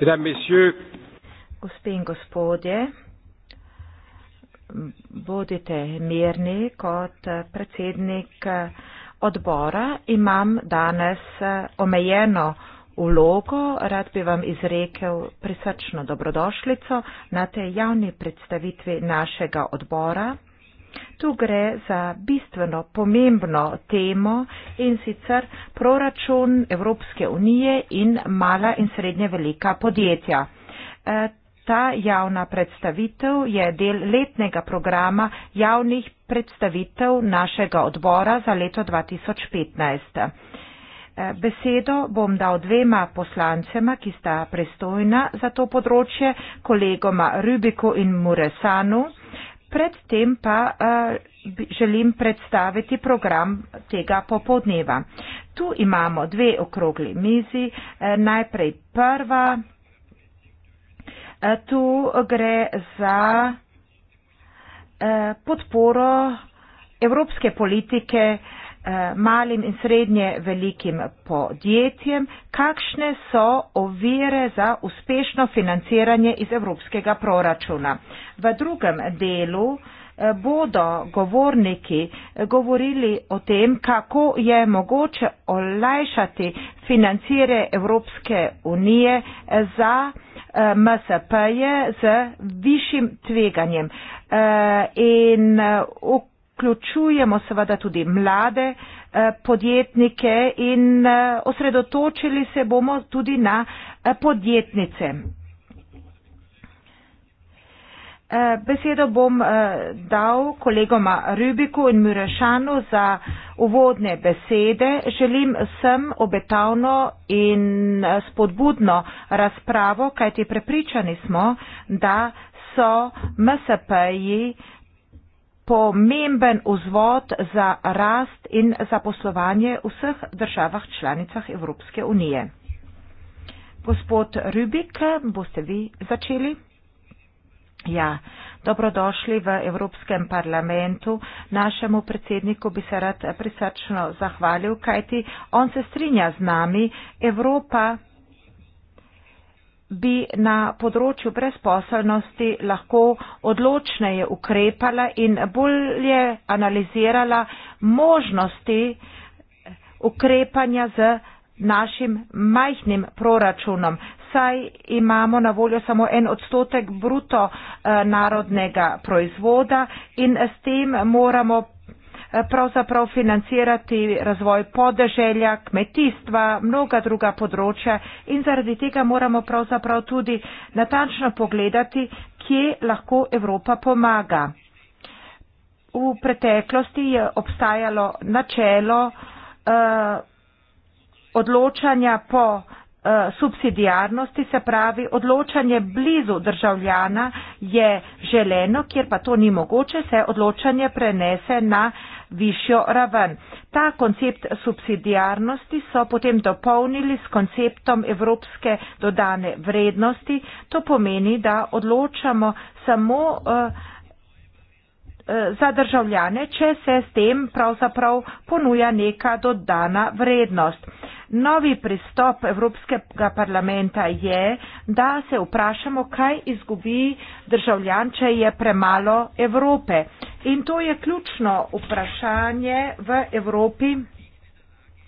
Mesdames, Messieurs, Gospe in gospodje, bodite mirni kot predsednik odbora. Imam danes omejeno vlogo, rad bi vam izrekel prisrčno dobrodošlico na tej javni predstavitvi našega odbora. Tu gre za bistveno pomembno temo in sicer proračun Evropske unije in mala in srednje velika podjetja. E, ta javna predstavitev je del letnega programa javnih predstavitev našega odbora za leto 2015. E, besedo bom dal dvema poslancema, ki sta pristojna za to področje, kolegoma Rubiku in Muresanu predtem pa uh, želim predstaviti program tega popodneva. Tu imamo dve okrogli mizi. Eh, najprej prva. Eh, tu gre za eh, podporo evropske politike eh, Eh, malim in srednje velikim podjetjem, kakšne so ovire za uspešno financiranje iz evropskega proračuna. V drugem delu eh, bodo govorniki eh, govorili o tem, kako je mogoče olajšati financire Evropske unije za MSP-je z višjim tveganjem. In v vključujemo seveda tudi mlade eh, podjetnike in eh, osredotočili se bomo tudi na eh, podjetnice. Besedo bom dal kolegoma Rubiku in Mirešanu za uvodne besede. Želim sem obetavno in spodbudno razpravo, kajti prepričani smo, da so MSP-ji pomemben vzvod za rast in zaposlovanje v vseh državah članicah Evropske unije. Gospod Rubik, boste vi začeli? Ja, dobrodošli v Evropskem parlamentu. Našemu predsedniku bi se rad prisrčno zahvalil, kajti on se strinja z nami. Evropa bi na področju brezposelnosti lahko odločneje ukrepala in bolje analizirala možnosti ukrepanja z našim majhnim proračunom. Saj imamo na voljo samo en odstotek bruto eh, narodnega proizvoda in s tem moramo pravzaprav financirati razvoj podeželja, kmetijstva, mnoga druga področja in zaradi tega moramo pravzaprav tudi natančno pogledati, kje lahko Evropa pomaga. V preteklosti je obstajalo načelo eh, odločanja po eh, subsidijarnosti, se pravi odločanje blizu državljana je želeno, kjer pa to ni mogoče, se odločanje prenese na eh, višjo raven. Ta koncept subsidijarnosti so potem dopolnili s konceptom evropske dodane vrednosti. To pomeni, da odločamo samo uh, Eh, za državljane, če se s tem pravzaprav ponuja neka dodana vrednost. Novi pristop Evropskega parlamenta je, da se vprašamo, kaj izgubi državljan, če je premalo Evrope. In to je ključno vprašanje v Evropi.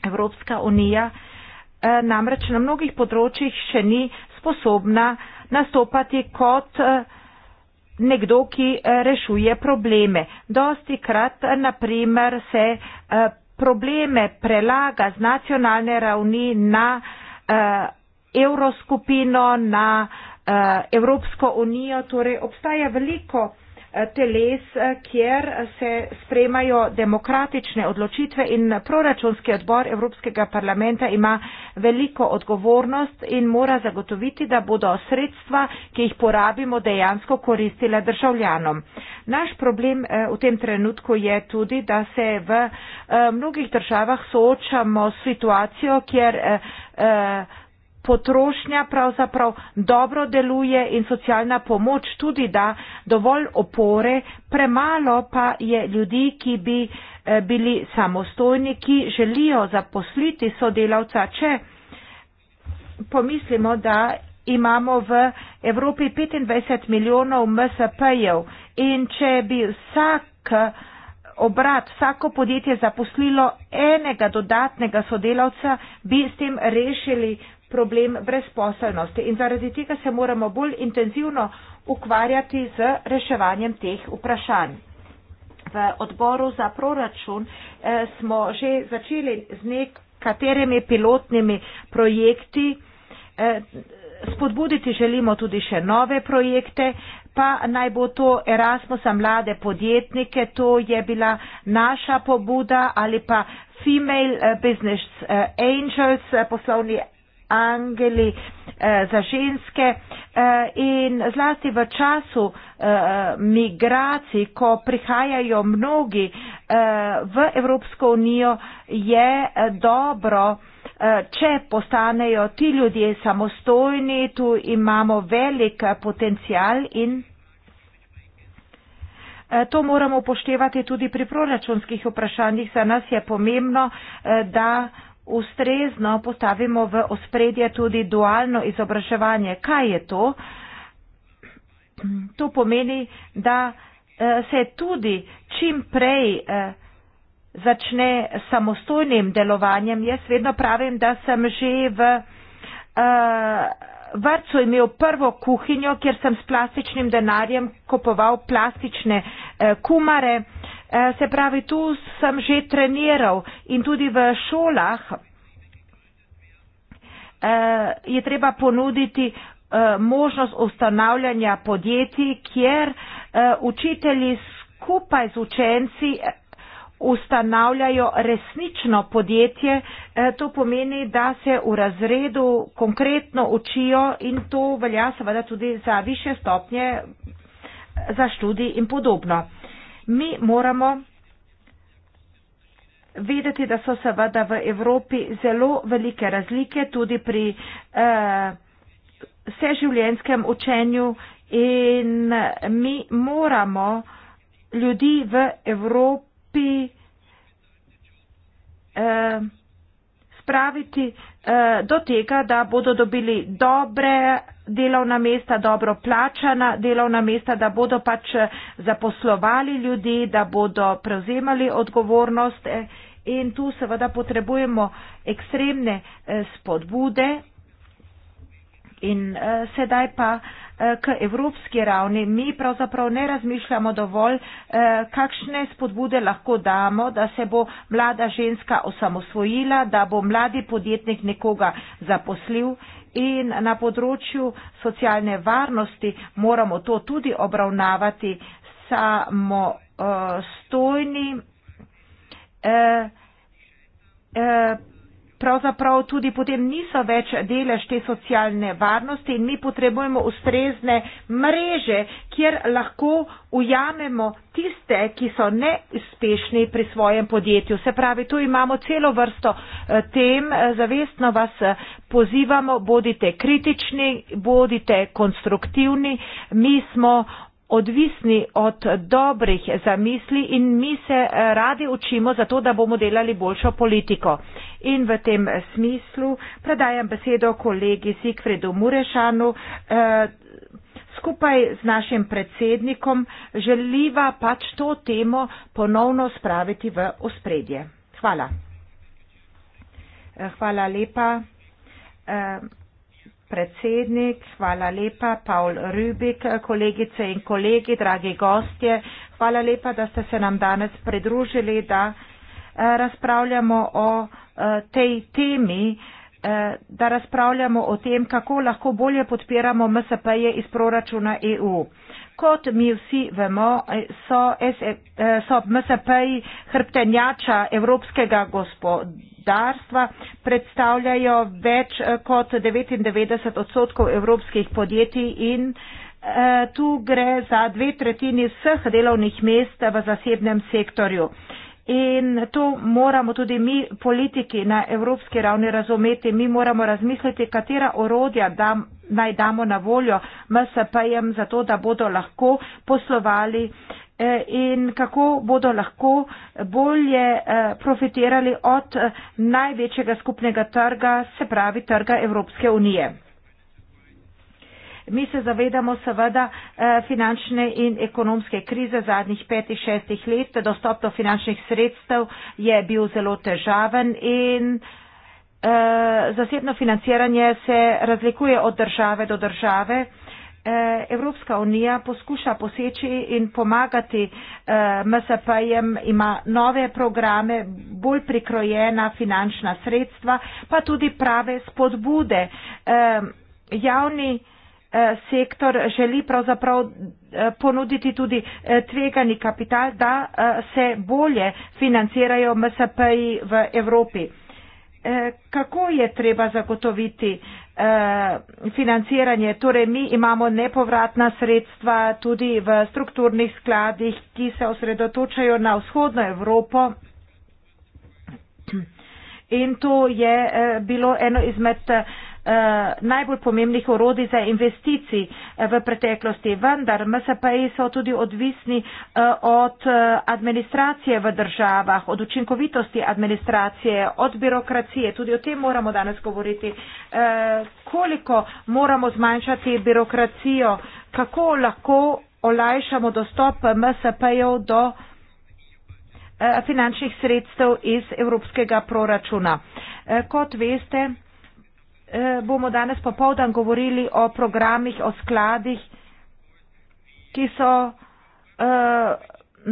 Evropska unija eh, namreč na mnogih področjih še ni sposobna nastopati kot eh, nekdo, ki eh, rešuje probleme. Dosti krat, eh, naprimer, se eh, probleme prelaga z nacionalne ravni na evroskupino, na Evropsko unijo, torej obstaja veliko Eh, teles, eh, kjer se spremajo demokratične odločitve in proračunski odbor Evropskega parlamenta ima veliko odgovornost in mora zagotoviti, da bodo sredstva, ki jih porabimo, dejansko koristile državljanom. Naš problem eh, v tem trenutku je tudi, da se v mnogih državah soočamo s situacijo, kjer potrošnja pravzaprav dobro deluje in socialna pomoč tudi da dovolj opore, premalo pa je ljudi, ki bi eh, bili samostojni, ki želijo zaposliti sodelavca, če pomislimo, da imamo v Evropi 25 milijonov MSP-jev in če bi vsak eh, obrat, vsako podjetje zaposlilo enega dodatnega sodelavca, bi s tem rešili problem brezposelnosti in zaradi tega se moramo bolj intenzivno ukvarjati z reševanjem teh vprašanj. V odboru za proračun eh, smo že začeli z nekaterimi pilotnimi projekti, eh, spodbuditi želimo tudi še nove projekte, pa naj bo to Erasmus za mlade podjetnike, to je bila naša pobuda ali pa Female eh, Business eh, Angels, eh, poslovni angeli eh, za ženske eh, in zlasti v času eh, migracij, ko prihajajo mnogi v Evropsko unijo, je dobro, če postanejo ti ljudje samostojni, tu imamo velik potencial in. To moramo upoštevati tudi pri proračunskih vprašanjih. Za nas je pomembno, da ustrezno postavimo v ospredje tudi dualno izobraževanje. Kaj je to? To pomeni, da eh, se tudi čim prej eh, začne s samostojnim delovanjem. Jaz vedno pravim, da sem že v eh, vrtu imel prvo kuhinjo, kjer sem s plastičnim denarjem kupoval plastične kumare. E, se pravi, tu sem že treniral in tudi v šolah e, je treba ponuditi e, možnost ustanavljanja podjetij, kjer učitelji skupaj z učenci ustanavljajo resnično podjetje. To pomeni, da se v razredu konkretno učijo in to velja seveda tudi za više stopnje, za študij in podobno mi moramo vedeti, da so seveda v Evropi zelo velike razlike tudi pri eh, vseživljenjskem učenju in mi moramo ljudi v Evropi eh, spraviti Eh, do tega, da bodo dobili dobre delovna mesta, dobro plačana delovna mesta, da bodo pač eh, zaposlovali ljudi, da bodo prevzemali odgovornost eh, in tu seveda potrebujemo ekstremne spodbude. In sedaj pa eh, Eh, k evropski ravni. Mi pravzaprav ne razmišljamo dovolj, eh, kakšne spodbude lahko damo, da se bo mlada ženska osamosvojila, da bo mladi podjetnik nekoga zaposlil. In na področju socialne varnosti moramo to tudi obravnavati samo uh, stojni. Uh, uh, pravzaprav tudi potem niso več delež te socialne varnosti in mi potrebujemo ustrezne mreže, kjer lahko ujamemo tiste, ki so neuspešni pri svojem podjetju. Se pravi, tu imamo celo vrsto eh, tem, eh, zavestno vas eh, pozivamo, bodite kritični, bodite konstruktivni, mi smo odvisni od dobrih zamisli in mi se radi učimo za to, da bomo delali boljšo politiko in v tem smislu predajam besedo kolegi Sikfredu Murešanu. Eh, skupaj z našim predsednikom želiva pač to temo ponovno spraviti v ospredje. Hvala. Eh, hvala lepa. Eh, predsednik, hvala lepa, Paul Rubik, kolegice in kolegi, dragi gostje, hvala lepa, da ste se nam danes pridružili, da uh, Eh, razpravljamo o eh, tej temi, eh, da razpravljamo o tem, kako lahko bolje podpiramo MSP-je iz proračuna EU. Kot mi vsi vemo, so, e, so MSP-ji hrbtenjača evropskega gospodarstva, predstavljajo več kot 99 odstotkov evropskih podjetij in tu gre za dve tretjini vseh delovnih mest v zasebnem sektorju. In to moramo tudi mi, politiki na evropski ravni, razumeti. Mi moramo razmisliti, katera orodja dam, naj damo na voljo MSP-jem, zato da bodo lahko poslovali eh, in kako bodo lahko bolje eh, profitirali od eh, največjega skupnega trga, se pravi trga Evropske unije. Mi se zavedamo seveda eh, finančne in ekonomske krize zadnjih petih, šestih let. Dostop do finančnih sredstev je bil zelo težaven in eh, zasebno financiranje se razlikuje od države do države. Eh, Evropska unija poskuša poseči in pomagati MSP-jem, ima nove programe, bolj prikrojena finančna sredstva, pa tudi prave spodbude. Javni Eh, sektor želi pravzaprav eh, ponuditi tudi eh, tvegani kapital, da se bolje financirajo MSP-ji v Evropi. Kako je treba zagotoviti financiranje? Torej, mi imamo nepovratna sredstva tudi v strukturnih skladih, ki se osredotočajo na vzhodno Evropo. In to je bilo eno izmed Eh, najbolj pomembnih orodij za investicij eh, v preteklosti. Vendar MSP-ji so tudi odvisni eh, od administracije v državah, od učinkovitosti administracije, od birokracije. Tudi o tem moramo danes govoriti. Koliko moramo zmanjšati birokracijo, kako lahko olajšamo dostop MSP-jev do finančnih sredstev iz evropskega proračuna. Kot veste, Eh, bomo danes popovdan govorili o programih, o skladih, ki so eh,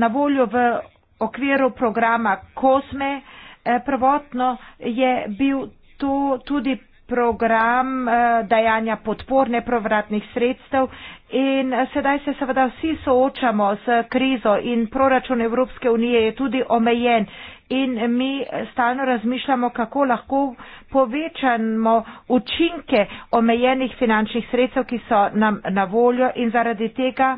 na voljo v okviru programa Kosme. Eh, prvotno je bil to tudi program eh, dajanja podpor nepovratnih sredstev in eh, sedaj se seveda vsi soočamo s krizo in proračun Evropske unije je tudi omejen in mi stalno razmišljamo, kako lahko povečamo učinke omejenih finančnih sredstev, ki so nam na voljo in zaradi tega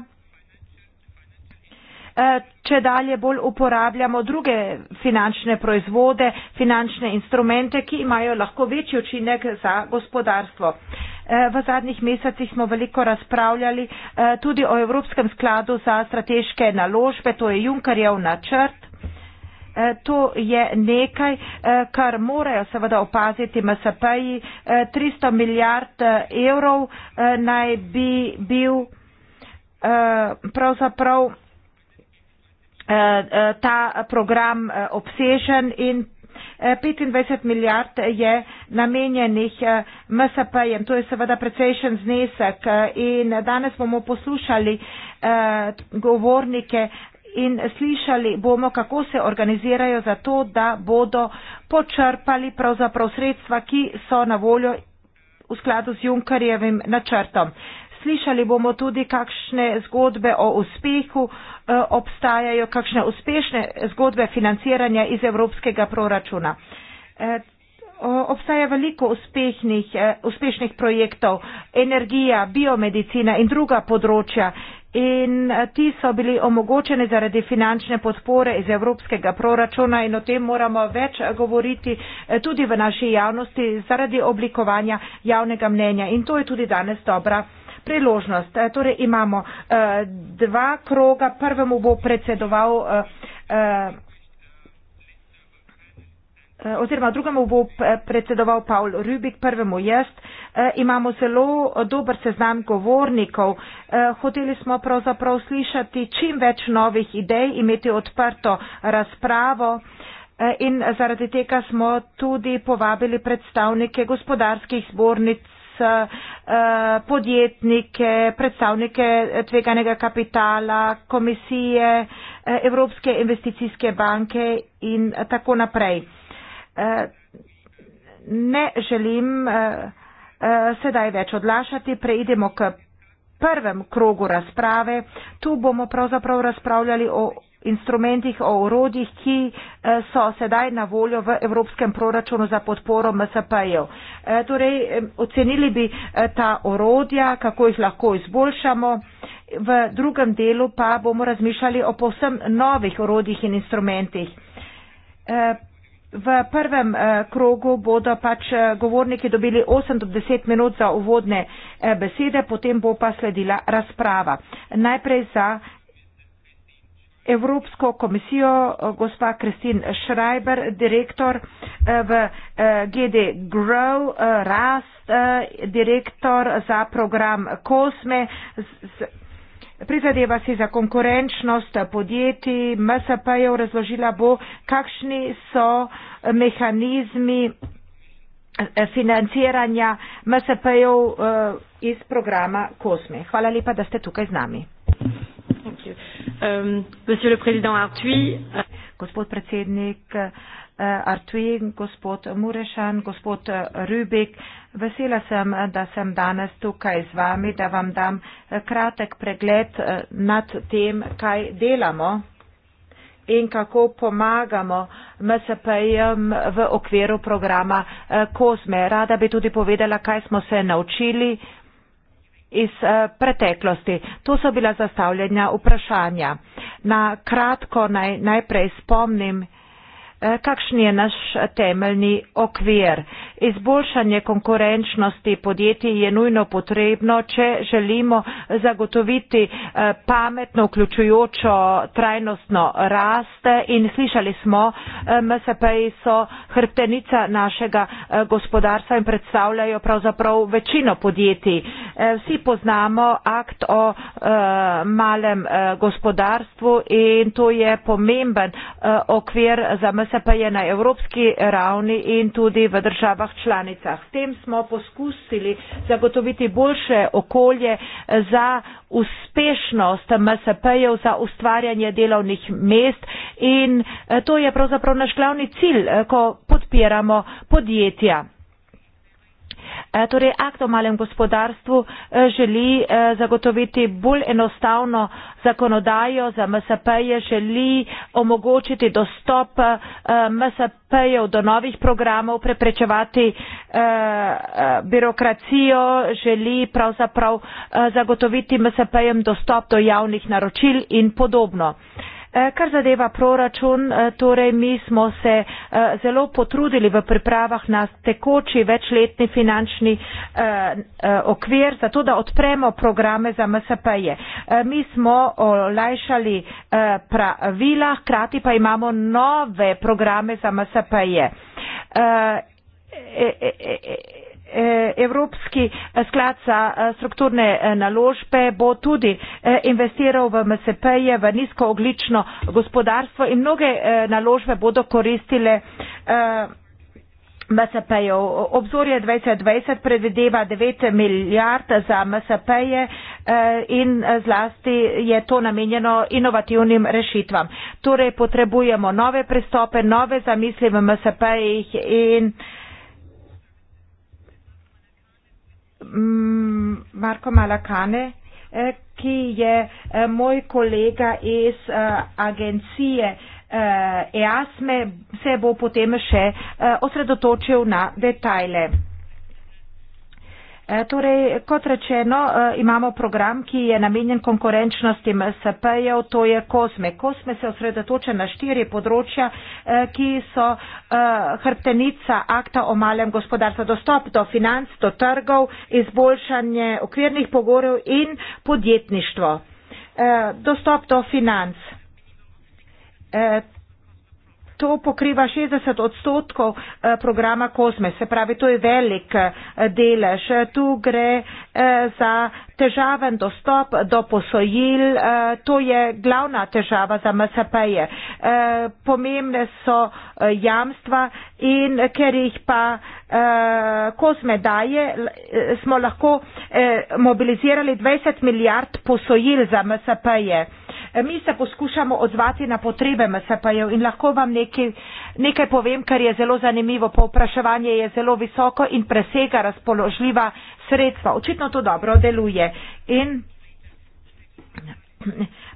Eh, če dalje bolj uporabljamo druge finančne proizvode, finančne instrumente, ki imajo lahko večji učinek za gospodarstvo. Eh, v zadnjih mesecih smo veliko razpravljali eh, tudi o Evropskem skladu za strateške naložbe, to je Junkerjev načrt. To je nekaj, kar morajo seveda opaziti MSP-ji. 300 milijard evrov naj bi bil pravzaprav Eh, eh, ta program eh, obsežen in 25 milijard je namenjenih MSP-jem, to je seveda precejšen znesek in danes bomo poslušali govornike in slišali bomo, kako se organizirajo za to, da bodo počrpali pravzaprav sredstva, ki so na voljo v skladu z Junkarjevim načrtom. Slišali bomo tudi kakšne zgodbe o uspehu, Eh, obstajajo kakšne uspešne zgodbe financiranja iz evropskega proračuna. Eh, obstaja veliko uspešnih, eh, uspešnih projektov, energija, biomedicina in druga področja. In ti so bili omogočeni zaradi finančne podpore iz evropskega proračuna in o tem moramo več govoriti tudi v naši javnosti zaradi oblikovanja javnega mnenja. In to je tudi danes dobra priložnost. E, torej imamo e, dva kroga, prvemu bo predsedoval e, oziroma drugemu bo predsedoval Paul Rubik, prvemu jaz. Imamo zelo dober seznam govornikov. Hoteli smo pravzaprav slišati čim več novih idej, imeti odprto razpravo. In zaradi tega smo tudi povabili predstavnike gospodarskih zbornic Eh, podjetnike, predstavnike eh, tveganega kapitala, komisije, eh, Evropske investicijske banke in tako naprej. Ne želim sedaj več odlašati, preidemo k prvem krogu razprave. Tu bomo pravzaprav razpravljali o instrumentih, o urodjih, ki eh, so sedaj na voljo v evropskem proračunu za podporo MSP-jev. Eh, torej, ocenili bi eh, ta urodja, kako jih lahko izboljšamo. V drugem delu pa bomo razmišljali o povsem novih urodjih in instrumentih. V prvem krogu bodo pač govorniki dobili 8 do 10 minut za uvodne besede, potem bo pa sledila razprava. Najprej za Evropsko komisijo, eh, gospa Kristin Schreiber, direktor eh, v eh, GD Grow, Rast, direktor za program Kosme. Prizadeva si za konkurenčnost podjetij, MSP je razložila bo, kakšni so mehanizmi financiranja MSP-jev iz programa Kosme. Hvala lepa, da ste tukaj z nami. Thank you. Euh, euh, gospod predsednik euh, Artui, gospod Murešan, gospod Rubik, vesela sem, da sem danes tukaj z vami, da vam dam eh, kratek pregled eh, nad tem, kaj delamo in kako pomagamo MSP-jem v okviru programa COSME. Eh, Rada bi tudi povedala, kaj smo se naučili iz eh, preteklosti. To so bila zastavljena vprašanja. Na kratko naj najprej spomnim, Eh, kakšen je naš temeljni okvir. Izboljšanje konkurenčnosti podjetij je nujno potrebno, če želimo zagotoviti eh, pametno, vključujočo, trajnostno rast in slišali smo, eh, MSP-ji so hrbtenica našega gospodarstva in predstavljajo pravzaprav večino podjetij. Vsi poznamo akt o malem gospodarstvu in to je pomemben okvir za MSP interesa pa je na evropski ravni in tudi v državah članicah. S tem smo poskusili zagotoviti boljše okolje za uspešnost MSP-jev za ustvarjanje delovnih mest in eh, to je pravzaprav naš glavni cilj, eh, ko podpiramo podjetja. E, torej akt o malem gospodarstvu e, želi e, zagotoviti bolj enostavno zakonodajo za MSP-je, želi omogočiti dostop MSP-jev do novih programov, preprečevati birokracijo, želi pravzaprav zagotoviti MSP-jem dostop do javnih naročil in podobno. Eh, kar zadeva proračun, eh, torej mi smo se eh, zelo potrudili v pripravah na tekoči večletni finančni okvir, zato da odpremo programe za MSP-je. Mi smo olajšali pravila, hkrati pa imamo nove programe za MSP-je. E, e, e, Eh, Evropski eh, sklad za eh, strukturne naložbe bo tudi investiral v MSP-je, v nizkooglično gospodarstvo in mnoge naložbe bodo koristile MSP-jev. Obzorje 2020 predvideva 9 milijard za MSP-je in zlasti je to namenjeno inovativnim rešitvam. Torej potrebujemo nove pristope, nove zamisli v MSP-jih in Mm, Marko Malakane, eh, ki je eh, moj kolega iz eh, agencije EASME, e. se bo potem še osredotočil na detajle. E, torej, kot rečeno, e, imamo program, ki je namenjen konkurenčnosti MSP-jev, to je COSME. COSME se osredotoča na štiri področja, e, ki so hrbtenica akta o malem gospodarstvu. Dostop do financ, do trgov, izboljšanje okvirnih pogorev in podjetništvo. Dostop do financ to pokriva 60 odstotkov eh, programa Kosme, se pravi, to je velik eh, delež. Tu gre eh, za težaven dostop do posojil, to je glavna težava za MSP-je. Pomembne so jamstva in ker jih pa Kosme daje, smo lahko mobilizirali 20 milijard posojil za MSP-je mi se poskušamo odzvati na potrebe MSP-jev in lahko vam nekaj, nekaj povem, kar je zelo zanimivo. Povpraševanje je zelo visoko in presega razpoložljiva sredstva. Očitno to dobro deluje. In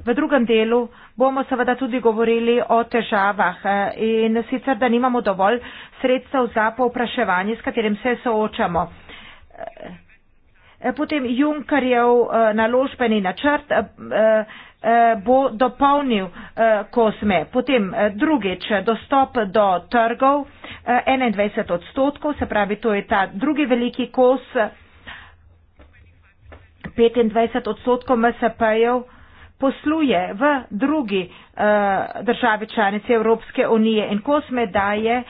v drugem delu bomo seveda tudi govorili o težavah eh, in sicer, da nimamo dovolj sredstev za povpraševanje, s katerim se soočamo. Eh, potem Junkerjev eh, naložbeni načrt. Eh, bo dopolnil eh, kosme. Potem eh, drugič, dostop do trgov 21 odstotkov, se pravi, to je ta drugi veliki kos 25 odstotkov MSP-jev posluje v drugi državi članici Evropske unije in kosme daje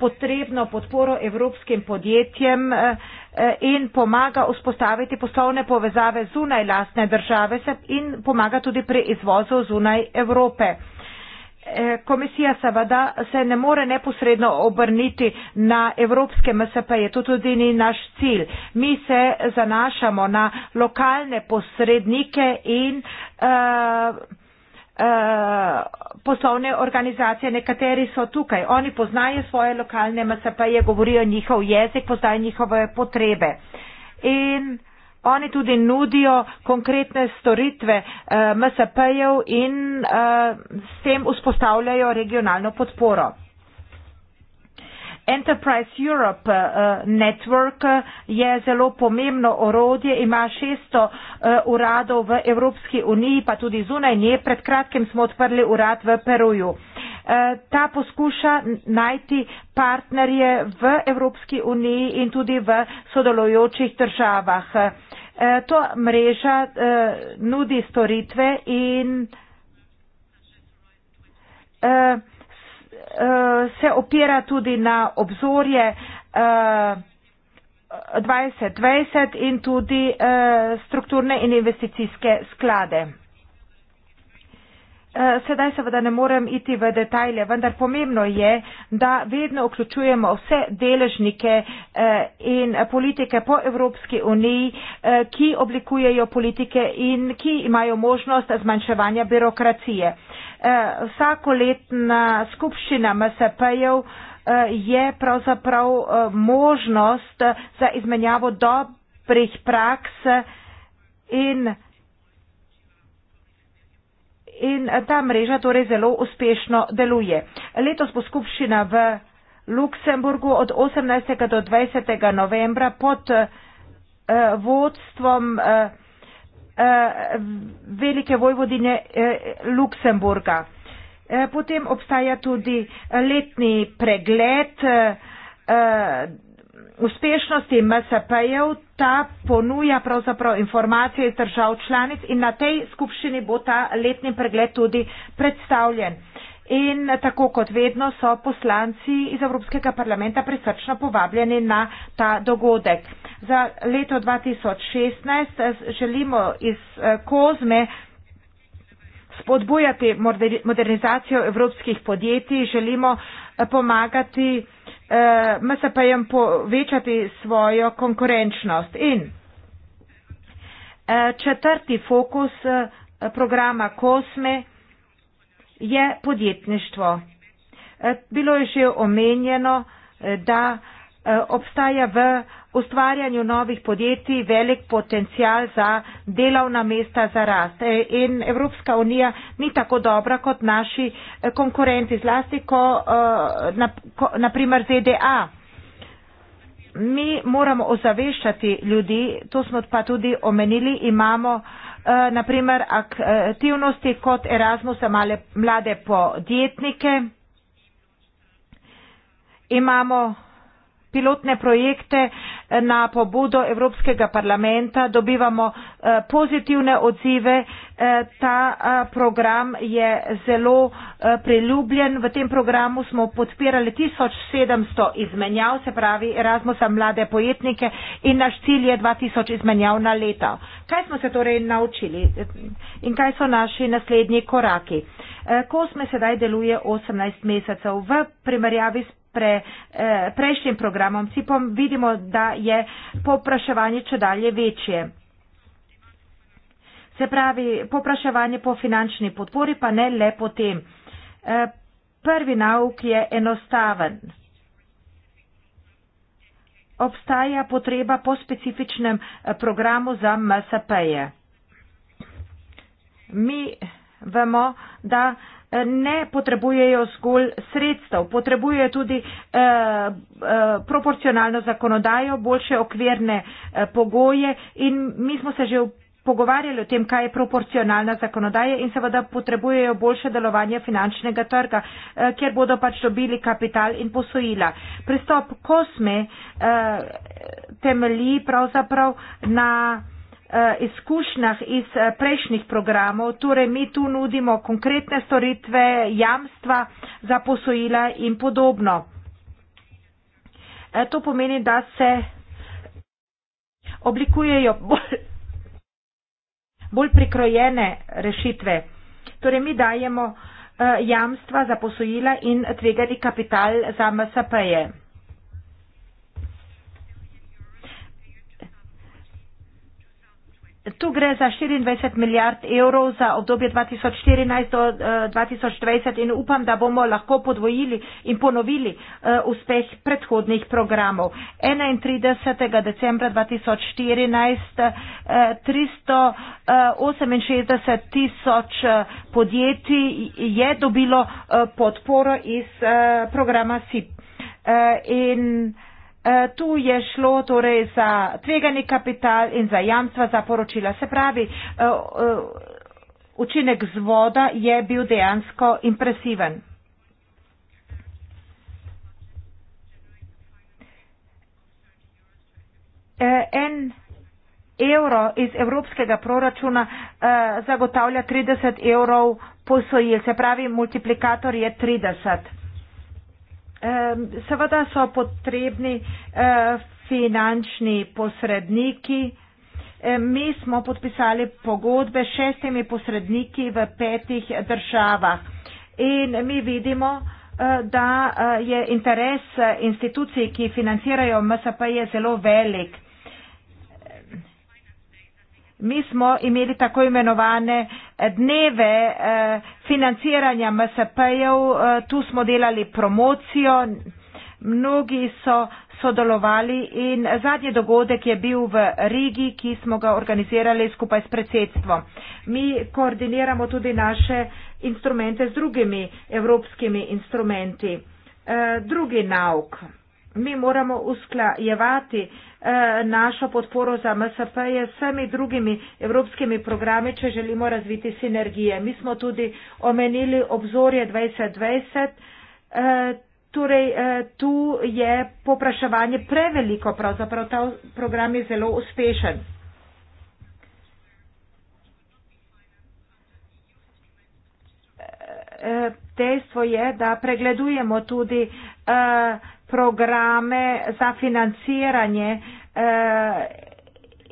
potrebno podporo evropskim podjetjem Eh, in pomaga vzpostaviti poslovne povezave zunaj lastne države in pomaga tudi pri izvozu zunaj Evrope. Eh, komisija seveda se ne more neposredno obrniti na evropske MSP, je to tudi ni naš cilj. Mi se zanašamo na lokalne posrednike in uh, Eh, poslovne organizacije, nekateri so tukaj, oni poznajo svoje lokalne MSP-je, govorijo njihov jezik, poznajo njihove potrebe. In oni tudi nudijo konkretne storitve uh, eh, MSP-jev in uh, s tem vzpostavljajo regionalno podporo. Enterprise Europe uh, network eh, je zelo pomembno orodje, ima 600 uh, eh, uradov v Evropski uniji, pa tudi zunaj nje. Pred kratkim smo odprli urad v Peruju. Ta poskuša najti partnerje v Evropski uniji in tudi v sodelujočih državah. To mreža nudi storitve in uh, se opira tudi na obzorje uh, eh, 2020 in tudi uh, strukturne in investicijske sklade. Sedaj seveda ne morem iti v detalje, vendar pomembno je, da vedno vključujemo vse deležnike in politike po Evropski uniji, ki oblikujejo politike in ki imajo možnost zmanjševanja birokracije eh, vsakoletna skupščina MSP-jev eh, je pravzaprav eh, možnost eh, za izmenjavo dobrih praks eh, in, in eh, ta mreža torej zelo uspešno deluje. Letos bo skupščina v Luksemburgu od 18. do 20. novembra pod eh, vodstvom eh, Eh, velike vojvodine eh, Luksemburga. Eh, potem obstaja tudi letni pregled uspešnosti MSP-jev, ta ponuja pravzaprav informacije iz držav članic in na tej skupščini bo ta letni pregled tudi predstavljen. In tako kot vedno so poslanci iz Evropskega parlamenta prisrčno povabljeni na ta dogodek za leto 2016 eh, želimo iz eh, kozme spodbujati modernizacijo evropskih podjetij, želimo eh, pomagati MSP-jem povečati svojo konkurenčnost. In četrti fokus programa Kosme je podjetništvo. Bilo je že omenjeno, da obstaja v ustvarjanju novih podjetij velik potencial za delovna mesta za rast. E, in Evropska unija ni tako dobra kot naši e, konkurenti, zlasti ko, e, na, ko naprimer ZDA. Mi moramo ozaveščati ljudi, to smo pa tudi omenili, imamo naprimer aktivnosti kot Erasmus za mlade podjetnike. Imamo pilotne projekte, uh, na pobudo Evropskega parlamenta dobivamo eh, pozitivne odzive. Eh, ta eh, program je zelo priljubljen. V tem programu smo podpirali 1700 izmenjav, se pravi Erasmusa mlade pojetnike in naš cilj je 2000 izmenjav na leto. Kaj smo se torej naučili in kaj so naši naslednji koraki? Kosme sedaj deluje 18 mesecev. V primerjavi s pre, eh, prejšnjim programom CIPOM vidimo, da je popraševanje če dalje večje. Se pravi, popraševanje po finančni podpori pa ne le po tem. Eh, prvi nauk je enostaven. Obstaja potreba po specifičnem eh, programu za MSP-je. Mi vemo, da ne potrebujejo zgolj sredstev, potrebujejo tudi eh, eh, proporcionalno zakonodajo, boljše okvirne eh, pogoje in mi smo se že pogovarjali o tem, kaj je proporcionalna zakonodaja in seveda potrebujejo boljše delovanje finančnega trga, eh, kjer bodo pač dobili kapital in posojila. Pristop kosme eh, temelji pravzaprav na. Eh, izkušnjah iz eh, prejšnjih programov, torej mi tu nudimo konkretne storitve, jamstva za posojila in podobno. Eh, to pomeni, da se oblikujejo bolj, bolj prikrojene rešitve. Torej mi dajemo jamstva za posojila in tvegani kapital za MSP-je. Tu gre za 24 milijard evrov za obdobje 2014 do 2020 eh, in upam, da bomo lahko podvojili in ponovili eh, uspeh predhodnih programov. 31. decembra 2014 368 eh, tisoč podjetij je dobilo podporo iz programa SIP. In Eh, tu je šlo torej za tvegani kapital in za jamstva za poročila. Se pravi, eh, eh, učinek z voda je bil dejansko impresiven. En evro iz evropskega proračuna zagotavlja 30 evrov posojil, se pravi, multiplikator je 30 seveda so potrebni e, finančni posredniki. E, mi smo podpisali pogodbe s šestimi posredniki v petih državah in mi vidimo, e, da je interes institucij, ki financirajo MSP, zelo velik mi smo imeli tako imenovane eh, dneve eh, financiranja MSP-jev, eh, tu smo delali promocijo, mnogi so sodelovali in zadnji dogodek je bil v Rigi, ki smo ga organizirali skupaj s predsedstvom. Mi koordiniramo tudi naše instrumente z drugimi evropskimi instrumenti. Drugi nauk. Mi moramo usklajevati eh, našo podporo za MSP je s vsemi drugimi evropskimi programi, če želimo razviti sinergije. Mi smo tudi omenili obzorje 2020, eh, torej eh, tu je popraševanje preveliko, pravzaprav ta program je zelo uspešen. dejstvo je, da pregledujemo tudi eh, programe za financiranje eh,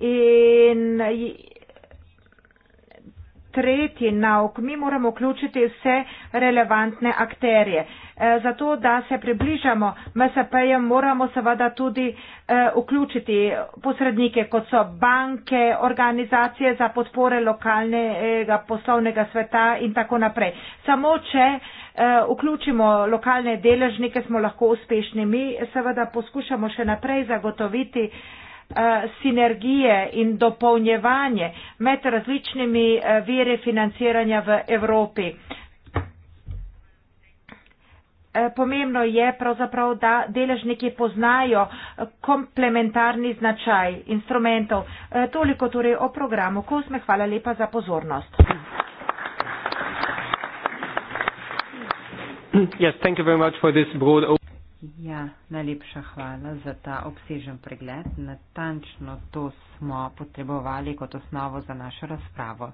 in tretji nauk, mi moramo vključiti vse relevantne akterje. E, zato, da se približamo MSP-jem, moramo seveda tudi e, vključiti posrednike, kot so banke, organizacije za podpore lokalnega poslovnega sveta in tako naprej. Samo, če e, vključimo lokalne deležnike, smo lahko uspešni. Mi seveda poskušamo še naprej zagotoviti Eh, sinergije in dopolnjevanje med različnimi eh, vire financiranja v Evropi. Eh, pomembno je pravzaprav, da deležniki poznajo komplementarni značaj instrumentov. Toliko torej o programu. Kozme, hvala lepa za pozornost. Yes, thank you very much for this broad Ja, najlepša hvala za ta obsežen pregled. Natančno to smo potrebovali kot osnovo za našo razpravo.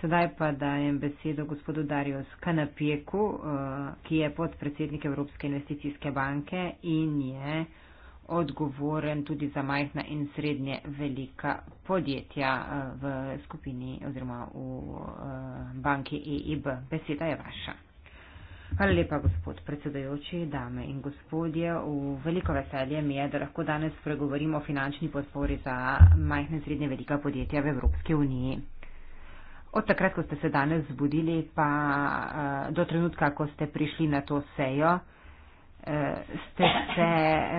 Sedaj pa dajem besedo gospodu Darju Skanapijeku, eh, ki je podpredsednik Evropske investicijske banke in je odgovoren tudi za majhna in srednje velika podjetja eh, v skupini oziroma v eh, banki EIB. Beseda je vaša. Hvala lepa, gospod predsedajoči, dame in gospodje. V veliko veselje mi je, da lahko danes pregovorimo o finančni podpori za majhne in srednje velika podjetja v Evropski uniji. Od takrat, ko ste se danes zbudili, pa eh, do trenutka, ko ste prišli na to sejo, eh, ste se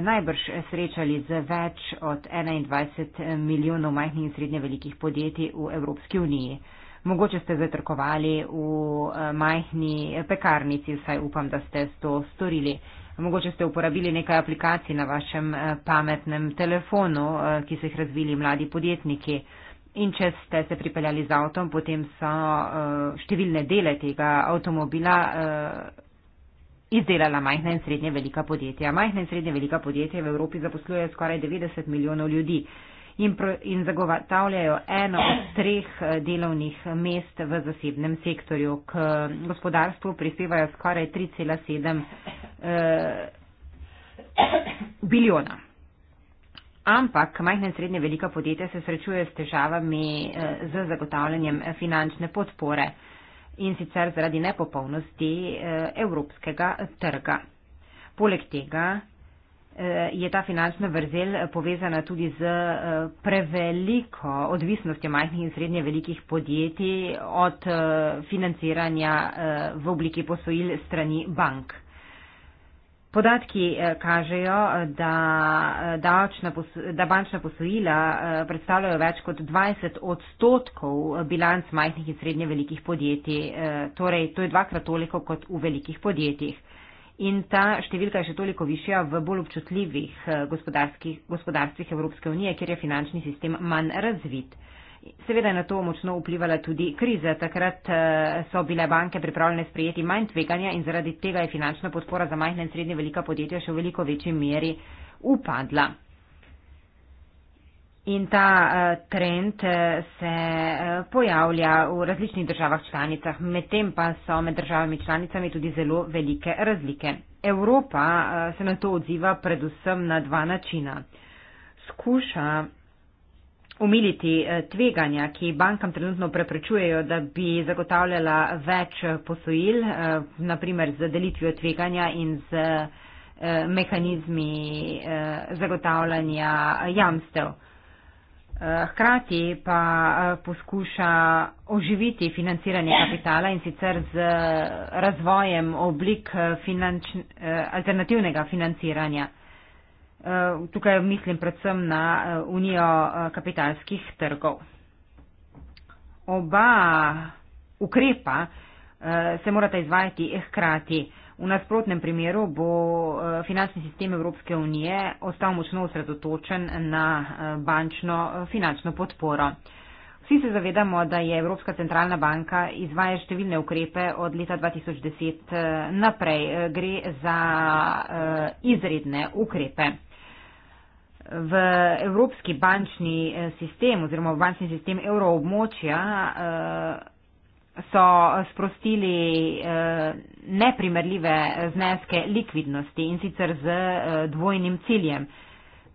najbrž srečali z več od 21 milijonov majhnih in srednje velikih podjetij v Evropski uniji. Mogoče ste zatrkovali v eh, majhni eh, pekarnici, vsaj upam, da ste to storili. Mogoče ste uporabili nekaj aplikacij na vašem eh, pametnem telefonu, ki so jih razvili mladi podjetniki. In če ste se pripeljali z avtom, potem so številne dele tega avtomobila izdelala majhna in srednje velika podjetja. Majhna in srednje velika podjetja v Evropi zaposluje skoraj 90 milijonov ljudi in, pro, in zagovatavljajo eno od treh eh, delovnih eh, mest v zasebnem sektorju. K eh, gospodarstvu prispevajo skoraj 3,7 uh, biljona. Ampak majhne in srednje velika podjetja se srečujejo s težavami uh, z zagotavljanjem finančne podpore in sicer zaradi nepopolnosti uh, evropskega trga. Poleg tega Eh, je ta finančna vrzel eh, povezana tudi z eh, preveliko odvisnostjo majhnih in srednje velikih podjetij od financiranja v obliki posojil strani bank. Podatki kažejo, da, davčna, da bančna posojila predstavljajo več kot 20 odstotkov bilanc majhnih in srednje velikih podjetij, torej to je dvakrat toliko kot v velikih podjetjih in ta številka je še toliko višja v bolj občutljivih eh, gospodarstvih Evropske unije, kjer je finančni sistem manj razvit. Seveda je na to močno vplivala tudi kriza. Takrat eh, so bile banke pripravljene sprejeti manj tveganja in zaradi tega je finančna podpora za majhne in srednje velika podjetja še v veliko večji meri upadla. In ta uh, trend uh, se uh, pojavlja v različnih državah članicah, medtem pa so med državami članicami tudi zelo velike razlike. Evropa uh, se na to odziva predvsem na dva načina. Skuša umiliti uh, tveganja, ki bankam trenutno preprečujejo, da bi zagotavljala več posojil, uh, naprimer z delitvijo tveganja in z uh, mehanizmi uh, zagotavljanja jamstev. Eh, hkrati pa eh, poskuša oživiti financiranje kapitala in sicer z eh, razvojem oblik finanč, alternativnega financiranja. Tukaj mislim predvsem na Unijo kapitalskih trgov. Oba ukrepa se morata izvajati hkrati. V nasprotnem primeru bo eh, finančni sistem Evropske unije ostal močno osredotočen na eh, bančno eh, finančno podporo. Vsi se zavedamo, da je Evropska centralna banka izvaja številne ukrepe od leta 2010 naprej. Gre za izredne ukrepe. V evropski bančni sistem oziroma v bančni sistem evroobmočja so sprostili eh, neprimerljive zneske likvidnosti in sicer z eh, dvojnim ciljem,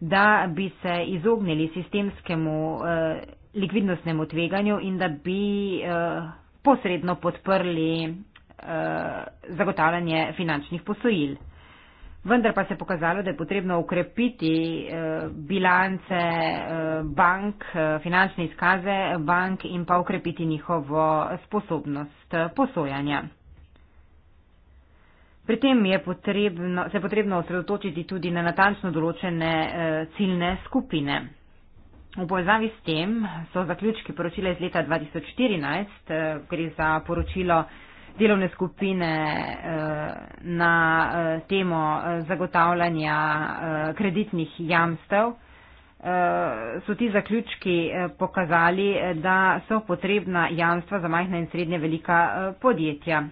da bi se izognili sistemskemu eh, likvidnostnemu tveganju in da bi posredno podprli zagotavljanje finančnih posojil. Vendar pa se je pokazalo, da je potrebno ukrepiti eh, bilance eh, bank, eh, finančne izkaze bank in pa ukrepiti njihovo sposobnost posojanja. Pri tem je potrebno, se je potrebno osredotočiti tudi na natančno določene ciljne skupine. V povezavi s tem so zaključki poročila iz leta 2014, gre za poročilo delovne skupine eh, na eh, temo eh, zagotavljanja kreditnih jamstev, so ti zaključki pokazali, da so potrebna jamstva za majhna in srednje velika podjetja.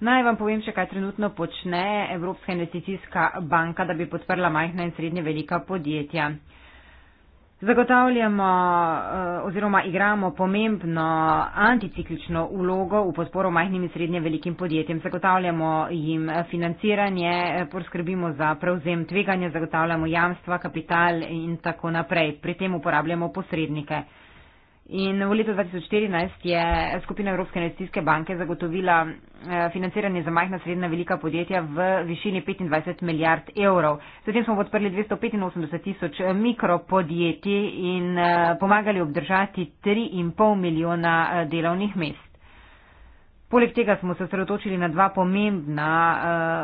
Naj vam povem še, kaj trenutno počne Evropska investicijska banka, da bi podprla majhna in srednje velika podjetja. Zagotavljamo eh, oziroma igramo pomembno anticiklično ulogo v podporo majhnim in srednje velikim podjetjem. Zagotavljamo jim financiranje, eh, poskrbimo za prevzem tveganja, zagotavljamo jamstva, kapital in tako naprej. Pri tem uporabljamo posrednike. In v letu 2014 je skupina Evropske investicijske banke zagotovila eh, financiranje za majhna srednja velika podjetja v višini 25 milijard evrov. Zatem smo podprli 285 tisoč eh, mikropodjetij in eh, pomagali obdržati 3,5 milijona delovnih mest. Poleg tega smo se sredotočili na dva pomembna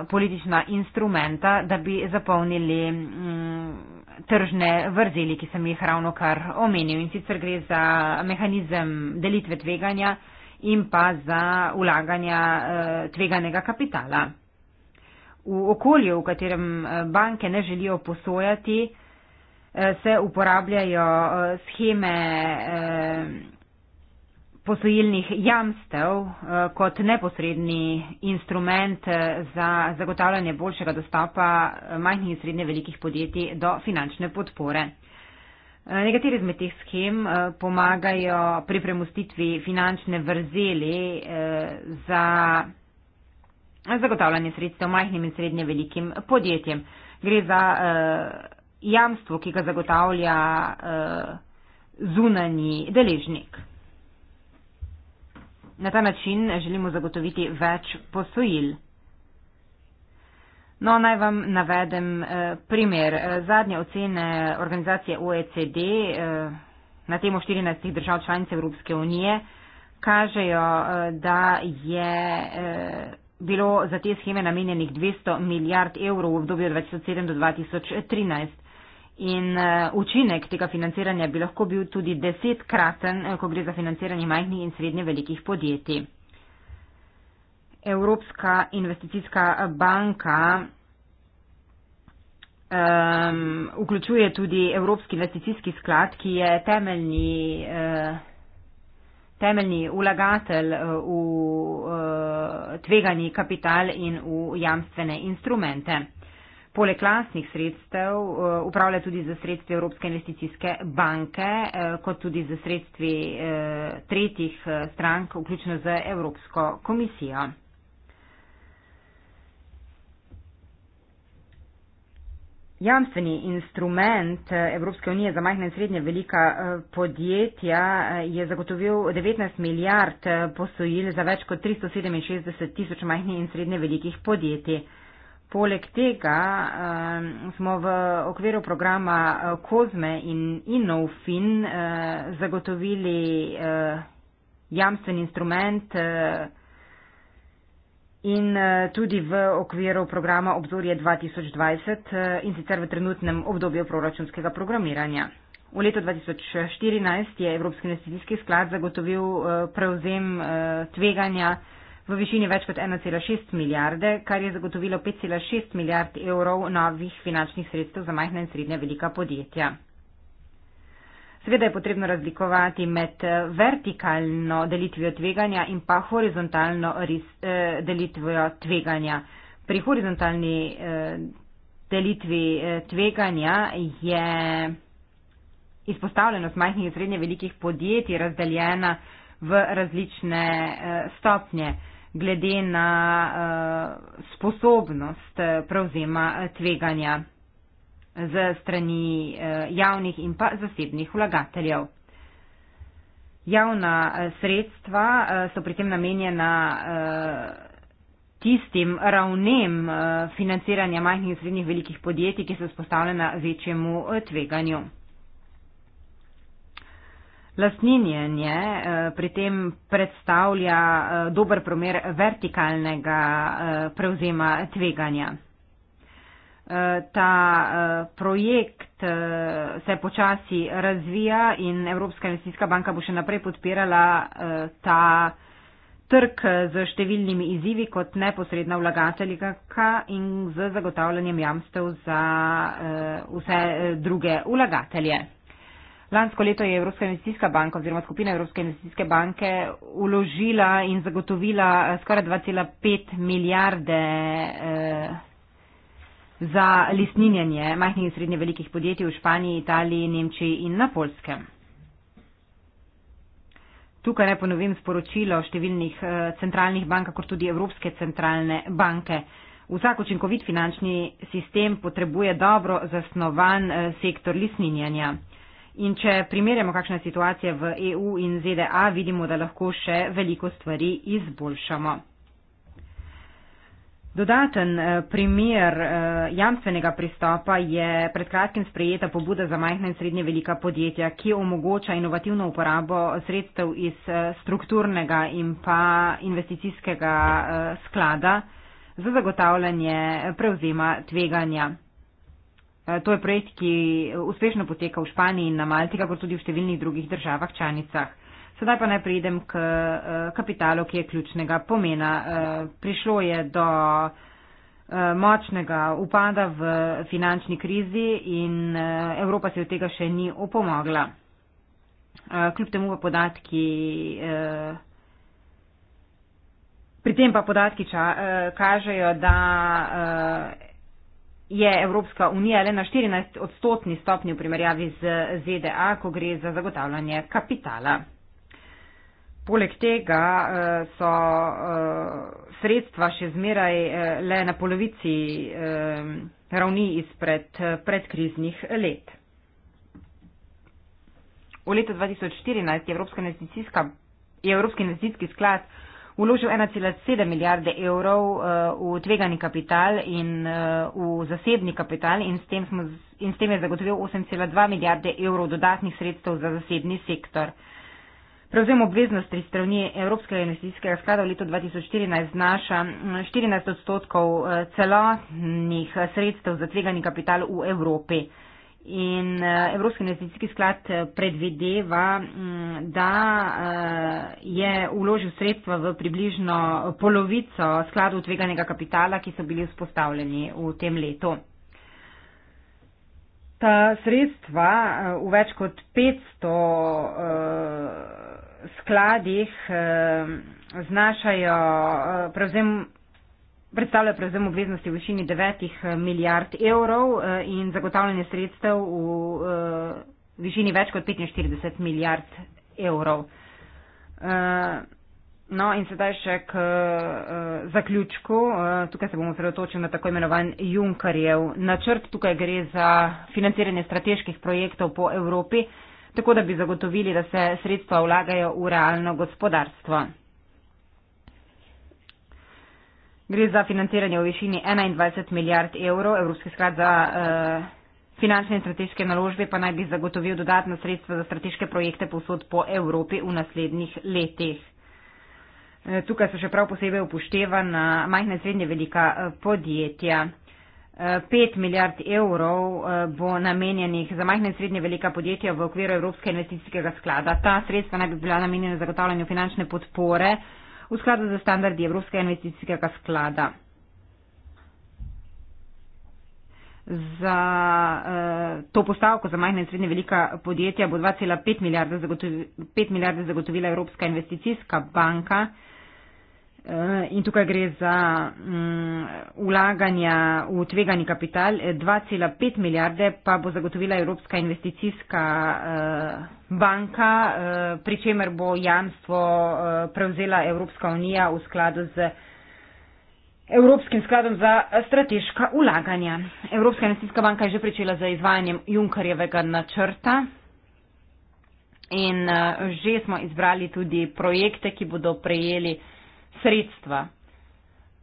uh, politična instrumenta, da bi zapolnili um, tržne vrzeli, ki sem jih ravno kar omenil. In sicer gre za mehanizem delitve tveganja in pa za ulaganja uh, eh, tveganega kapitala. V okolju, v katerem eh, banke ne želijo posojati, se uporabljajo uh, scheme. Uh, posojilnih jamstev eh, kot neposredni instrument eh, za zagotavljanje boljšega dostopa eh, majhnih in srednje velikih podjetij do finančne podpore. Nekateri izmed teh schem pomagajo pri premustitvi finančne vrzeli za zagotavljanje sredstev majhnim in srednje velikim podjetjem. Gre za jamstvo, ki ga zagotavlja zunanji deležnik. Na ta način želimo zagotoviti več posojil. No, naj vam navedem eh, primer. Eh, zadnje ocene organizacije OECD eh, na temo 14 držav članic Evropske unije kažejo, da je bilo za te scheme namenjenih 200 milijard evrov v obdobju 2007 do 2013. In eh, učinek tega financiranja bi lahko bil tudi desetkraten, eh, ko gre za financiranje majhnih in srednje velikih podjetij. Evropska investicijska eh, banka um, vključuje tudi Evropski investicijski sklad, ki je temeljni, uh, temeljni ulagatelj v uh, tvegani kapital in v jamstvene instrumente poleg lastnih sredstev eh, upravlja tudi za sredstvi Evropske investicijske banke, eh, kot tudi za sredstvi eh, tretjih strank, vključno z Evropsko komisijo. Jamstveni instrument Evropske unije za majhna in srednja velika podjetja je zagotovil 19 milijard posojil za več kot 367 tisoč majhnih in srednje velikih podjetij. Poleg tega uh, smo v okviru programa COSME eh, in INOFIN uh, zagotovili uh, jamstven instrument uh, in uh, tudi v okviru programa Obzorje 2020 uh, in sicer v trenutnem obdobju proračunskega programiranja. V letu 2014 je Evropski investicijski sklad zagotovil uh, prevzem uh, tveganja v višini več kot 1,6 milijarde, kar je zagotovilo 5,6 milijard evrov novih finančnih sredstev za majhna in srednja velika podjetja. Sveda je potrebno razlikovati med eh, vertikalno delitvijo tveganja in pa horizontalno ris, eh, delitvijo tveganja. Pri horizontalni eh, delitvi eh, tveganja je izpostavljenost majhnih in srednje velikih podjetij razdeljena v različne eh, stopnje. Eh, glede na uh, sposobnost eh, prevzema eh, tveganja z strani uh, javnih in pa zasebnih vlagateljev. Javna sredstva uh, so pri tem namenjena uh, tistim ravnem financiranja majhnih in srednjih velikih podjetij, ki so spostavljena večjemu tveganju. Lastninjenje eh, pri tem predstavlja eh, dober primer vertikalnega eh, prevzema tveganja. Ta projekt se počasi razvija in Evropska investicijska banka bo še naprej podpirala ta trg z številnimi izzivi kot neposredna vlagateljka in z zagotavljanjem jamstev za vse druge vlagatelje. Lansko leto je Evropska investicijska banka oziroma skupina Evropske investicijske banke uložila in zagotovila eh, skoraj 2,5 milijarde eh, za lisninjanje majhnih in srednje velikih podjetij v Španiji, Italiji, Nemčiji in na Polskem. Tukaj ne ponovim sporočilo številnih eh, centralnih bank, kot tudi Evropske centralne banke. Vsak učinkovit finančni sistem potrebuje dobro zasnovan eh, sektor lisninjanja. In če primerjamo, kakšna je situacija v EU in ZDA, vidimo, da lahko še veliko stvari izboljšamo. Dodaten eh, primer eh, jamstvenega pristopa je pred kratkim sprejeta pobuda za majhna in srednje velika podjetja, ki omogoča inovativno uporabo sredstev iz eh, strukturnega in pa investicijskega sklada za zagotavljanje prevzema tveganja. Eh, to je projekt, ki eh, uspešno poteka v Španiji in na Malti, kako tudi v številnih drugih državah članicah. Sedaj pa naj pridem k eh, kapitalu, ki je ključnega pomena. Prišlo je do močnega upada v finančni krizi in Evropa se od tega še ni opomogla. Kljub temu pa podatki. Pri tem pa podatki ča, kažejo, da je Evropska unija le na 14 odstotni stopnji v primerjavi z ZDA, ko gre za zagotavljanje kapitala. Poleg tega eh, so eh, sredstva še zmeraj eh, le na polovici ravni izpred predkriznih let. V letu 2014 je Evropski investicijski sklad vložil 1,7 milijarde evrov eh, v tvegani kapital in eh, v zasebni kapital in s tem, smo, in s tem je zagotovil 8,2 milijarde evrov dodatnih sredstev za zasebni sektor. Prevzem obveznosti strani Evropskega investicijskega sklada v letu 2014 znaša 14 mm, odstotkov eh, celotnih sredstev za tvegani kapital v Evropi. In eh, Evropski investicijski sklad eh, predvideva, mm, da eh, je uložil sredstva v približno polovico skladov tveganega kapitala, ki so bili vzpostavljeni v tem letu. Ta sredstva v več kot 500 skladih znašajo prevzem predstavlja predvsem obveznosti v višini 9 eh, milijard evrov eh, in zagotavljanje sredstev v eh, višini več kot 45 milijard evrov. No in sedaj še k zaključku. Tukaj se bomo sredotočili na tako imenovan Junkarjev načrt. Tukaj gre za financiranje strateških projektov po Evropi, tako da bi zagotovili, da se sredstva vlagajo v realno gospodarstvo. Gre za financiranje v višini 21 milijard evrov. Evropski sklad za uh, finančne in strateške naložbe pa naj bi zagotovil dodatna sredstva za strateške projekte posod po Evropi v naslednjih letih. Eh, tukaj so še prav posebej upoštevana majhna in srednje velika eh, podjetja. 5 milijard evrov bo namenjenih za majhna in srednje velika podjetja v okviru Evropskega investicijskega sklada. Ta sredstva naj bi bila namenjena zagotavljanju finančne podpore u skladu za standardi Evropskega investicijskega sklada. Za eh, to postavko za majhne in srednje velika podjetja bo 2,5 milijarde, zagotovi, milijarde zagotovila Evropska investicijska banka. Eh, Eh, in tukaj gre za um, mm, ulaganja v tvegani kapital. 2,5 eh, milijarde pa bo zagotovila Evropska investicijska uh, banka, uh, pri čemer bo jamstvo uh, prevzela Evropska unija v skladu z Evropskim skladom za strateška ulaganja. Evropska investicijska banka je že pričela za izvajanjem Junkarjevega načrta. In uh, že smo izbrali tudi projekte, ki bodo prejeli sredstva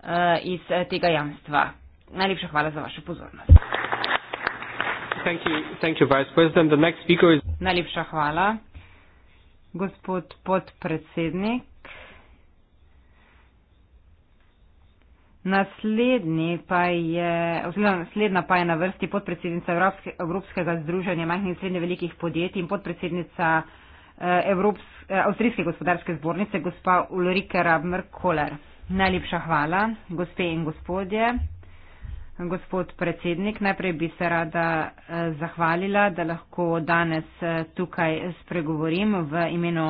eh, iz eh, tega jamstva. Najlepša hvala za vašo pozornost. Thank you. Thank you, The next is... Najlepša hvala, gospod podpredsednik. Naslednji pa je, oziroma naslednja pa je na vrsti podpredsednica Evropskega združenja majhnih in srednje velikih podjetij in podpredsednica Evrops, Avstrijske gospodarske zbornice, gospa Ulrike Rabner-Koler. Najlepša hvala, gospe in gospodje. Gospod predsednik, najprej bi se rada eh, zahvalila, da lahko danes eh, tukaj spregovorim v imenu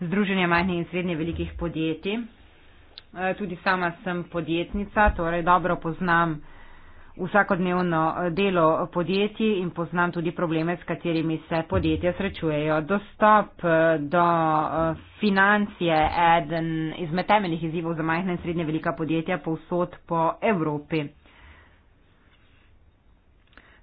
Združenja majhnih in srednje velikih podjetij. Eh, tudi sama sem podjetnica, torej dobro poznam vsakodnevno eh, delo podjetij in poznam tudi probleme, s katerimi se podjetja srečujejo. Dostop eh, do eh, financ je eden izmed temeljnih izzivov za majhne in srednje velika podjetja povsod po Evropi.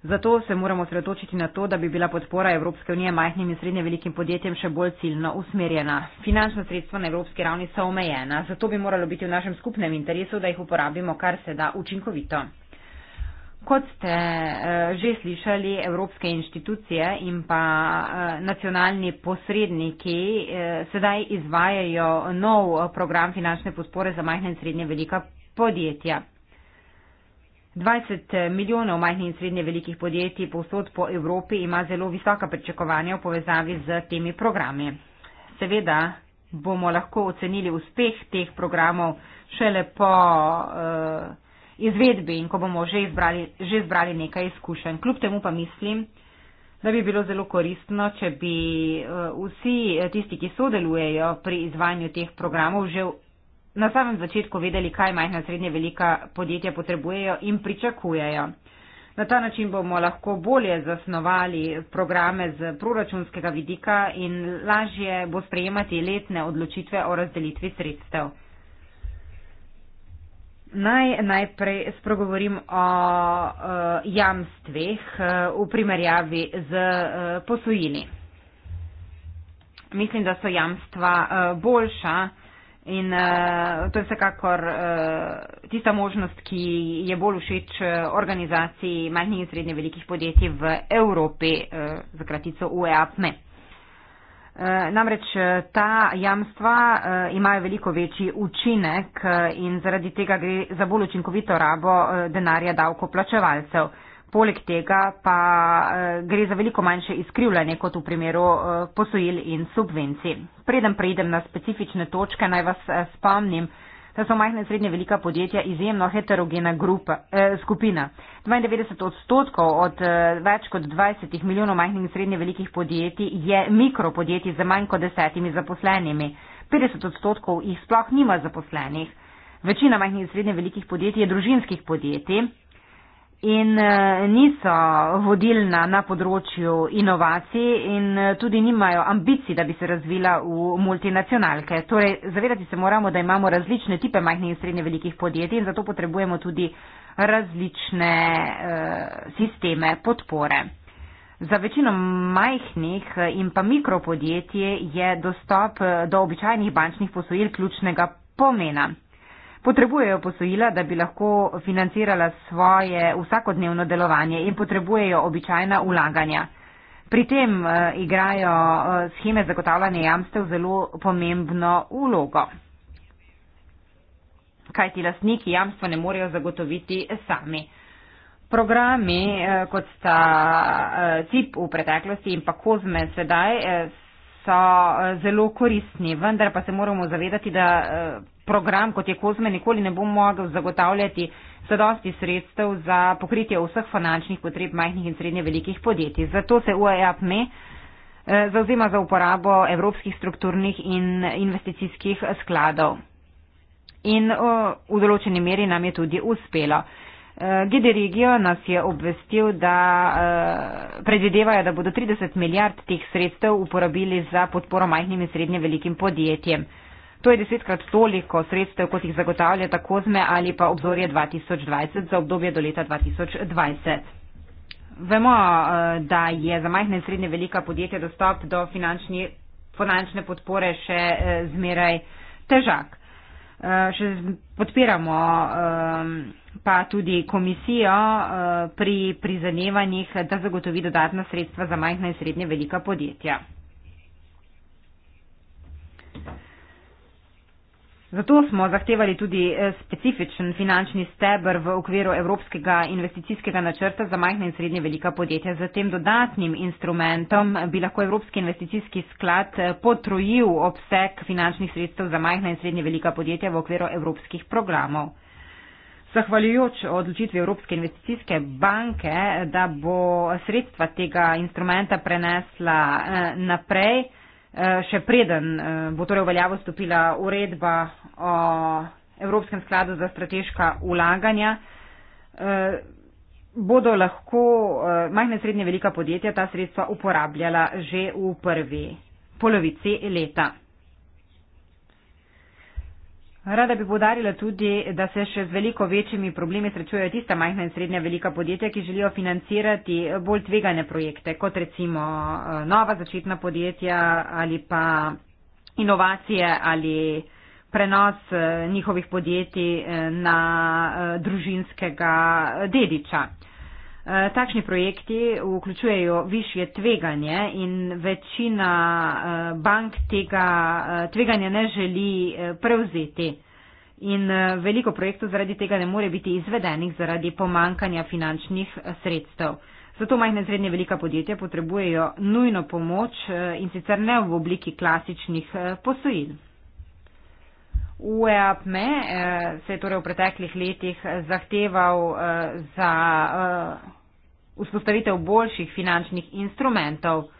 Zato se moramo sredotočiti na to, da bi bila podpora Evropske unije majhnim in srednje velikim podjetjem še bolj ciljno usmerjena. Finančna sredstva na evropski ravni so omejena, zato bi moralo biti v našem skupnem interesu, da jih uporabimo kar se da učinkovito. Kot ste eh, že slišali, evropske inštitucije in pa eh, nacionalni posredniki eh, sedaj izvajajo nov program finančne podpore za majhne in srednje velika podjetja. 20 milijonov majhnih in srednje velikih podjetij povsod po Evropi ima zelo visoka pričakovanja v povezavi z temi programi. Seveda bomo lahko ocenili uspeh teh programov šele po. Uh, izvedbi in ko bomo že izbrali, že izbrali nekaj izkušenj. Kljub temu pa mislim, da bi bilo zelo koristno, če bi eh, vsi eh, tisti, ki sodelujejo pri izvajanju teh programov, že na samem začetku vedeli, kaj majhna srednje velika podjetja potrebujejo in pričakujejo. Na ta način bomo lahko bolje zasnovali programe z proračunskega vidika in lažje bo sprejemati letne odločitve o razdelitvi sredstev. Naj najprej spregovorim o uh, jamstvih uh, v primerjavi z uh, posojili. Mislim, da so jamstva uh, boljša in uh, to je vsekakor uh, tista možnost, ki je bolj všeč organizaciji malih in srednje velikih podjetij v Evropi, uh, za kratico UEAPME. Eh, namreč eh, ta jamstva eh, imajo veliko večji učinek in zaradi tega gre za bolj učinkovito rabo denarja davkoplačevalcev. Poleg tega pa gre za veliko manjše izkrivljanje kot v primeru posojil in subvencij. Preden preidem na specifične točke, naj vas spomnim, Ta so majhna in srednje velika podjetja izjemno heterogena grupa, eh, skupina. 92 odstotkov od eh, več kot 20 milijonov majhnih in srednje velikih podjetij je mikropodjetij z manj kot desetimi zaposlenimi. 50 odstotkov jih sploh nima zaposlenih. Večina majhnih in srednje velikih podjetij je družinskih podjetij in eh, niso vodilna na področju inovacij in eh, tudi nimajo ambicij, da bi se razvila v multinacionalke. Torej, zavedati se moramo, da imamo različne tipe majhnih in srednje velikih podjetij in zato potrebujemo tudi različne eh, sisteme podpore. Za večino majhnih in pa mikropodjetij je dostop do običajnih bančnih posojil ključnega pomena. Potrebujejo posojila, da bi lahko financirala svoje vsakodnevno delovanje in potrebujejo običajna ulaganja. Pri tem eh, igrajo eh, scheme zagotavljanja jamstev zelo pomembno ulogo. Kaj ti lastniki jamstva ne morejo zagotoviti sami? Programi, eh, kot sta CIP v preteklosti in pa COSME sedaj, so zelo koristni, vendar pa se moramo zavedati, da program, kot je Kozme, nikoli ne bo mogel zagotavljati zadosti sredstev za pokritje vseh finančnih potreb majhnih in srednje velikih podjetij. Zato se UAE-APME e eh, zauzema za uporabo evropskih strukturnih in investicijskih skladov. In eh, v določeni meri nam je tudi uspelo. Eh, GD Regio nas je obvestil, da predvidevajo, da bodo 30 milijard teh sredstev uporabili za podporo majhnim in srednje velikim podjetjem. To je desetkrat toliko sredstev, kot jih zagotavlja tako zme ali pa obzorje 2020 za obdobje do leta 2020. Vemo, eh, da je za majhne in srednje velika podjetja dostop do finančni, finančne podpore še eh, zmeraj težak. Eh, še podpiramo pa tudi komisijo pri prizanevanjih, da zagotovi dodatna sredstva za majhne in srednje velika podjetja. Zato smo zahtevali tudi eh, specifičen finančni stebr v okviru Evropskega investicijskega načrta za majhne in srednje velika podjetja. Z tem dodatnim instrumentom bi lahko Evropski investicijski sklad eh, potrojil obseg finančnih sredstev za majhne in srednje velika podjetja v okviru evropskih programov. Zahvaljujoč odločitvi Evropske investicijske banke, da bo sredstva tega instrumenta prenesla eh, naprej, Eh, še preden eh, bo torej uveljavo stopila uredba o Evropskem skladu za strateška ulaganja, eh, bodo lahko majhne srednje velika podjetja ta sredstva uporabljala že v prvi polovici leta. Rada bi podarila tudi, da se še z veliko večjimi problemi srečujejo tista majhna in srednja velika podjetja, ki želijo financirati bolj tvegane projekte, kot recimo eh, nova začetna podjetja ali pa inovacije ali prenos eh, njihovih podjetij eh, na družinskega dediča. Eh, takšni projekti vključujejo višje tveganje in večina eh, bank tega eh, tveganja ne želi prevzeti. In veliko projektov zaradi tega ne more biti izvedenih zaradi pomankanja finančnih sredstev. Zato majhne in srednje velika podjetja potrebujejo nujno pomoč in sicer ne v obliki klasičnih posojil. UEAPME eh, se je torej v preteklih letih zahteval eh, za eh, vzpostavitev boljših finančnih instrumentov.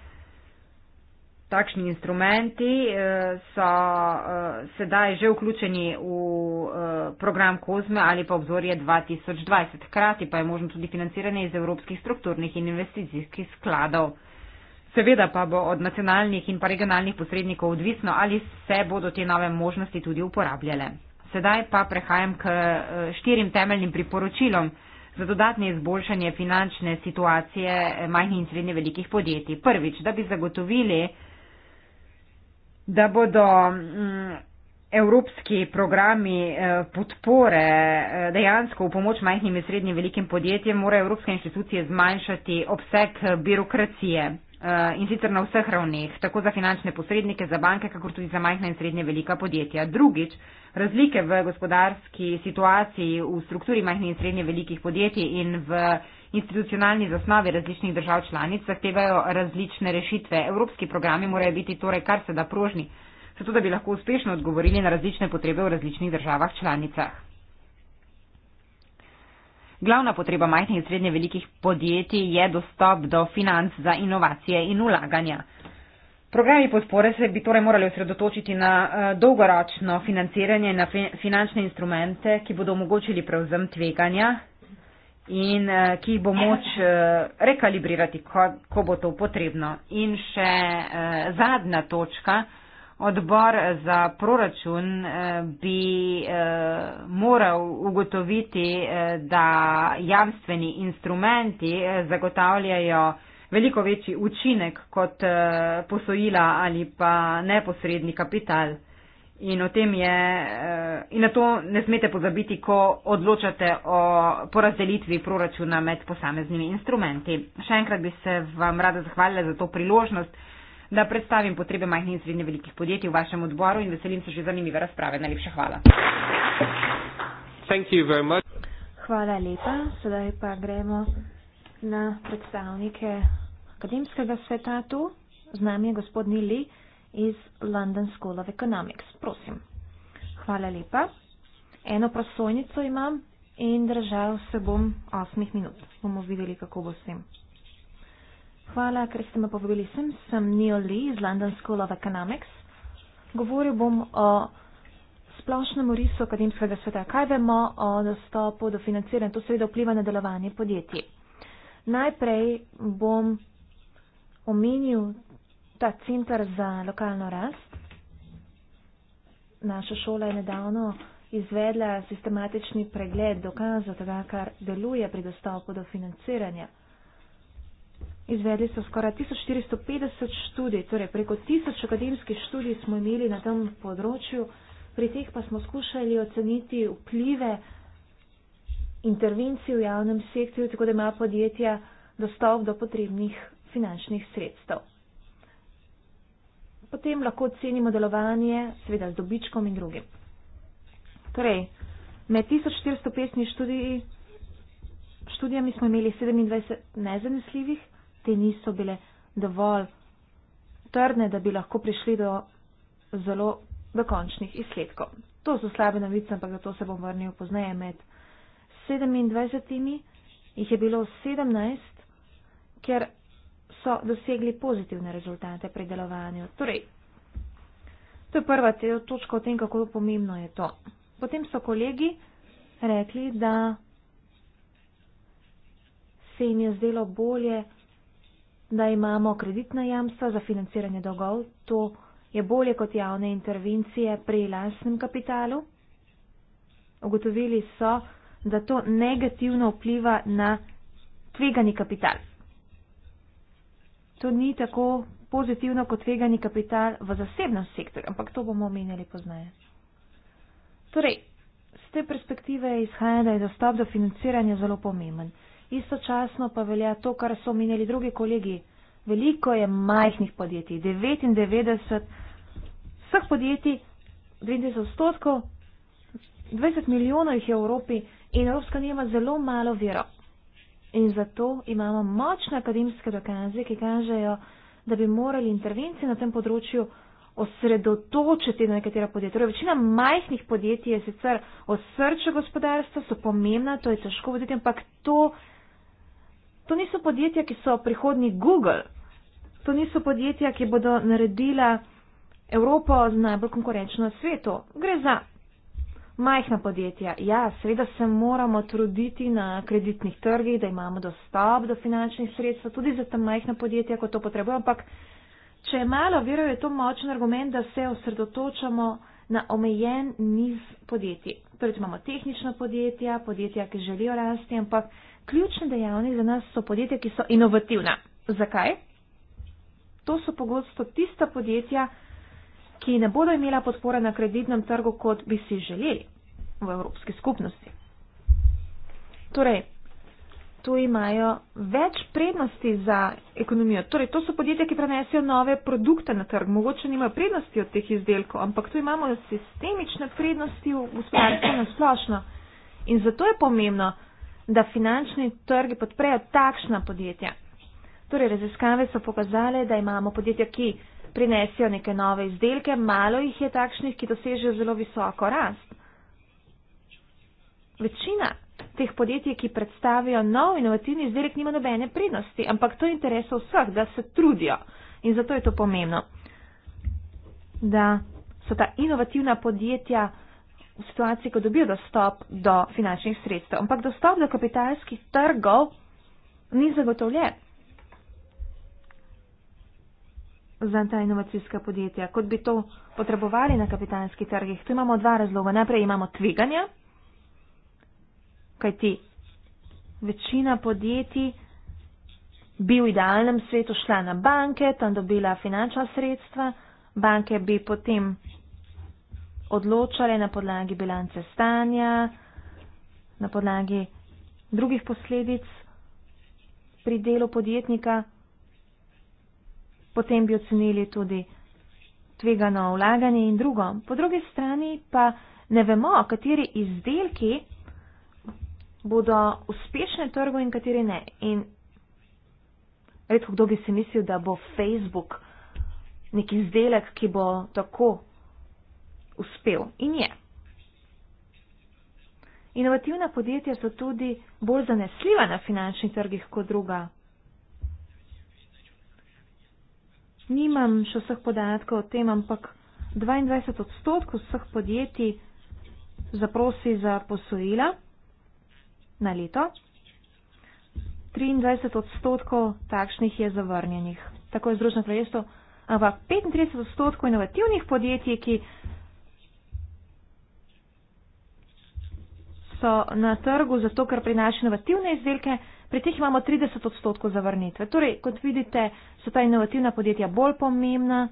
Takšni instrumenti so sedaj že vključeni v program Kozme ali pa obzorje 2020. Hkrati pa je možno tudi financiranje iz evropskih strukturnih in investicijskih skladov. Seveda pa bo od nacionalnih in pa regionalnih posrednikov odvisno, ali se bodo te nove možnosti tudi uporabljale. Sedaj pa prehajam k eh, štirim temeljnim priporočilom za dodatne izboljšanje finančne situacije eh, majhnih in srednje velikih podjetij. Prvič, da bi zagotovili, da bodo mm, evropski programi eh, podpore dejansko v pomoč majhnim in srednjim velikim podjetjem, morajo evropske inštitucije zmanjšati obseg birokracije. Eh, in sicer na vseh ravneh, tako za finančne posrednike, za banke, kakor tudi za majhna in srednje velika podjetja. Drugič, razlike v gospodarski situaciji, v strukturi majhnih in srednje velikih podjetij in v institucionalni zasnovi različnih držav članic zahtevajo različne rešitve. Evropski programi morajo biti torej kar se da prožni, zato da bi lahko uspešno odgovorili na različne potrebe v različnih državah članicah. Glavna potreba majhnih in srednje velikih podjetij je dostop do financ za inovacije in ulaganja. Programi podpore se bi torej morali osredotočiti na eh, dolgoročno financiranje, na finančne instrumente, ki bodo omogočili prevzem tveganja in eh, ki jih bo moč eh, rekalibrirati, ko bo to potrebno. In še zadnja točka odbor za proračun eh, bi eh, moral ugotoviti, eh, da jamstveni instrumenti zagotavljajo veliko večji učinek kot posojila ali pa neposredni kapital. In, je, in na to ne smete pozabiti, ko odločate o porazdelitvi proračuna med posameznimi instrumenti. Še enkrat bi se vam rada zahvalila za to priložnost da predstavim potrebe majhnih in srednje velikih podjetij v vašem odboru in veselim se že zanimive razprave. Najlepša hvala. Hvala lepa. Sedaj pa gremo na predstavnike akademskega sveta tu. Z nami je gospod Nili iz London School of Economics. Prosim. Hvala lepa. Eno prosojnico imam in držal se bom osmih minut. Bomo videli, kako bo s tem. Hvala, ker ste me povabili sem. Sem Neil Lee iz London School of Economics. Govoril bom o splošnem risu akademskega sveta. Kaj vemo o dostopu do financiranja? To seveda vpliva na delovanje podjetij. Najprej bom omenil ta centr za lokalno rast. Naša šola je nedavno izvedla sistematični pregled dokazov tega, kar deluje pri dostopu do financiranja. Izvedli so skoraj 1450 študij, torej preko 1000 akademskih študij smo imeli na tem področju, pri teh pa smo skušali oceniti vplive intervencij v javnem sektorju, tako da imajo podjetja dostop do potrebnih finančnih sredstev. Potem lahko ocenimo delovanje, seveda z dobičkom in drugim. Torej, med 1450 študij, študijami smo imeli 27 nezanesljivih, te niso bile dovolj trdne, da bi lahko prišli do zelo dokončnih izsledkov. To so slabe novice, ampak zato se bom vrnil pozneje. Med 27 jih je bilo 17, ker so dosegli pozitivne rezultate pri delovanju. Torej, to je prva točka o tem, kako pomembno je to. Potem so kolegi rekli, da se jim je zdelo bolje, da imamo kreditna jamstva za financiranje dolgov, to je bolje kot javne intervencije pri lastnem kapitalu. Ogotovili so, da to negativno vpliva na tvegani kapital. To ni tako pozitivno kot tvegani kapital v zasebnem sektorju, ampak to bomo omenjali poznaje. Torej, z te perspektive izhaja, da je dostop do financiranja zelo pomemben istočasno pa velja to, kar so omenjali drugi kolegi. Veliko je majhnih podjetij, 99 vseh podjetij, 90 odstotkov, 20 milijonov jih je v Evropi in Evropska unija ima zelo malo vero. In zato imamo močne akademske dokaze, ki kažejo, da bi morali intervencije na tem področju osredotočiti na nekatera podjetja. Torej, večina majhnih podjetij je sicer osrče gospodarstva, so pomembna, to je težko voditi, ampak to to niso podjetja, ki so prihodni Google, to niso podjetja, ki bodo naredila Evropo najbolj konkurenčno na svetu. Gre za majhna podjetja. Ja, seveda se moramo truditi na kreditnih trgih, da imamo dostop do finančnih sredstev, tudi za ta majhna podjetja, ko to potrebujemo, ampak če je malo, verujem, je to močen argument, da se osredotočamo na omejen niz podjetij. Torej, imamo tehnična podjetja, podjetja, ki želijo rasti, ampak Ključni dejavnik za nas so podjetja, ki so inovativna. Zakaj? To so pogosto tista podjetja, ki ne bodo imela podpore na kreditnem trgu, kot bi si želeli v Evropski skupnosti. Torej, tu imajo več prednosti za ekonomijo. Torej, to so podjetja, ki prenesejo nove produkte na trg. Mogoče nimajo prednosti od teh izdelkov, ampak tu imamo sistemične prednosti v gospodarstvu na splošno. In zato je pomembno, da finančni trgi podprejo takšna podjetja. Torej, raziskave so pokazale, da imamo podjetja, ki prinesijo neke nove izdelke, malo jih je takšnih, ki dosežejo zelo visoko rast. Večina teh podjetij, ki predstavijo nov inovativni izdelek, nima nobene prednosti, ampak to je interes vseh, da se trudijo. In zato je to pomembno, da so ta inovativna podjetja v situaciji, ko dobijo dostop do finančnih sredstev. Ampak dostop do kapitalskih trgov ni zagotovljen za ta inovacijska podjetja, kot bi to potrebovali na kapitalskih trgih. Tu imamo dva razloga. Najprej imamo tveganja, kajti večina podjetij bi v idealnem svetu šla na banke, tam dobila finančna sredstva, banke bi potem odločali na podlagi bilance stanja, na podlagi drugih posledic pri delu podjetnika, potem bi ocenili tudi tvegano vlaganje in drugo. Po drugi strani pa ne vemo, kateri izdelki bodo uspešni trgu in kateri ne. In redko kdo bi si mislil, da bo Facebook nek izdelek, ki bo tako uspel in je. Inovativna podjetja so tudi bolj zanesljiva na finančnih trgih kot druga. Nimam še vseh podatkov o tem, ampak 22 odstotkov vseh podjetij zaprosi za posojila na leto, 23 odstotkov takšnih je zavrnjenih. Tako je združeno kraljestvo, ampak 35 odstotkov inovativnih podjetij, ki so na trgu, zato ker prinaša inovativne izdelke, pri teh imamo 30 odstotkov zavrnitve. Torej, kot vidite, so ta inovativna podjetja bolj pomembna,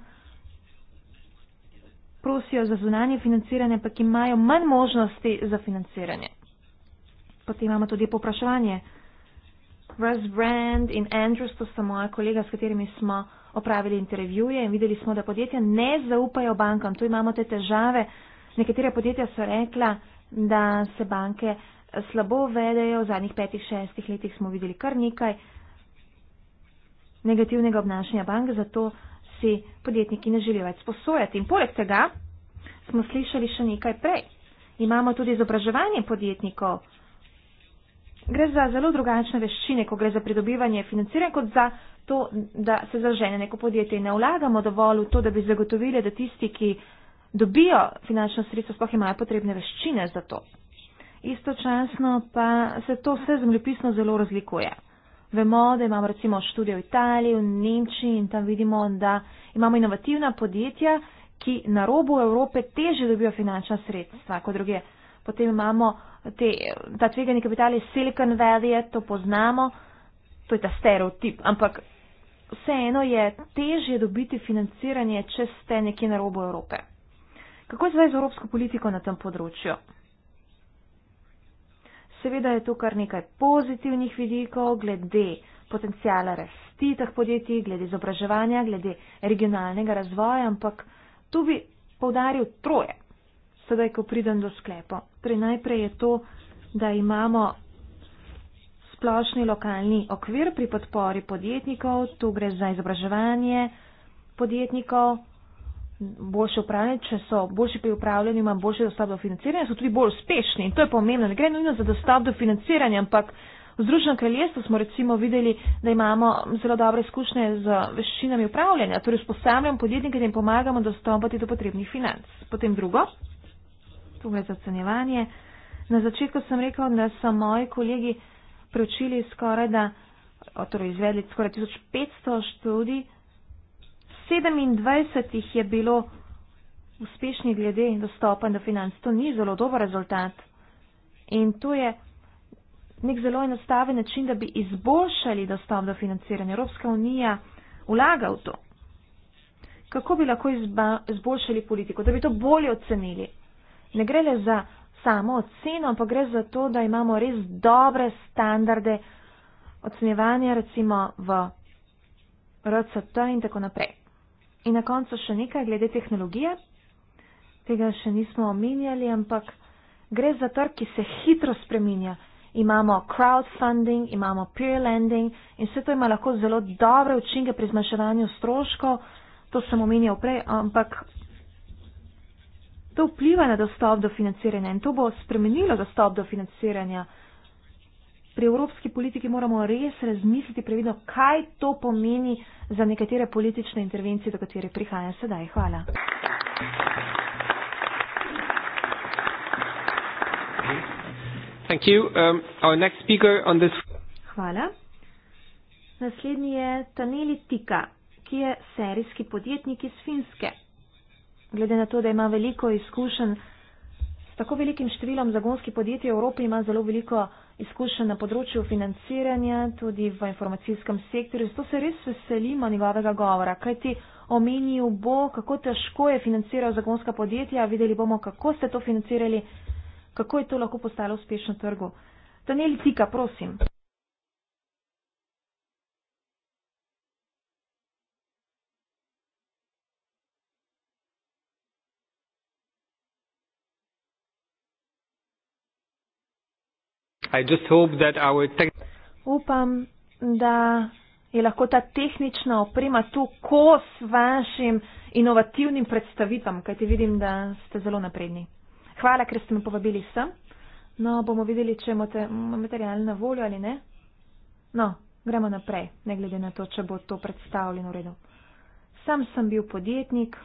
prosijo za zunanje financiranje, pa ki imajo manj možnosti za financiranje. Potem imamo tudi popraševanje. Russ Brand in Andrews, to sta moja kolega, s katerimi smo opravili intervjuje in videli smo, da podjetja ne zaupajo bankam. Tu imamo te težave. Nekatere podjetja so rekla, da se banke slabo vedejo. V zadnjih petih, šestih letih smo videli kar nekaj negativnega obnašanja bank, zato si podjetniki ne želijo več sposojati. In poleg tega smo slišali še nekaj prej. Imamo tudi izobraževanje podjetnikov. Gre za zelo drugačne veščine, ko gre za pridobivanje financiranja, kot za to, da se zažene neko podjetje. Ne vlagamo dovolj v to, da bi zagotovili, da tisti, ki dobijo finančno sredstvo, sploh imajo potrebne veščine za to. Istočasno pa se to vse zemljopisno zelo razlikuje. Vemo, da imamo recimo študije v Italiji, v Nemčiji in tam vidimo, da imamo inovativna podjetja, ki na robu Evrope teže dobijo finančna sredstva kot druge. Potem imamo te, ta tvegani kapital iz Silicon Valley, to poznamo, to je ta stereotip, ampak vseeno je teže dobiti financiranje, če ste nekje na robu Evrope. Kako je zdaj z evropsko politiko na tem področju? Seveda je tu kar nekaj pozitivnih vidikov glede potencijala rasti teh podjetij, glede izobraževanja, glede regionalnega razvoja, ampak tu bi povdaril troje. Sedaj, ko pridem do sklepa. Torej, najprej je to, da imamo splošni lokalni okvir pri podpori podjetnikov, tu gre za izobraževanje podjetnikov, boljše upravljanje, če so boljši pri upravljanju, imajo boljši dostop do financiranja, so tudi bolj uspešni in to je pomembno. Ne gre nujno za dostop do financiranja, ampak v Združenem kraljestvu smo recimo videli, da imamo zelo dobre izkušnje z veščinami upravljanja, torej usposabljamo podjetnike in jim pomagamo dostopati do potrebnih financ. Potem drugo, tu gre za ocenjevanje. Na začetku sem rekel, da so moji kolegi preučili skoraj da, torej izvedli skoraj 1500 študij 27 jih je bilo uspešni glede dostopa do financ. To ni zelo dober rezultat. In to je nek zelo enostaven način, da bi izboljšali dostop do financiranja. Evropska unija vlaga v to. Kako bi lahko izboljšali politiko, da bi to bolje ocenili? Ne gre le za samo oceno, ampak gre za to, da imamo res dobre standarde ocenjevanja, recimo v RCT in tako naprej. In na koncu še nekaj glede tehnologije. Tega še nismo omenjali, ampak gre za trg, ki se hitro spreminja. Imamo crowdfunding, imamo peer lending in vse to ima lahko zelo dobre učinke pri zmanjševanju stroškov. To sem omenjal prej, ampak to vpliva na dostop do financiranja in to bo spremenilo dostop do financiranja pri evropski politiki moramo res razmisliti previdno, kaj to pomeni za nekatere politične intervencije, do katere prihaja sedaj. Hvala. Um, Hvala. Naslednji je Taneli Tika, ki je serijski podjetnik iz Finske. Glede na to, da ima veliko izkušenj s tako velikim številom zagonskih podjetij v Evropi, ima zelo veliko izkušenj na področju financiranja, tudi v informacijskem sektorju. Zato se res veselimo njegovega govora, kajti omenil bo, kako težko je financiral zagonska podjetja, videli bomo, kako ste to financirali, kako je to lahko postalo uspešno trgu. Daniel Tika, prosim. I just hope that our Upam, da je lahko ta tehnična oprema tu kos vašim inovativnim predstavitvam, kajti vidim, da ste zelo napredni. Hvala, ker ste me povabili sem. No, bomo videli, če imate material na voljo ali ne. No, gremo naprej, ne glede na to, če bo to predstavljeno v redu. Sam sem bil podjetnik.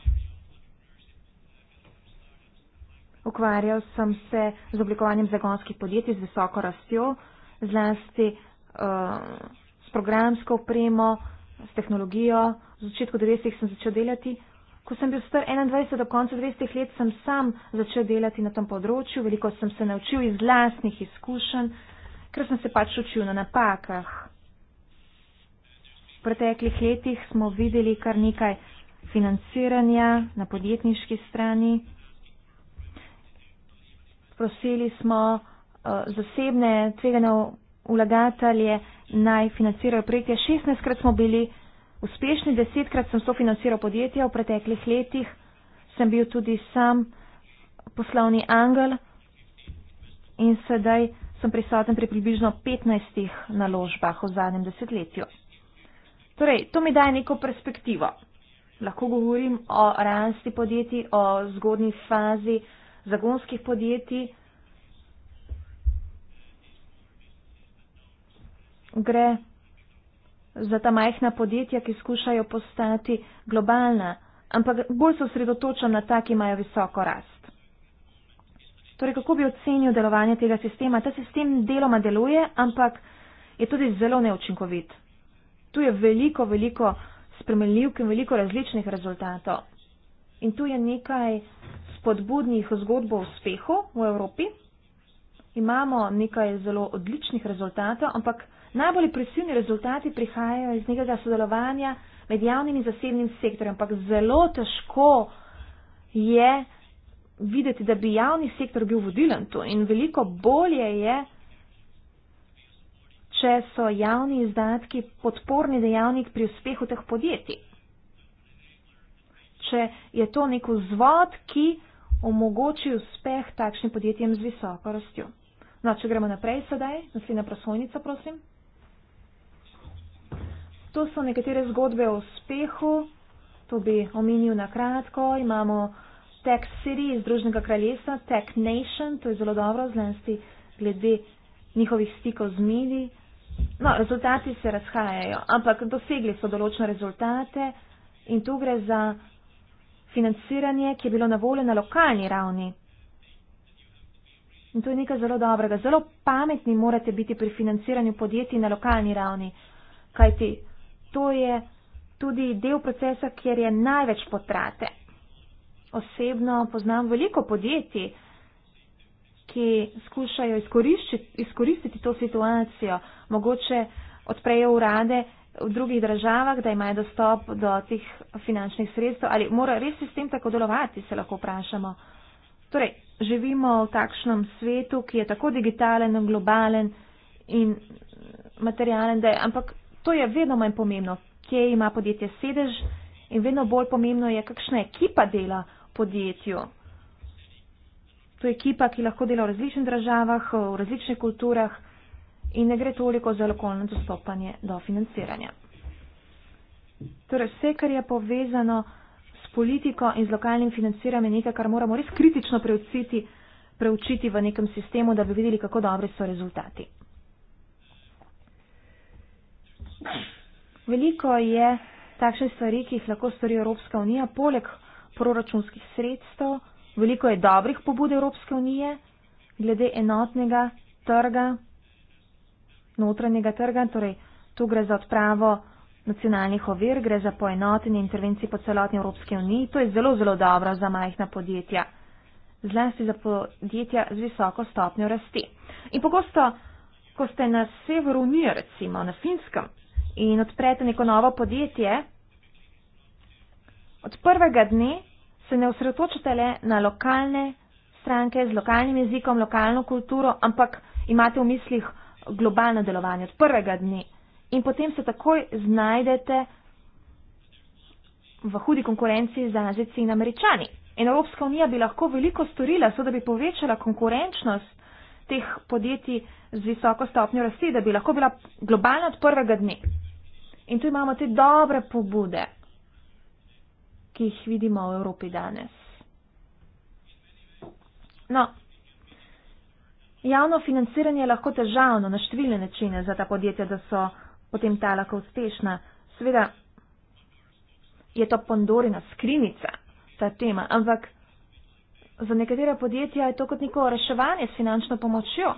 Ukvarjal sem se z oblikovanjem zagonskih podjetij z visoko rastjo, zlasti uh, s programsko opremo, s tehnologijo. V začetku 90-ih sem začel delati. Ko sem bil star 21 do konca 20 let, sem sam začel delati na tem področju. Veliko sem se naučil iz vlastnih izkušenj, ker sem se pač učil na napakah. V preteklih letih smo videli kar nekaj financiranja na podjetniški strani prosili smo eh, zasebne tvegane vlagatelje naj financirajo projekte. 16krat smo bili uspešni, 10krat sem sofinanciral podjetja v preteklih letih, sem bil tudi sam poslovni angel in sedaj sem prisoten pri približno 15 naložbah v zadnjem desetletju. Torej, to mi daje neko perspektivo. Lahko govorim o rasti podjetij, o zgodni fazi, zagonskih podjetij. Gre za ta majhna podjetja, ki skušajo postati globalna, ampak bolj so sredotočena na ta, ki imajo visoko rast. Torej, kako bi ocenil delovanje tega sistema? Ta sistem deloma deluje, ampak je tudi zelo neučinkovit. Tu je veliko, veliko spremenljivk in veliko različnih rezultatov. In tu je nekaj, spodbudnih zgodb o uspehu v Evropi. Imamo nekaj zelo odličnih rezultatov, ampak najbolj presivni rezultati prihajajo iz nekega sodelovanja med javnim in zasebnim sektorjem. Ampak zelo težko je videti, da bi javni sektor bil vodilen to in veliko bolje je, če so javni izdatki podporni dejavnik pri uspehu teh podjetij. Če je to nek vzvod, ki omogoči uspeh takšnim podjetjem z visoko rastjo. No, če gremo naprej sedaj, naslednja prosojnica, prosim. To so nekatere zgodbe o uspehu, to bi omenil na kratko. Imamo Tech City iz Združenega kraljestva, Tech Nation, to je zelo dobro, zlasti glede njihovih stikov z mediji. No, rezultati se razhajajo, ampak dosegli so določene rezultate in tu gre za financiranje, ki je bilo na voljo na lokalni ravni. In to je nekaj zelo dobrega. Zelo pametni morate biti pri financiranju podjetij na lokalni ravni, kajti to je tudi del procesa, kjer je največ potrate. Osebno poznam veliko podjetij, ki skušajo izkoristiti to situacijo, mogoče odprejo urade v drugih državah, da imajo dostop do teh finančnih sredstev ali mora res sistem tako delovati, se lahko vprašamo. Torej, živimo v takšnem svetu, ki je tako digitalen, globalen in materialen, da je, ampak to je vedno manj pomembno, kje ima podjetje sedež in vedno bolj pomembno je, kakšna ekipa dela podjetju. To je ekipa, ki lahko dela v različnih državah, v različnih kulturah in ne gre toliko za lokalno dostopanje do financiranja. Torej, vse, kar je povezano s politiko in z lokalnim financiranjem, je nekaj, kar moramo res kritično preučiti, preučiti v nekem sistemu, da bi videli, kako dobri so rezultati. Veliko je takšnih stvari, ki jih lahko stori Evropska unija, poleg proračunskih sredstev, veliko je dobrih pobud Evropske unije glede enotnega trga, notranjega trga, torej tu gre za odpravo nacionalnih ovir, gre za poenotenje intervencij po celotni Evropski uniji. To je zelo, zelo dobro za majhna podjetja, zlasti za podjetja z visoko stopnjo rasti. In pogosto, ko ste na severu unije, recimo na finskem, in odprete neko novo podjetje, od prvega dne se ne osredotočate le na lokalne stranke z lokalnim jezikom, lokalno kulturo, ampak imate v mislih, globalno delovanje od prvega dne in potem se takoj znajdete v hudi konkurenci z Azici in Američani. In Evropska unija bi lahko veliko storila, so da bi povečala konkurenčnost teh podjetij z visoko stopnjo rasti, da bi lahko bila globalna od prvega dne. In tu imamo te dobre pobude, ki jih vidimo v Evropi danes. No, Javno financiranje je lahko težavno na številne načine za ta podjetja, da so potem ta lahko uspešna. Sveda je to pandorina skrinica, ta tema, ampak za nekatera podjetja je to kot neko reševanje s finančno pomočjo.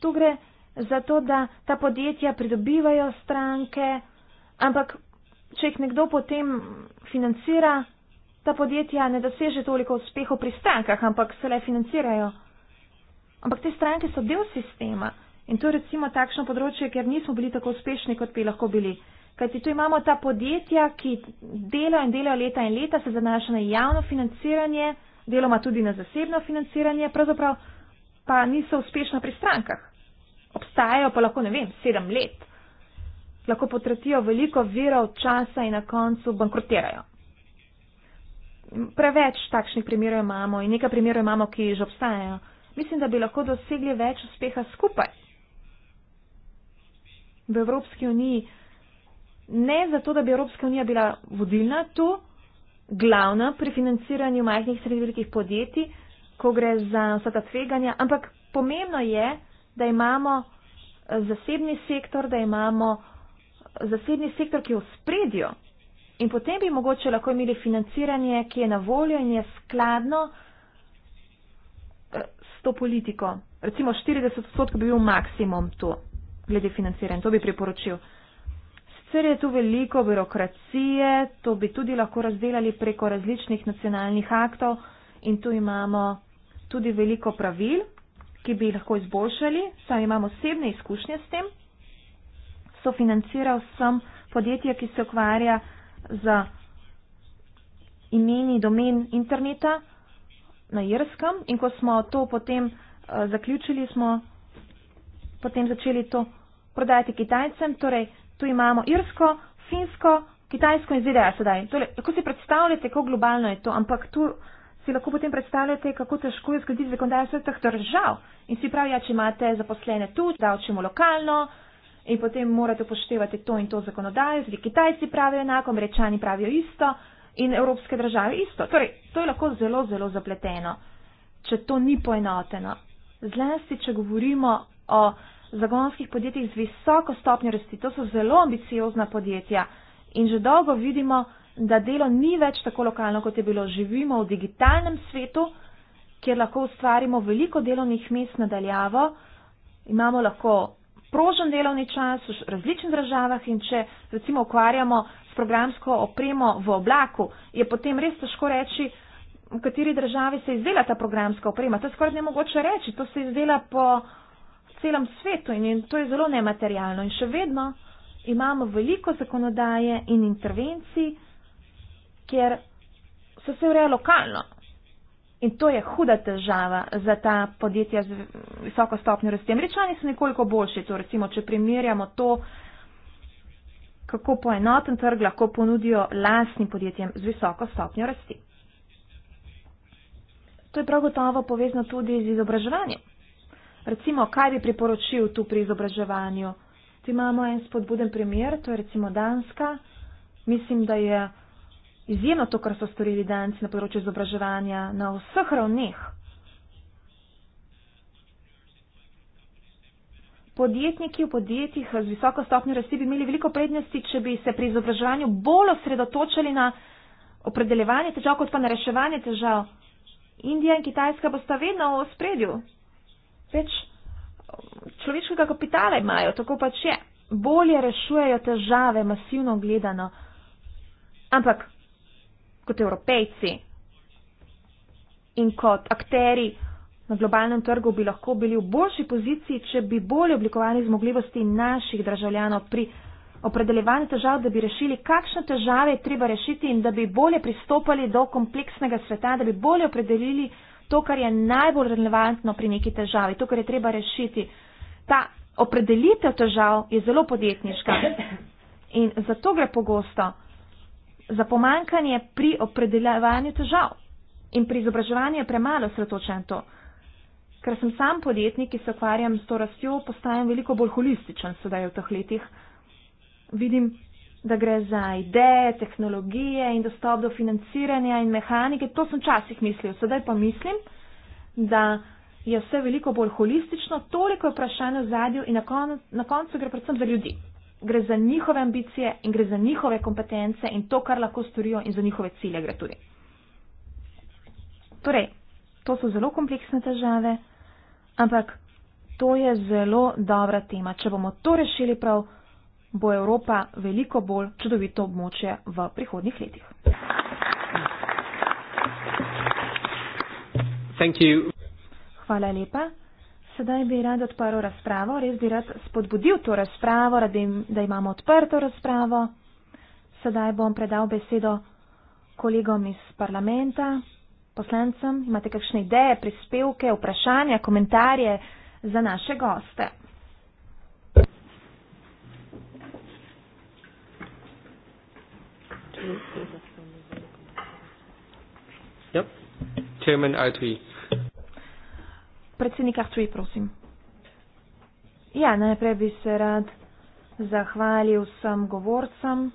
Tu gre za to, da ta podjetja pridobivajo stranke, ampak če jih nekdo potem financira, ta podjetja ne doseže toliko uspehov pri strankah, ampak se le financirajo. Ampak te stranke so del sistema in to je recimo takšno področje, ker nismo bili tako uspešni, kot bi lahko bili. Kajti tu imamo ta podjetja, ki delajo in delajo leta in leta, se zanašajo na javno financiranje, deloma tudi na zasebno financiranje, pravzaprav pa niso uspešna pri strankah. Obstajajo pa lahko, ne vem, sedem let. Lahko potratijo veliko virov časa in na koncu bankrotirajo preveč takšnih primerov imamo in nekaj primerov imamo, ki že obstajajo. Mislim, da bi lahko dosegli več uspeha skupaj v Evropski uniji. Ne zato, da bi Evropska unija bila vodilna tu, glavna pri financiranju majhnih sredi velikih podjetij, ko gre za vsa ta tveganja, ampak pomembno je, da imamo eh, zasebni sektor, da imamo eh, zasebni sektor, ki je v spredju In potem bi mogoče lahko imeli financiranje, ki je na voljo in je skladno eh, s to politiko. Recimo 40 odstotkov bi bil maksimum tu, glede financiranja, to bi priporočil. Sicer je tu veliko birokracije, to bi tudi lahko razdelali preko različnih nacionalnih aktov in tu imamo tudi veliko pravil, ki bi lahko izboljšali, saj imamo osebne izkušnje s tem. Sofinanciral sem podjetje, ki se ukvarja za imeni domen interneta na Jerskem in ko smo to potem uh, zaključili, smo potem začeli to prodajati Kitajcem, torej tu imamo Irsko, Finsko, Kitajsko in ZDA sedaj. Torej, lahko si predstavljate, kako globalno je to, ampak tu si lahko potem predstavljate, kako težko je skladiti zakonodajo vseh teh držav. In si pravi, ja, če imate zaposlene tu, da učimo lokalno, uh, in potem morate upoštevati to in to zakonodajo, tudi Kitajci pravijo enako, Američani pravijo isto in evropske države isto. Torej, to je lahko zelo, zelo zapleteno, če to ni poenoteno. Zlasti, če govorimo o zagonskih podjetjih z visoko stopnjo rasti, to so zelo ambiciozna podjetja in že dolgo vidimo, da delo ni več tako lokalno, kot je bilo. Živimo v digitalnem svetu, kjer lahko ustvarimo veliko delovnih mest nadaljavo, imamo lahko prožen delovni čas v različnih državah in če recimo ukvarjamo s programsko opremo v oblaku, je potem res težko reči, v kateri državi se izdela ta programska oprema. To je skoraj nemogoče reči, to se izdela po celem svetu in, in to je zelo nematerialno. In še vedno imamo veliko zakonodaje in intervencij, kjer so se ureja lokalno. In to je huda težava za ta podjetja z visoko stopnjo rasti. Američani so nekoliko boljši, to recimo, če primerjamo to, kako poenoten trg lahko ponudijo lastnim podjetjem z visoko stopnjo rasti. To je prav gotovo povezano tudi z izobraževanjem. Recimo, kaj bi priporočil tu pri izobraževanju? Tu imamo en spodbuden primer, to je recimo Danska. Mislim, da je izjemno to, kar so storili danes na področju izobraževanja na vseh ravneh. Podjetniki v podjetjih z visoko stopnjo rasti bi imeli veliko prednosti, če bi se pri izobraževanju bolj osredotočili na opredeljevanje težav, kot pa na reševanje težav. Indija in Kitajska bosta vedno v spredju. Več um, človeškega kapitala imajo, tako pač je. Bolje rešujejo težave, masivno gledano. Ampak kot evropejci in kot akteri na globalnem trgu bi lahko bili v boljši poziciji, če bi bolje oblikovali zmogljivosti naših državljanov pri opredeljevanju težav, da bi rešili, kakšne težave je treba rešiti in da bi bolje pristopali do kompleksnega sveta, da bi bolje opredelili to, kar je najbolj relevantno pri neki težavi, to, kar je treba rešiti. Ta opredelitev težav je zelo podjetniška in zato gre pogosto za pomankanje pri opredeljevanju težav in pri izobraževanju premalo sredočen to. Ker sem sam podjetnik, ki se ukvarjam s to rastjo, postajam veliko bolj holističen sedaj v teh letih. Vidim, da gre za ideje, tehnologije in dostop do financiranja in mehanike. To sem včasih mislil, sedaj pa mislim, da je vse veliko bolj holistično, toliko je vprašanje v zadju in na koncu, na koncu gre predvsem za ljudi gre za njihove ambicije in gre za njihove kompetence in to, kar lahko storijo in za njihove cilje gre tudi. Torej, to so zelo kompleksne težave, ampak to je zelo dobra tema. Če bomo to rešili prav, bo Evropa veliko bolj čudovito območje v prihodnih letih. Hvala lepa. Sedaj bi rad odprl razpravo, res bi rad spodbudil to razpravo, radim, da imamo odprto razpravo. Sedaj bom predal besedo kolegom iz parlamenta, poslancem. Imate kakšne ideje, prispevke, vprašanja, komentarje za naše goste? Yep. Ja. Chairman, I agree. Predsednik Artuji, prosim. Ja, najprej bi se rad zahvalil vsem govorcem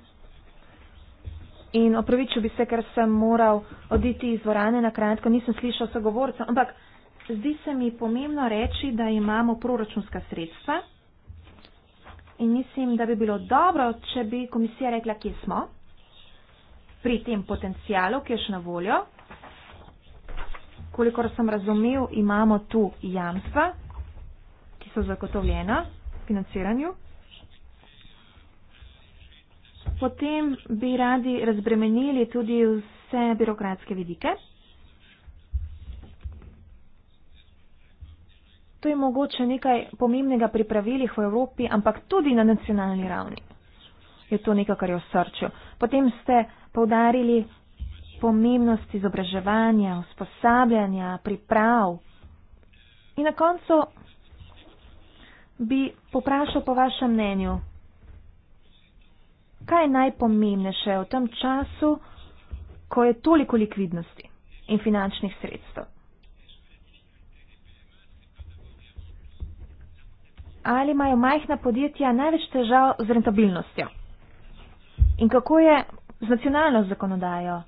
in opravičil bi se, ker sem moral oditi iz dvorane na kratko, nisem slišal vse govorca, ampak zdi se mi pomembno reči, da imamo proračunska sredstva in mislim, da bi bilo dobro, če bi komisija rekla, kje smo pri tem potencijalu, ki je še na voljo kolikor sem razumel, imamo tu jamstva, ki so zagotovljena financiranju. Potem bi radi razbremenili tudi vse birokratske vidike. To je mogoče nekaj pomembnega pri pravilih v Evropi, ampak tudi na nacionalni ravni. Je to nekaj, kar je v srču. Potem ste povdarili pomembnost izobraževanja, usposabljanja, priprav. In na koncu bi poprašal po vašem mnenju, kaj je najpomembnejše v tem času, ko je toliko likvidnosti in finančnih sredstev. Ali imajo majhna podjetja največ težav z rentabilnostjo? In kako je z nacionalno zakonodajo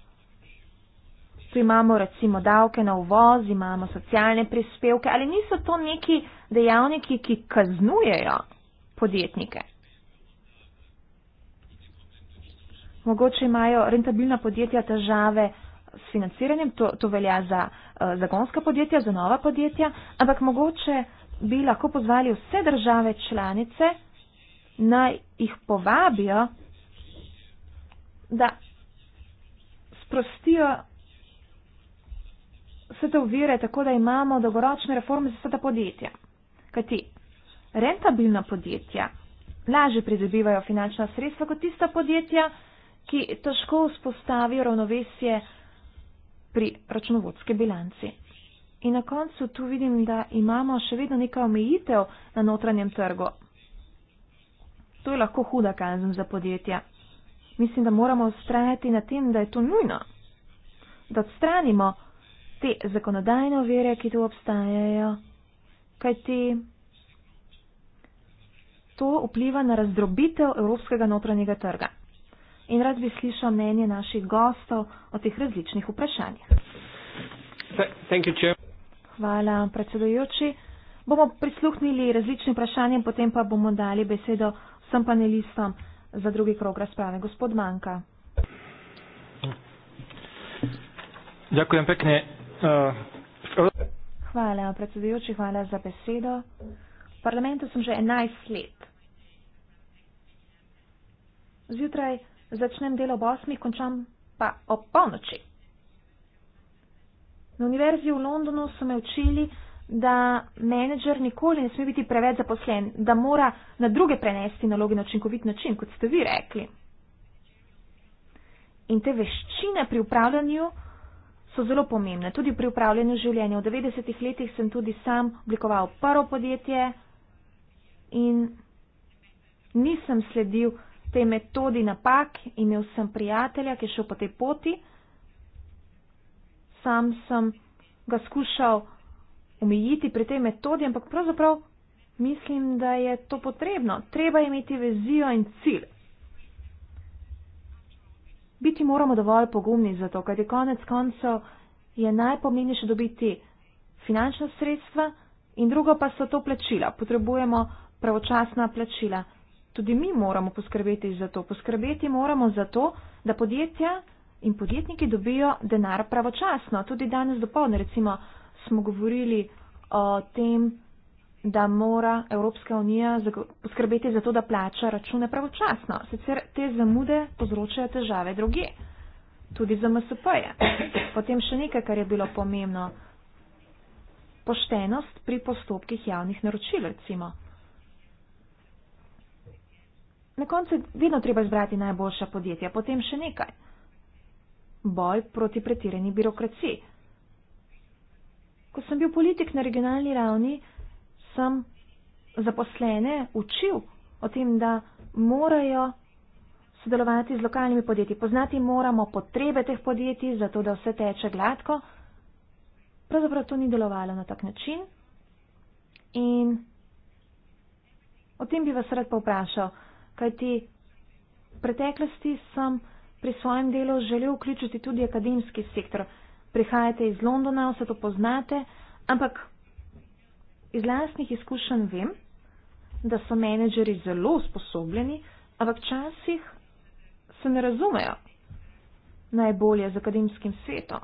Tu imamo recimo davke na uvoz, imamo socialne prispevke, ali niso to neki dejavniki, ki kaznujejo podjetnike? Mogoče imajo rentabilna podjetja težave s financiranjem, to, to velja za uh, zagonska podjetja, za nova podjetja, ampak mogoče bi lahko pozvali vse države članice, naj jih povabijo, da sprostijo vse te uvire, tako da imamo dolgoročne reforme za vsa ta podjetja. Kaj ti? Rentabilna podjetja lažje pridobivajo finančna sredstva kot tista podjetja, ki težko vzpostavijo ravnovesje pri računovodske bilanci. In na koncu tu vidim, da imamo še vedno nekaj omejitev na notranjem trgu. To je lahko huda kazen za podjetja. Mislim, da moramo ustrajati na tem, da je to nujno. Da odstranimo te zakonodajne ovire, ki tu obstajajo, kajti to vpliva na razdrobitev evropskega notranjega trga. In rad bi slišal mnenje naših gostov o teh različnih vprašanjih. Hvala, predsedujoči. Bomo prisluhnili različnim vprašanjem, potem pa bomo dali besedo vsem panelistom za drugi krog razprave. Gospod Manka. Dziękuję hm. pięknie. Uh, hvala, predsedujoči, hvala za besedo. V parlamentu sem že 11 let. Zjutraj začnem delo ob 8, končam pa ob polnoči. Na univerzi v Londonu so me učili, da menedžer nikoli ne sme biti preveč zaposlen, da mora na druge prenesti naloge na učinkovit način, kot ste vi rekli. In te veščine pri upravljanju so zelo pomembne. Tudi pri upravljanju življenja. V 90-ih letih sem tudi sam oblikoval prvo podjetje in nisem sledil tej metodi napak. Imel sem prijatelja, ki je šel po tej poti. Sam sem ga skušal omejiti pri tej metodi, ampak pravzaprav mislim, da je to potrebno. Treba je imeti vizijo in cilj biti moramo dovolj pogumni za to, kajti konec koncev je najpomembnejše dobiti finančna sredstva in drugo pa so to plačila. Potrebujemo pravočasna plačila. Tudi mi moramo poskrbeti za to. Poskrbeti moramo za to, da podjetja in podjetniki dobijo denar pravočasno. Tudi danes dopolne, recimo, smo govorili o tem, da mora Evropska unija poskrbeti za to, da plača račune pravočasno. Sicer te zamude povzročajo težave druge, tudi za MSP-je. Potem še nekaj, kar je bilo pomembno. Poštenost pri postopkih javnih naročil, recimo. Na koncu vedno treba izbrati najboljša podjetja, potem še nekaj. Boj proti pretirani birokraciji. Ko sem bil politik na regionalni ravni, sem zaposlene učil o tem, da morajo sodelovati z lokalnimi podjetji. Poznati moramo potrebe teh podjetij, zato da vse teče gladko. Pravzaprav to ni delovalo na tak način. In o tem bi vas rad povprašal, kajti v preteklosti sem pri svojem delu želel vključiti tudi akademski sektor. Prihajate iz Londona, vse to poznate, ampak Iz lastnih izkušenj vem, da so menedžeri zelo usposobljeni, ampak včasih se ne razumejo najbolje z akademskim svetom.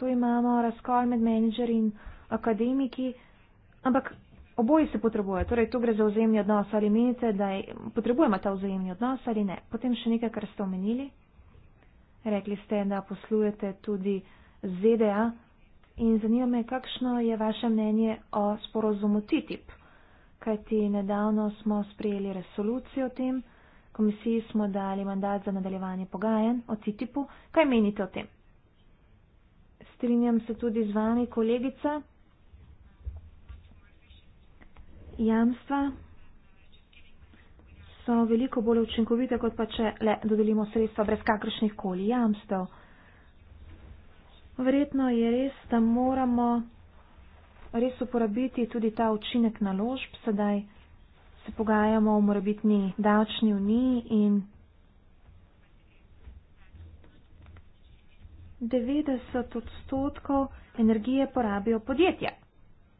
Tu imamo razkol med menedžerji in akademiki, ampak oboji se potrebujejo. Torej, tu gre za vzajemni odnos ali menite, da je, potrebujemo ta vzajemni odnos ali ne. Potem še nekaj, kar ste omenili. Rekli ste, da poslujete tudi ZDA. In zanima me, kakšno je vaše mnenje o sporozumu TTIP, kajti nedavno smo sprejeli resolucijo o tem, komisiji smo dali mandat za nadaljevanje pogajanj o TTIP-u. Kaj menite o tem? Strinjam se tudi z vami, kolegica. Jamstva so veliko bolj učinkovite, kot pa če le dodelimo sredstva brez kakršnih koli jamstev. Verjetno je res, da moramo res uporabiti tudi ta učinek naložb. Sedaj se pogajamo o morebitni davčni uniji in 90 odstotkov energije porabijo podjetja.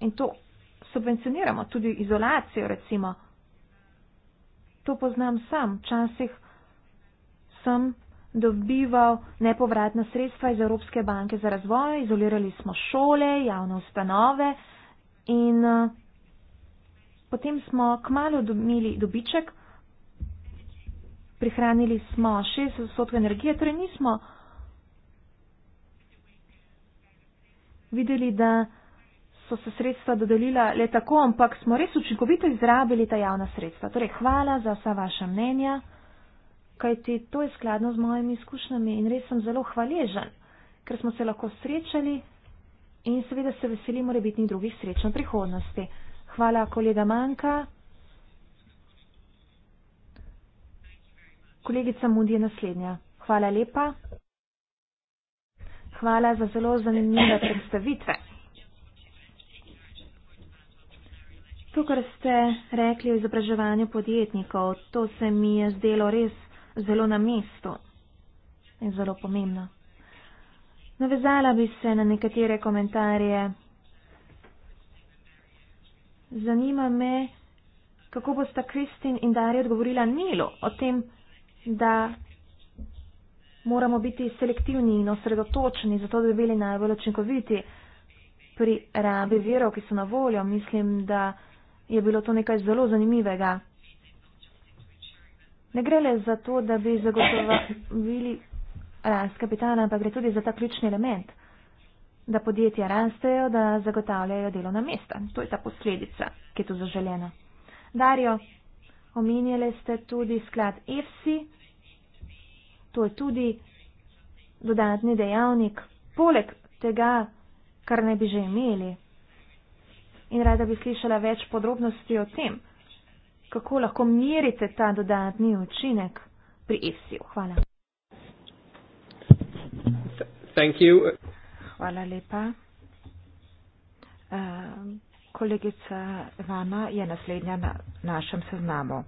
In to subvencioniramo, tudi izolacijo recimo. To poznam sam. Včasih sem dobival nepovratna sredstva iz Evropske banke za razvoj, izolirali smo šole, javne ustanove in eh, potem smo kmalo dobili dobiček, prihranili smo 60% energije, torej nismo videli, da so se sredstva dodelila le tako, ampak smo res učinkovito izrabili ta javna sredstva. Torej, hvala za vsa vaša mnenja kajti to je skladno z mojimi izkušnjami in res sem zelo hvaležen, ker smo se lahko srečali in seveda se veselimo rebitnih drugih srečno prihodnosti. Hvala, kolega Manka. Kolegica Mudi je naslednja. Hvala lepa. Hvala za zelo zanimive predstavitve. To, kar ste rekli o izobraževanju podjetnikov, to se mi je zdelo res zelo na mestu in zelo pomembna. Navezala bi se na nekatere komentarje. Zanima me, kako bosta Kristin in Darija odgovorila Nilo o tem, da moramo biti selektivni in osredotočeni, zato da bi bili najbolj učinkoviti pri rabi verov, ki so na voljo. Mislim, da je bilo to nekaj zelo zanimivega ne gre le za to, da bi zagotovili rast eh, kapitala, ampak gre tudi za ta ključni element, da podjetja rastejo, da zagotavljajo delovna mesta. To je ta posledica, ki je tu zaželjena. Darijo, omenjali ste tudi sklad EFSI, to je tudi dodatni dejavnik, poleg tega, kar ne bi že imeli. In rada bi slišala več podrobnosti o tem kako lahko merite ta dodatni učinek pri ESI-ju. Hvala. Hvala lepa. Ehm, kolegica Vana je naslednja na našem seznamu.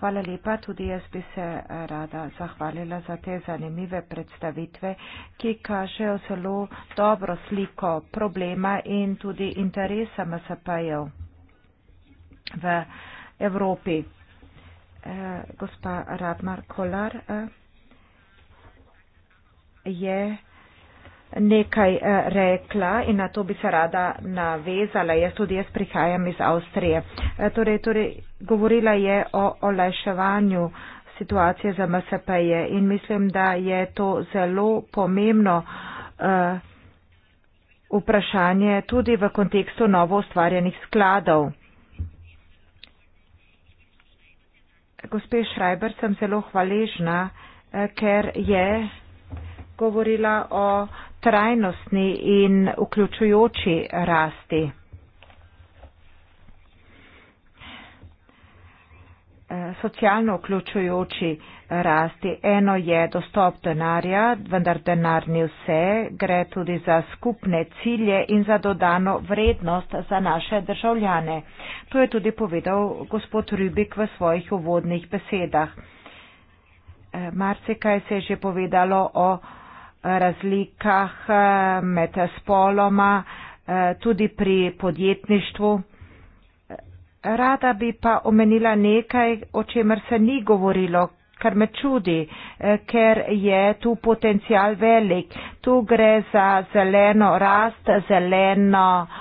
Hvala lepa, tudi jaz bi se rada zahvalila za te zanimive predstavitve, ki kažejo zelo dobro sliko problema in tudi interesa MSP-jev v uh, Evropi. Eh, gospa Radmar Kolar eh, je nekaj eh, rekla in na to bi se rada navezala. Jaz tudi jaz prihajam iz Avstrije. Torej, torej, govorila je o olajševanju situacije za MSP-je in mislim, da je to zelo pomembno vprašanje tudi v kontekstu novo ustvarjenih skladov. gospe Šrajber sem zelo hvaležna, eh, ker je govorila o trajnostni in vključujoči rasti. Eh, socialno vključujoči rasti. Eno je dostop denarja, vendar denar ni vse, gre tudi za skupne cilje in za dodano vrednost za naše državljane. To je tudi povedal gospod Rubik v svojih uvodnih besedah. Eh, marsikaj se je že povedalo o razlikah eh, med spoloma, tudi pri podjetništvu. Rada bi pa omenila nekaj, o čemer se ni govorilo, kar me čudi, eh, ker je tu potencial velik. Tu gre za zeleno rast, zeleno eh,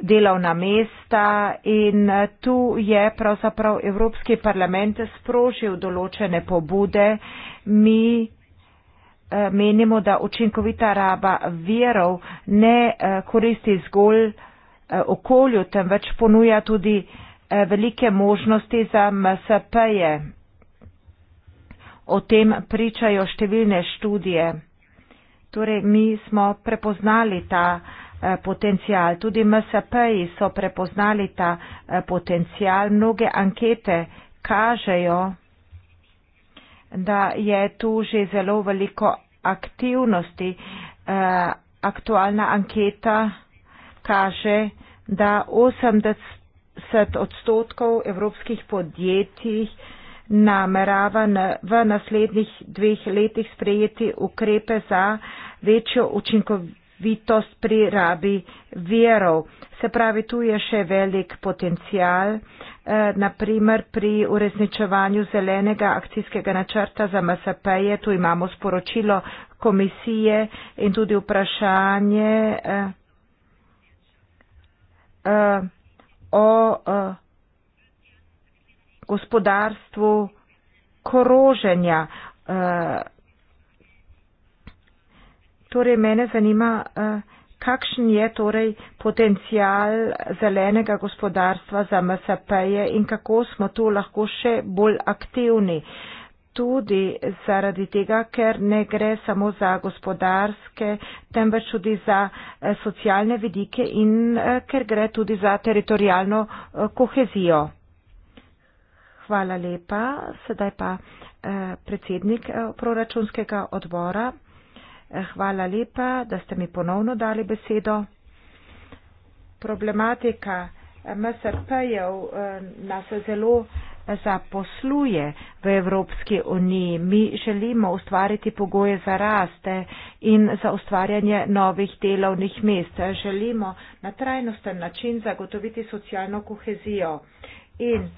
delovna mesta in eh, tu je pravzaprav Evropski parlament sprožil določene pobude. Mi menimo, da učinkovita raba verov ne koristi zgolj Eh, okolju, temveč ponuja tudi eh, velike možnosti za MSP-je. O tem pričajo številne študije. Torej, mi smo prepoznali ta eh, potencial, tudi MSP-ji so prepoznali ta potencial. Mnoge ankete kažejo, da je tu že zelo veliko aktivnosti. Aktualna anketa kaže, da 80 odstotkov evropskih podjetij namerava v naslednjih dveh letih sprejeti ukrepe za večjo učinkovitost pri rabi verov. Se pravi, tu je še velik potencial, eh, naprimer pri uresničevanju zelenega akcijskega načrta za MSP-je, tu imamo sporočilo komisije in tudi vprašanje eh, uh, o uh, gospodarstvu koroženja. Uh, torej, mene zanima, uh, kakšen je torej potencial zelenega gospodarstva za MSP-je in kako smo tu lahko še bolj aktivni. Uh, tudi zaradi tega, ker ne gre samo za gospodarske, temveč tudi za eh, socialne vidike in eh, ker gre tudi za teritorijalno eh, kohezijo. Hvala lepa. Sedaj pa predsednik proračunskega odbora. Hvala lepa, da ste mi ponovno dali besedo. Problematika MSRP-jev nas zelo zaposluje v Evropski uniji. Mi želimo ustvariti pogoje za raste in za ustvarjanje novih delovnih mest. Želimo na trajnosten način zagotoviti socialno kohezijo. In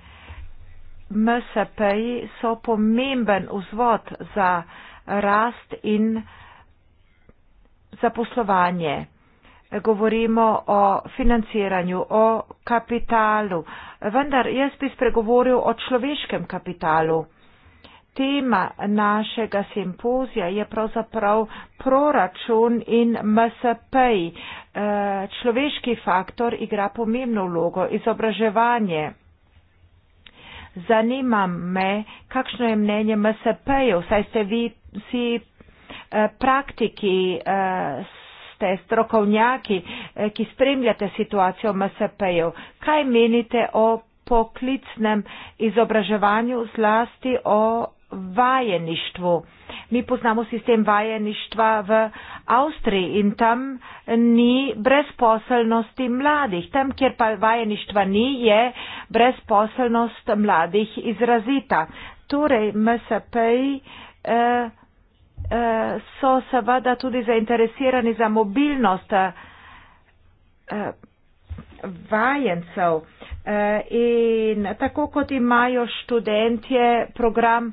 MSP-ji so pomemben vzvod za rast in zaposlovanje govorimo o financiranju, o kapitalu. Vendar jaz bi spregovoril o človeškem kapitalu. Tema našega simpozija je pravzaprav proračun in MSP. E, človeški faktor igra pomembno vlogo, izobraževanje. Zanima me, kakšno je mnenje MSP-jev, saj ste vi vsi e, praktiki e, ste strokovnjaki, eh, ki spremljate situacijo v MSP-ju. Kaj menite o poklicnem izobraževanju, zlasti o vajeništvu? Mi poznamo sistem vajeništva v Avstriji in tam ni brezposelnosti mladih. Tam, kjer pa vajeništva ni, je brezposelnost mladih izrazita. Torej, MSP-ji. Eh, so seveda tudi zainteresirani za mobilnost eh, vajencev. Eh, in tako kot imajo študentje program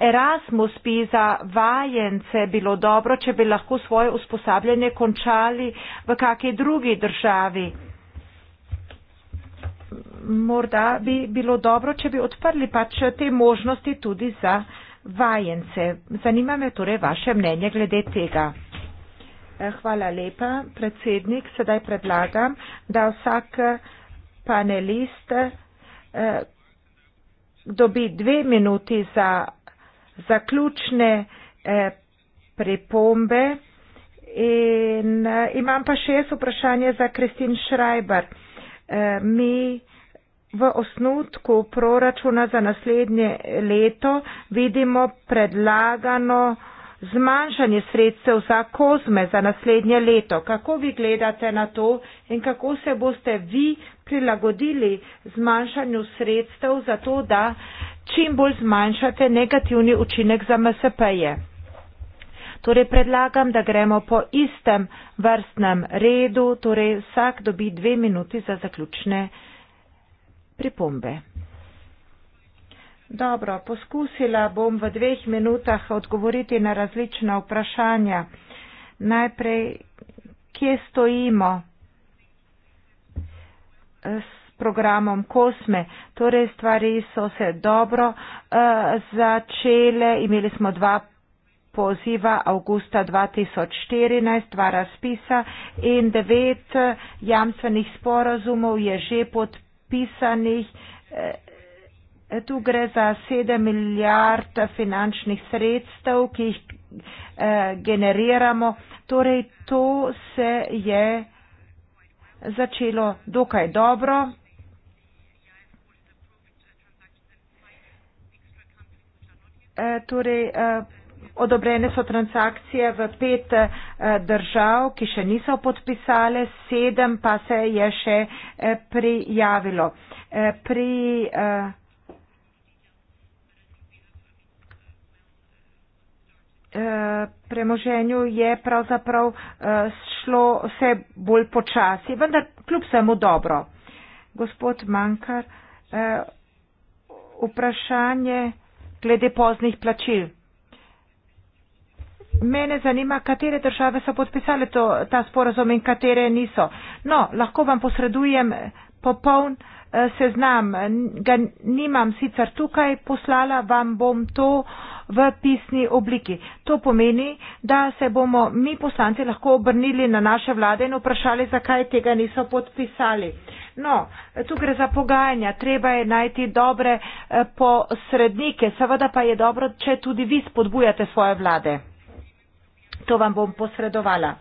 Erasmus bi za vajence bilo dobro, če bi lahko svoje usposabljanje končali v kakej drugi državi. Morda bi bilo dobro, če bi odprli pač te možnosti tudi za uh, vajence. Zanima me torej vaše mnenje glede tega. Eh, hvala lepa, predsednik. Sedaj predlagam, da vsak eh, panelist eh, dobi dve minuti za zaključne pripombe. In imam pa še jaz vprašanje za Kristin Schreiber. Mi V osnutku proračuna za naslednje leto vidimo predlagano zmanjšanje sredstev za kozme za naslednje leto. Kako vi gledate na to in kako se boste vi prilagodili zmanjšanju sredstev za to, da čim bolj zmanjšate negativni učinek za MSP-je? Torej predlagam, da gremo po istem vrstnem redu, torej vsak dobi dve minuti za zaključne pripombe. Dobro, poskusila bom v dveh minutah odgovoriti na različna vprašanja. Najprej, kje stojimo s programom Kosme? Torej, stvari so se dobro uh, začele. Imeli smo dva poziva avgusta 2014, dva razpisa in devet eh, jamstvenih sporozumov je že podpisano podpisanih. Eh, tu gre za 7 milijard finančnih sredstev, ki jih eh, generiramo. Torej, to se je začelo dokaj dobro. Eh, torej, Odobrene so transakcije v pet eh, držav, ki še niso podpisale, sedem pa se je še eh, prijavilo. Eh, pri premoženju je pravzaprav šlo vse bolj počasi, vendar kljub vsemu dobro. Gospod Mankar, vprašanje glede poznih plačil. Mene zanima, katere države so podpisale to, ta sporazum in katere niso. No, lahko vam posredujem eh, popoln eh, seznam, ga nimam sicer tukaj, poslala vam bom to v pisni obliki. To pomeni, da se bomo mi poslanci lahko obrnili na naše vlade in vprašali, zakaj tega niso podpisali. No, tu gre za pogajanja, treba je najti dobre eh, posrednike, seveda pa je dobro, če tudi vi spodbujate svoje vlade to vam bom posredovala.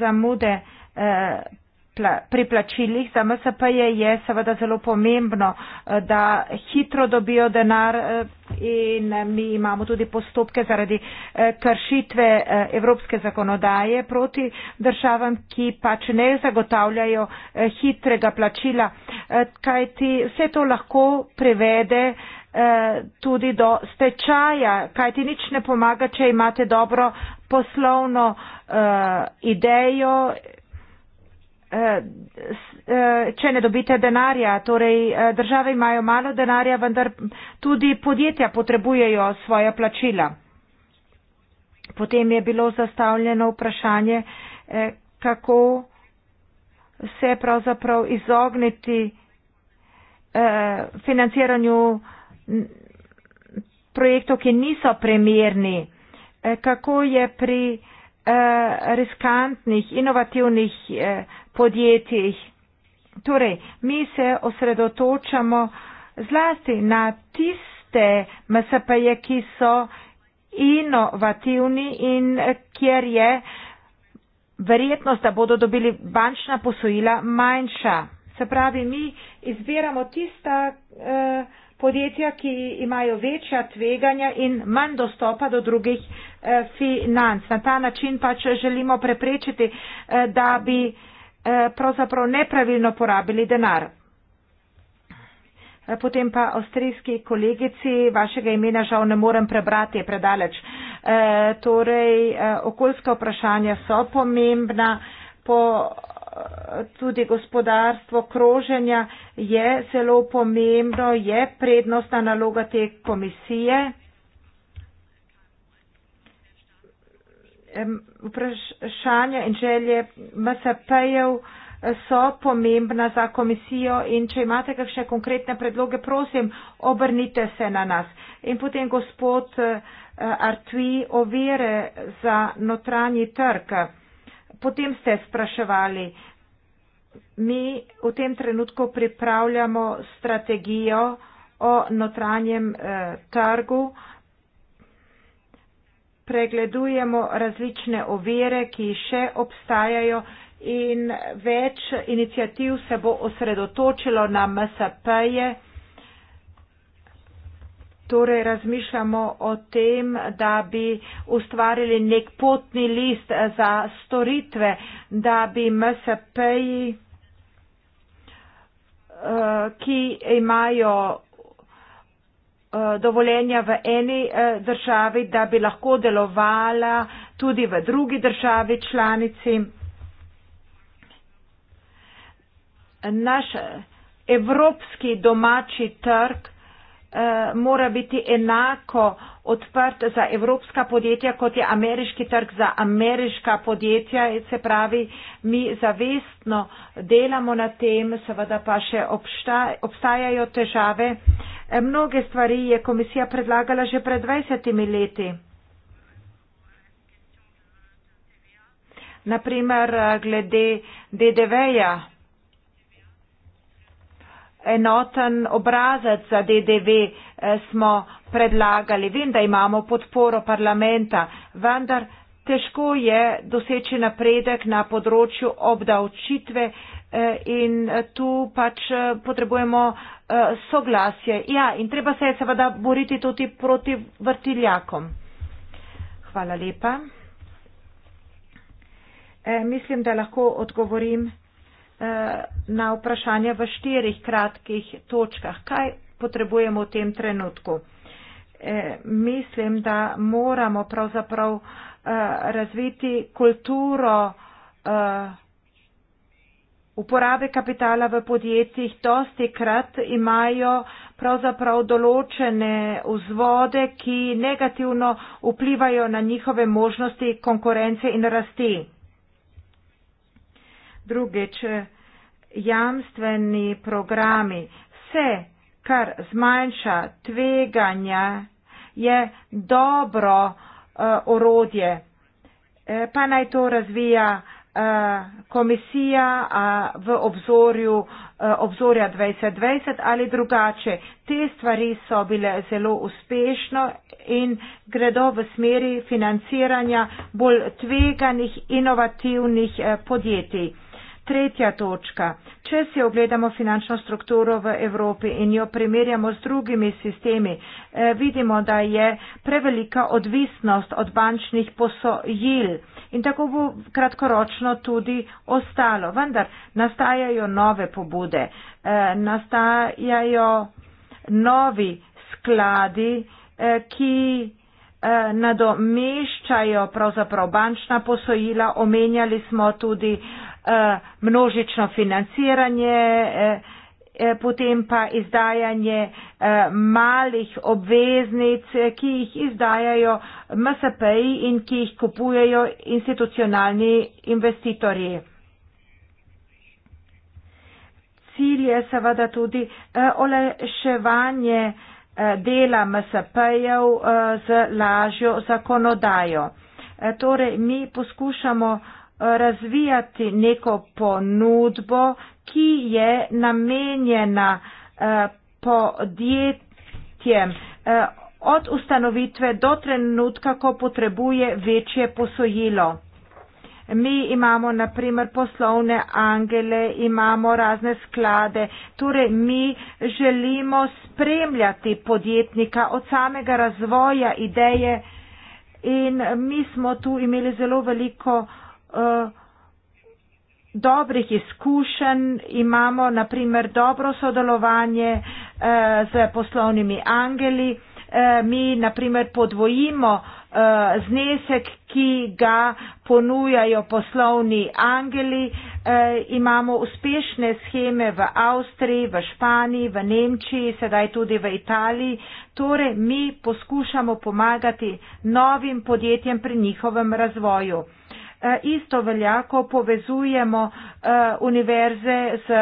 Zamude eh, pri plačilih za MSP je, je seveda zelo pomembno, eh, da hitro dobijo denar eh, in mi imamo tudi postopke zaradi kršitve evropske zakonodaje proti državam, ki pač ne zagotavljajo hitrega plačila, kajti vse to lahko prevede Eh, tudi do stečaja, kaj ti nič ne pomaga, če imate dobro poslovno uh, idejo, uh, če ne dobite denarja. Torej, države imajo malo denarja, vendar tudi podjetja potrebujejo svoje plačila. Potem je bilo zastavljeno vprašanje, eh, kako se pravzaprav izogniti eh, financiranju eh, projektov, ki niso primerni, e, kako je pri eh, riskantnih, inovativnih eh, podjetjih. Torej, mi se osredotočamo zlasti na tiste MSP-je, ki so inovativni in e, kjer je verjetnost, da bodo dobili bančna posojila manjša. Se pravi, mi izbiramo tista. Eh, podjetja, ki imajo večja tveganja in manj dostopa do drugih eh, financ. Na ta način pač želimo preprečiti, eh, da bi eh, pravzaprav nepravilno porabili denar. Potem pa avstrijski kolegici, vašega imena žal ne morem prebrati, je predaleč. E, torej, okoljska vprašanja so pomembna, po tudi gospodarstvo kroženja je zelo pomembno, je prednostna naloga te komisije. Vprašanja in želje MSP-jev so pomembna za komisijo in če imate kakšne konkretne predloge, prosim, obrnite se na nas. In potem gospod eh, Artui ovire za notranji trg. Potem ste spraševali, mi v tem trenutku pripravljamo strategijo o notranjem eh, trgu, pregledujemo različne ovire, ki še obstajajo in več inicijativ se bo osredotočilo na MSP-je torej razmišljamo o tem, da bi ustvarili nek potni list za storitve, da bi MSP-ji, eh, ki imajo eh, dovoljenja v eni eh, državi, da bi lahko delovala tudi v drugi državi članici. Naš evropski domači trg Eh, mora biti enako odprt za evropska podjetja, kot je ameriški trg za ameriška podjetja. Se pravi, mi zavestno delamo na tem, seveda pa še obstajajo težave. Eh, mnoge stvari je komisija predlagala že pred 20 leti. Naprimer, eh, glede DDV-ja enoten obrazec za DDV eh, smo predlagali. Vem, da imamo podporo parlamenta, vendar težko je doseči napredek na področju obdavčitve eh, in tu pač eh, potrebujemo soglasje. Ja, in treba se je seveda boriti tudi proti vrtiljakom. Hvala lepa. E, mislim, da lahko odgovorim. Eh, na vprašanja v štirih kratkih točkah. Kaj potrebujemo v tem trenutku? Eh, mislim, da moramo pravzaprav eh, razviti kulturo uporabe kapitala v podjetjih. Dosti krat imajo pravzaprav določene vzvode, ki negativno vplivajo na njihove možnosti konkurence in rasti. Drugič, jamstveni programi. Vse, kar zmanjša tveganja, je dobro uh, orodje. E, pa naj to razvija uh, komisija uh, v obzorju uh, obzorja 2020 ali drugače. Te stvari so bile zelo uspešno in gredo v smeri financiranja bolj tveganih, inovativnih uh, podjetij. Tretja točka. Če si ogledamo finančno strukturo v Evropi in jo primerjamo z drugimi sistemi, eh, vidimo, da je prevelika odvisnost od bančnih posojil in tako bo kratkoročno tudi ostalo. Vendar nastajajo nove pobude, eh, nastajajo novi skladi, eh, ki nadomeščajo pravzaprav bančna posojila. Omenjali smo tudi uh, Eh, množično financiranje, eh, eh, potem pa izdajanje malih obveznic, ki jih izdajajo MSP-ji in ki jih kupujejo institucionalni investitorji. Cilj je seveda tudi olajševanje dela MSP-jev z lažjo zakonodajo. Torej, mi poskušamo razvijati neko ponudbo, ki je namenjena eh, podjetjem eh, od ustanovitve do trenutka, ko potrebuje večje posojilo. Mi imamo na primer poslovne angele, imamo razne sklade, torej mi želimo spremljati podjetnika od samega razvoja ideje in mi smo tu imeli zelo veliko uh, Eh, dobrih izkušenj, imamo naprimer dobro sodelovanje eh, z poslovnimi angeli, eh, mi naprimer podvojimo znesek, ki ga ponujajo poslovni angeli, imamo uspešne scheme v Avstriji, v Španiji, v Nemčiji, sedaj tudi v Italiji, torej mi poskušamo pomagati novim podjetjem pri njihovem razvoju. E, isto velja, ko povezujemo e, univerze z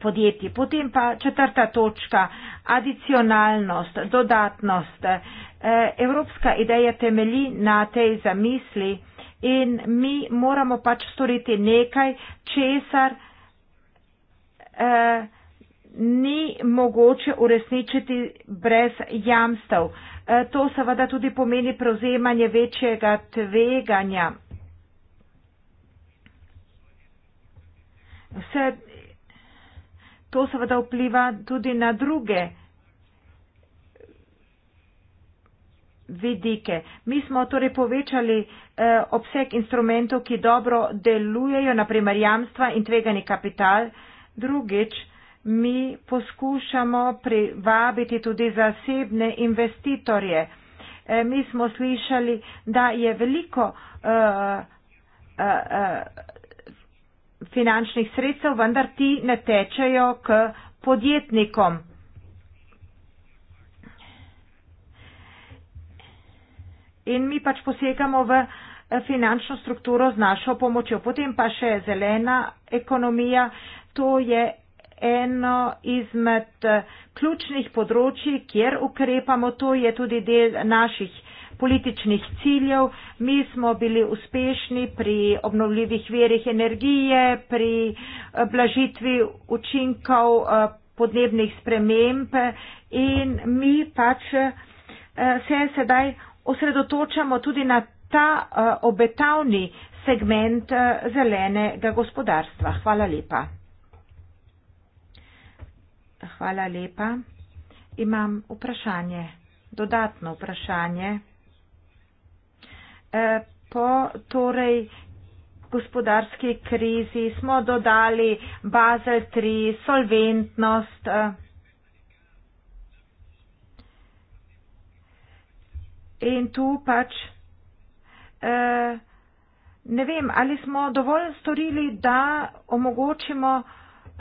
podjetji. Potem pa četrta točka, adicionalnost, dodatnost. E, evropska ideja temelji na tej zamisli in mi moramo pač storiti nekaj, česar ni mogoče uresničiti brez jamstev. E, to seveda tudi pomeni prevzemanje večjega tveganja. Vse to seveda vpliva tudi na druge vidike. Mi smo torej povečali eh, obseg instrumentov, ki dobro delujejo, naprimer jamstva in tvegani kapital. Drugič, eh, mi poskušamo privabiti tudi zasebne investitorje. E, mi smo slišali, da je veliko uh, uh, uh, finančnih sredstev, vendar ti ne tečejo k podjetnikom. In mi pač posegamo v finančno strukturo z našo pomočjo. Potem pa še zelena ekonomija, to je eno izmed eh, ključnih področji, kjer ukrepamo, to je tudi del naših političnih ciljev. Mi smo bili uspešni pri obnovljivih verjih energije, pri eh, blažitvi učinkov eh, podnebnih sprememb in mi pač se sedaj osredotočamo tudi na ta obetavni segment zelenega gospodarstva. Hvala lepa. Hvala lepa. Imam vprašanje, dodatno vprašanje. E, po torej gospodarski krizi smo dodali Bazel 3, solventnost. E, in tu pač e, ne vem, ali smo dovolj storili, da omogočimo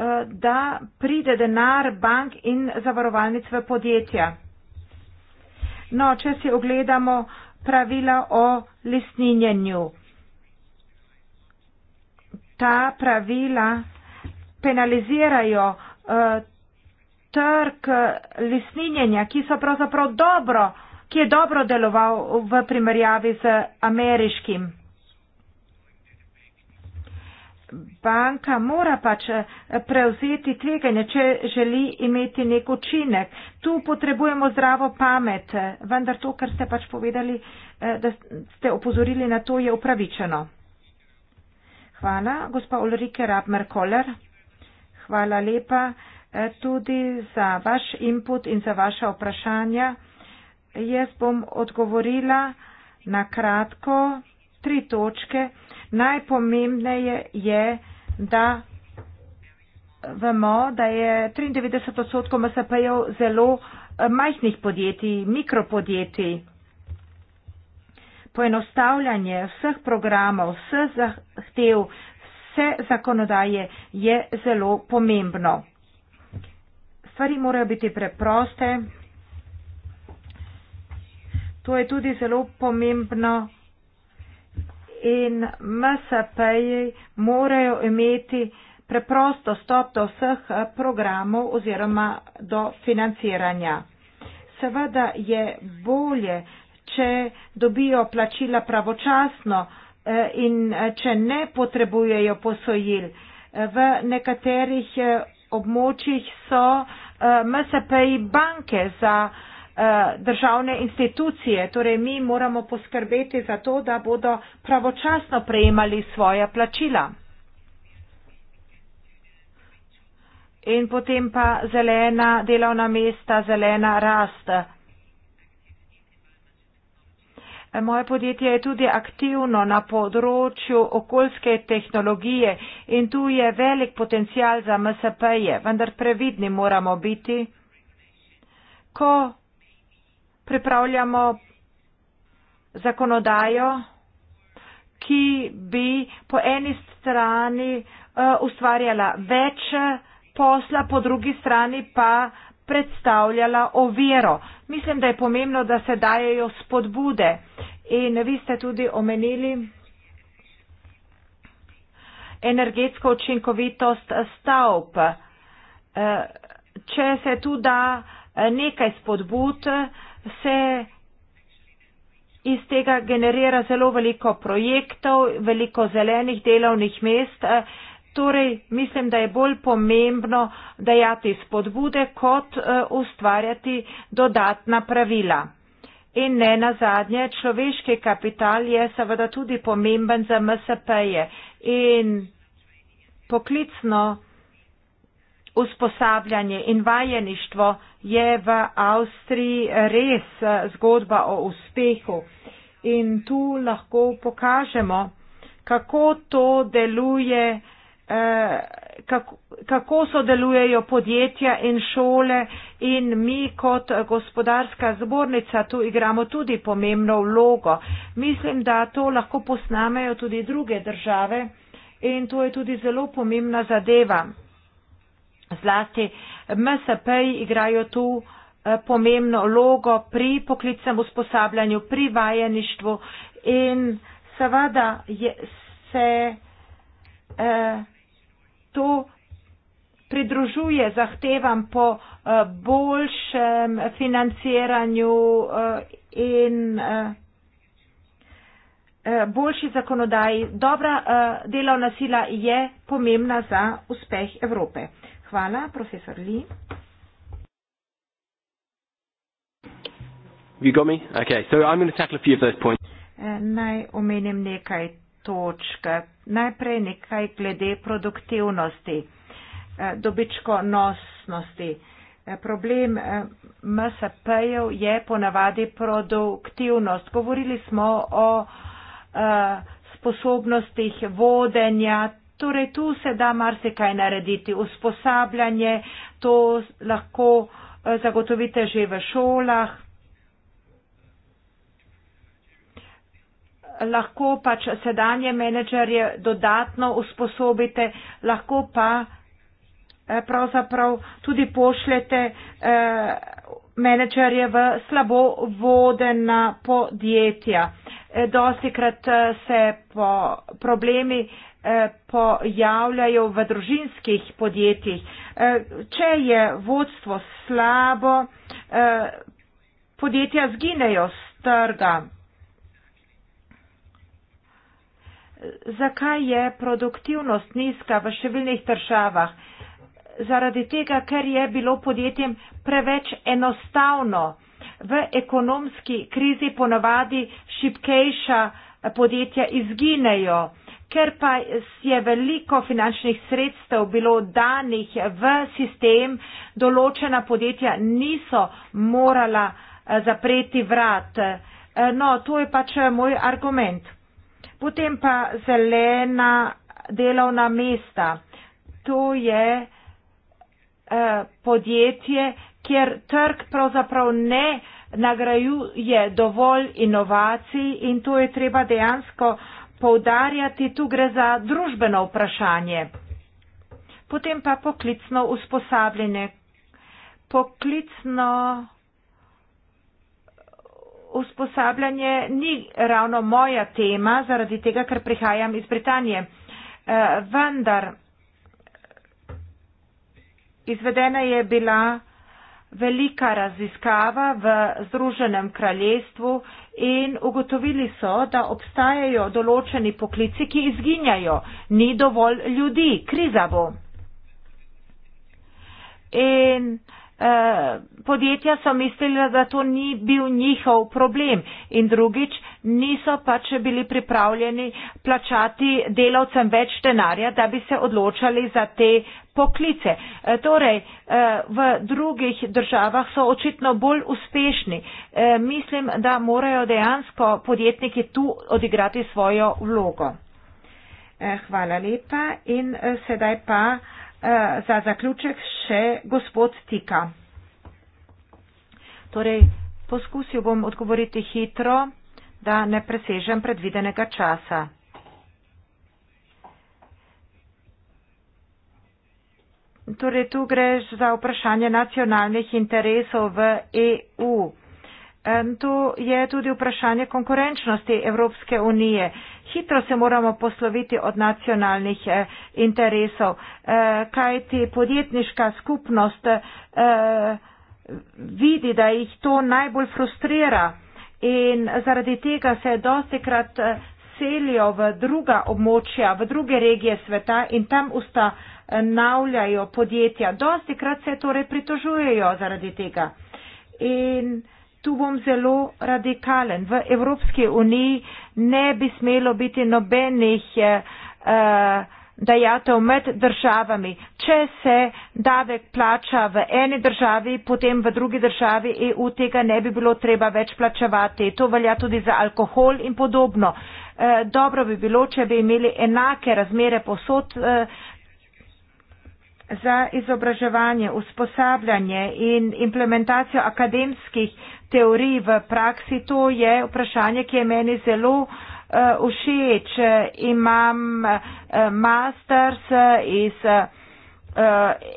Eh, da pride denar bank in zavarovalnic v podjetja. No, če si ogledamo pravila o lisninjenju. Ta pravila penalizirajo uh, trg lisninjenja, ki so pravzaprav dobro, ki je dobro deloval v primerjavi z ameriškim banka mora pač eh, prevzeti tveganje, če želi imeti nek učinek. Tu potrebujemo zdravo pamet, eh, vendar to, kar ste pač povedali, eh, da ste opozorili na to, je upravičeno. Hvala, gospa Ulrike Rabmer-Koller. Hvala lepa tudi za vaš input in za vaša vprašanja. Jaz bom odgovorila na kratko tri točke. Najpomembneje je, da vemo, da je 93 odstotkov MSP-jev zelo eh, majhnih podjetij, mikropodjetij. Poenostavljanje vseh programov, vseh zahtev, vse zakonodaje je zelo pomembno. Stvari morajo biti preproste. To je tudi zelo pomembno in MSP-ji morajo imeti preprosto stop do vseh eh, programov oziroma do financiranja. Seveda je bolje, če dobijo plačila pravočasno eh, in eh, če ne potrebujejo posojil. V nekaterih območjih so MSP-ji banke za Eh, državne institucije. Torej, mi moramo poskrbeti za to, da bodo pravočasno prejemali svoja plačila. In potem pa zelena delovna mesta, zelena rast. Moje podjetje je tudi aktivno na področju okoljske tehnologije in tu je velik potencial za MSP-je, vendar previdni moramo biti. Ko pripravljamo zakonodajo, ki bi po eni strani eh, ustvarjala več eh, posla, po drugi strani pa predstavljala oviro. Mislim, da je pomembno, da se dajejo spodbude. In vi ste tudi omenili energetsko učinkovitost stavb. Eh, če se tu da nekaj spodbud, se iz tega generira zelo veliko projektov, veliko zelenih delovnih mest. Eh, torej, mislim, da je bolj pomembno dajati spodbude, kot eh, ustvarjati dodatna pravila. In ne na zadnje, človeški kapital je seveda tudi pomemben za MSP-je. In poklicno usposabljanje in vajeništvo je v Avstriji res eh, zgodba o uspehu. In tu lahko pokažemo, kako to deluje, eh, kako sodelujejo podjetja in šole in mi kot gospodarska zbornica tu igramo tudi pomembno vlogo. Mislim, da to lahko posnamejo tudi druge države. In to je tudi zelo pomembna zadeva. Zlasti MSP igrajo tu eh, pomembno logo pri poklicnem usposabljanju, pri vajeništvu in seveda je, se eh, to pridružuje zahtevam po eh, boljšem financiranju eh, in eh, eh boljši zakonodaji. Dobra eh, delovna sila je pomembna za uspeh Evrope. Hvala, profesor Li. You got me? Okay, so I'm going to tackle a few of those points. Eh, naj omenim nekaj točk. Najprej nekaj glede produktivnosti, eh, dobičkonosnosti. Eh, problem MSP-jev je ponavadi produktivnost. Govorili smo o sposobnostih vodenja Torej, tu se da marsikaj narediti. Usposabljanje, to lahko eh, zagotovite že v šolah. Lahko pač sedanje menedžerje dodatno usposobite, lahko pa eh, pravzaprav tudi pošljete eh, menedžerje v slabo vodena podjetja. Dostikrat se po problemi eh, Eh, pojavljajo v družinskih podjetjih. Eh, če je vodstvo slabo, eh, podjetja zginejo s trga. Zakaj je produktivnost nizka v številnih državah? Zaradi tega, ker je bilo podjetjem preveč enostavno. V ekonomski krizi ponavadi šipkejša podjetja izginejo ker pa je veliko finančnih sredstev bilo danih v sistem, določena podjetja niso morala eh, zapreti vrat. Eh, no, to je pač eh, moj argument. Potem pa zelena delovna mesta. To je podjetje, kjer trg pravzaprav ne nagrajuje dovolj inovacij in to je treba dejansko uh, poudarjati, tu gre za družbeno vprašanje. Potem pa poklicno usposabljanje. Poklicno usposabljanje ni ravno moja tema, zaradi tega, ker prihajam iz Britanije. Eh, vendar izvedena je bila velika raziskava v Združenem kraljestvu in ugotovili so, da obstajajo določeni poklici, ki izginjajo. Ni dovolj ljudi, kriza bo. In Eh, podjetja so mislila, da to ni bil njihov problem in drugič niso pač bili pripravljeni plačati delavcem več denarja, da bi se odločali za te poklice. Eh, torej, eh, v drugih državah so očitno bolj uspešni. Mislim, da morajo dejansko podjetniki tu odigrati svojo vlogo. Hvala lepa in sedaj pa. Eh, za zaključek še gospod Tika. Torej, poskusil bom odgovoriti hitro, da ne presežem predvidenega časa. Torej, tu greš za vprašanje nacionalnih interesov v EU. To je tudi vprašanje konkurenčnosti Evropske unije hitro se moramo posloviti od nacionalnih eh, interesov, eh, kajti podjetniška skupnost eh, vidi, da jih to najbolj frustrira in zaradi tega se je dostikrat eh, selijo v druga območja, v druge regije sveta in tam ustanavljajo eh, podjetja. Dostikrat se torej pritožujejo zaradi tega. In, eh, tu bom zelo radikalen. V Evropski uniji ne bi smelo biti nobenih eh, eh, dajatev med državami. Če se davek plača v eni državi, potem v drugi državi EU tega ne bi bilo treba več plačevati. To velja tudi za alkohol in podobno. Eh, dobro bi bilo, če bi imeli enake razmere posod. Eh, za izobraževanje, usposabljanje in implementacijo akademskih teorij v praksi, to je vprašanje, ki je meni zelo uh, všeč. Imam uh, masters iz uh,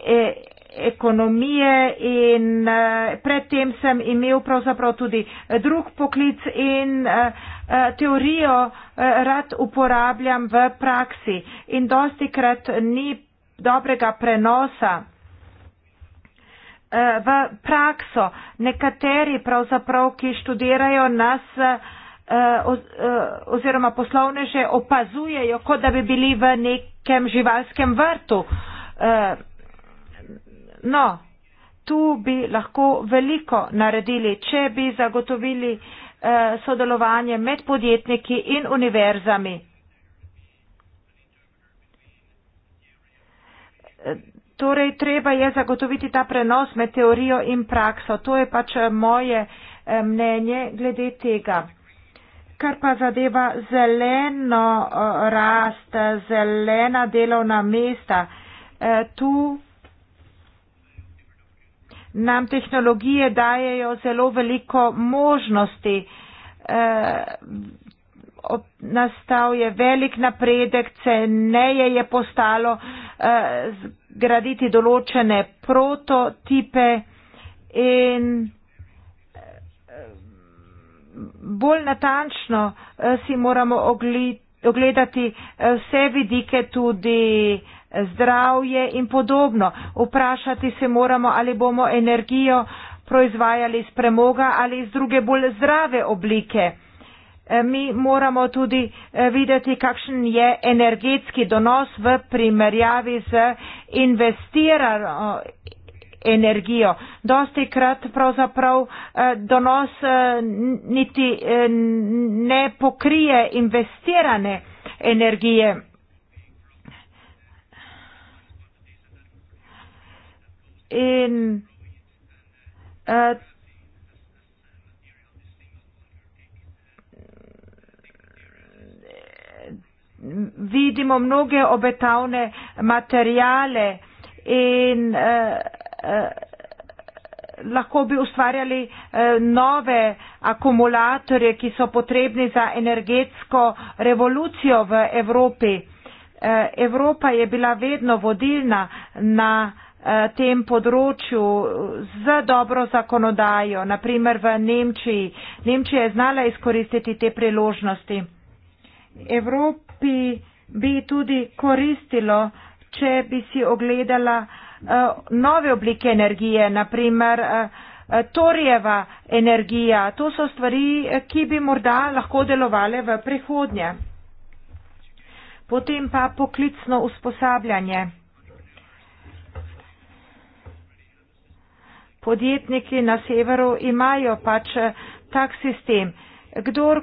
e ekonomije in uh, predtem sem imel pravzaprav tudi drug poklic in uh, teorijo uh, rad uporabljam v praksi in dosti krat ni dobrega prenosa eh, v prakso. Nekateri pravzaprav, ki študirajo nas eh, eh, oziroma poslovneže, opazujejo, kot da bi bili v nekem živalskem vrtu. No, tu bi lahko veliko naredili, če bi zagotovili sodelovanje med podjetniki in univerzami. Torej, treba je zagotoviti ta prenos med teorijo in prakso. To je pač eh, moje eh, mnenje glede tega. Kar pa zadeva zeleno eh, rast, zelena delovna mesta, tu nam tehnologije dajejo zelo veliko možnosti. Nastal je velik napredek, ceneje je postalo Eh, zgraditi določene prototipe in eh, bolj natančno eh, si moramo ogledati vse vidike, tudi zdravje in podobno. Vprašati se moramo, ali bomo energijo proizvajali iz premoga ali iz druge bolj zdrave oblike. Eh, mi moramo tudi eh, videti, kakšen je energetski donos v primerjavi z investirano eh, energijo. Dosti krat pravzaprav donos niti ne pokrije investirane energije. In uh, vidimo mnoge obetavne materijale in eh, eh, lahko bi ustvarjali eh, nove akumulatorje, ki so potrebni za energetsko revolucijo v Evropi. Eh, Evropa je bila vedno vodilna na eh, tem področju z dobro zakonodajo, naprimer v Nemčiji. Nemčija je znala izkoristiti te priložnosti. Evropa bi, bi tudi koristilo, če bi si ogledala uh, nove oblike energije, naprimer uh, eh, torjeva energija. To so stvari, eh, ki bi morda lahko delovale v prihodnje. Potem pa poklicno usposabljanje. Podjetniki na severu imajo pač tak sistem. Kdor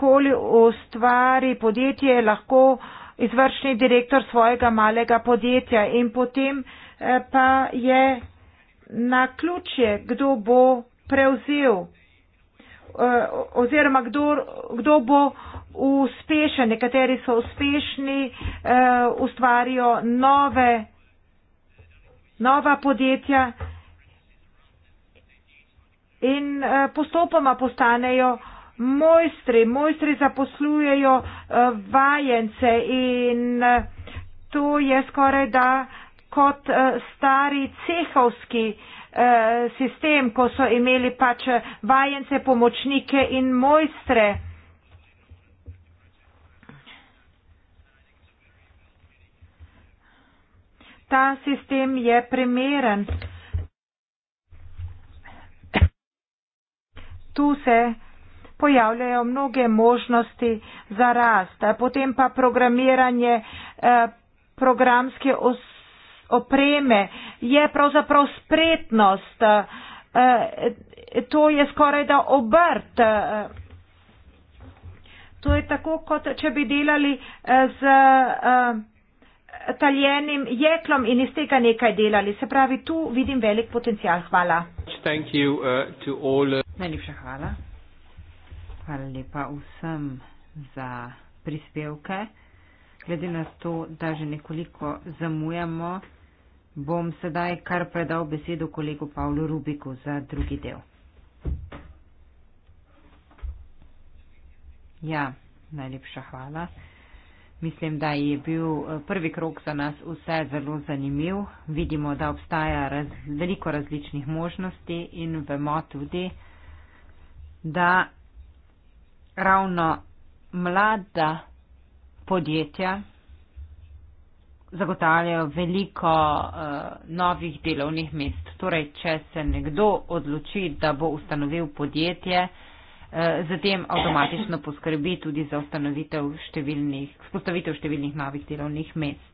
koli ustvari podjetje, je lahko izvršni direktor svojega malega podjetja in potem eh, pa je na ključje, kdo bo prevzel eh, oziroma kdo, kdo bo uspešen. Nekateri so uspešni, eh, ustvarijo nove, nova podjetja in postopoma postanejo mojstri, mojstri zaposlujejo eh, vajence in eh, to je skoraj da kot eh, stari cehovski sistem, ko so imeli pač vajence, pomočnike in mojstre. Ta sistem je primeren. Tu se pojavljajo mnoge možnosti za rast. Eh, potem pa programiranje eh, programske opreme je pravzaprav spretnost. Eh, to je skoraj da obrt. To je tako, kot če bi delali z taljenim jeklom in iz tega nekaj delali. Se pravi, tu vidim velik potencial. Hvala. Thank you, uh, to all, uh... Najlepša hvala hvala lepa vsem za prispevke. Glede na to, da že nekoliko zamujamo, bom sedaj kar predal besedo kolegu Pavlu Rubiku za drugi del. Ja, najlepša hvala. Mislim, da je bil eh, prvi krok za nas vse zelo zanimiv. Vidimo, da obstaja raz, veliko različnih možnosti in vemo tudi, da ravno mlada podjetja zagotavljajo veliko uh, novih delovnih mest. Torej, če se nekdo odloči, da bo ustanovil podjetje, uh, eh, zatem avtomatično poskrbi tudi za vzpostavitev številnih, številnih novih delovnih mest.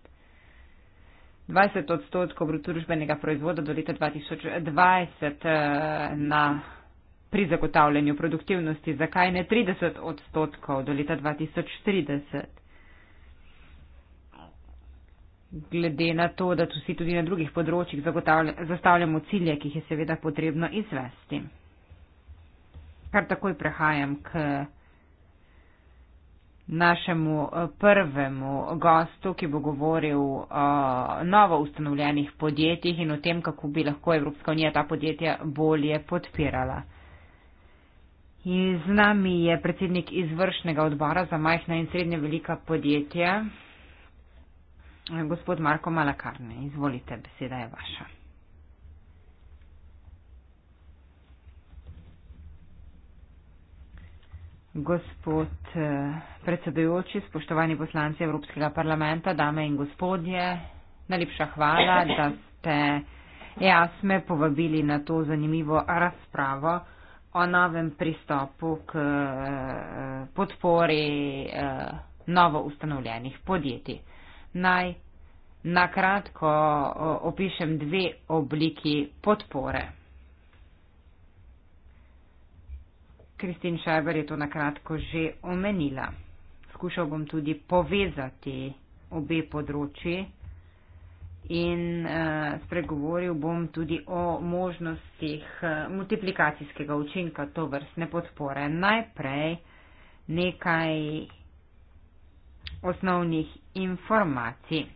20 odstotkov brutodružbenega proizvoda do leta 2020 eh, na pri zagotavljanju produktivnosti, zakaj ne 30 odstotkov do leta 2030. Glede na to, da tu si tudi na drugih področjih zastavljamo cilje, ki jih je seveda potrebno izvesti. Kar takoj prehajam k našemu eh, prvemu gostu, ki bo govoril o novo ustanovljenih podjetjih in o tem, kako bi lahko Evropska unija ta podjetja bolje podpirala. In z nami je predsednik izvršnega odbora za majhna in srednje velika podjetja, gospod Marko Malakarne. Izvolite, beseda je vaša. Gospod eh, predsedujoči, spoštovani poslanci Evropskega parlamenta, dame in gospodje, najlepša hvala, da ste jasme povabili na to zanimivo razpravo o novem pristopu k eh, podpori eh, novo ustanovljenih podjetij. Naj nakratko opišem dve obliki podpore. Kristin Šajber je to nakratko že omenila. Skušal bom tudi povezati obe področji in uh, spregovoril bom tudi o možnostih uh, multiplikacijskega učinka to vrstne podpore. Najprej nekaj osnovnih informacij.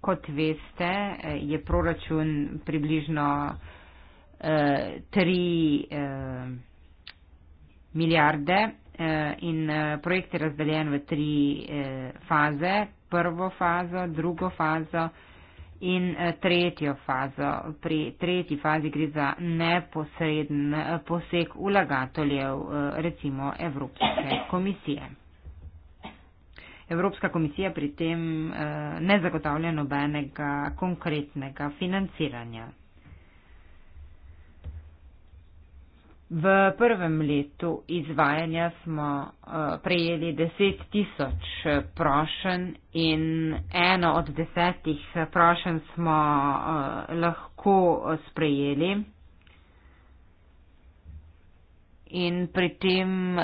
Kot veste, eh, je proračun približno uh, 3 uh, milijarde. In projekt je razdeljen v tri faze. Prvo fazo, drugo fazo, in eh, tretjo fazo. Pri tretji fazi gre za neposreden eh, poseg ulagateljev, eh, recimo Evropske komisije. Evropska komisija pri tem ne zagotavlja nobenega konkretnega financiranja. V prvem letu izvajanja smo eh, prejeli 10 tisoč eh, prošen in eno od desetih eh, prošen smo lahko sprejeli. In pri tem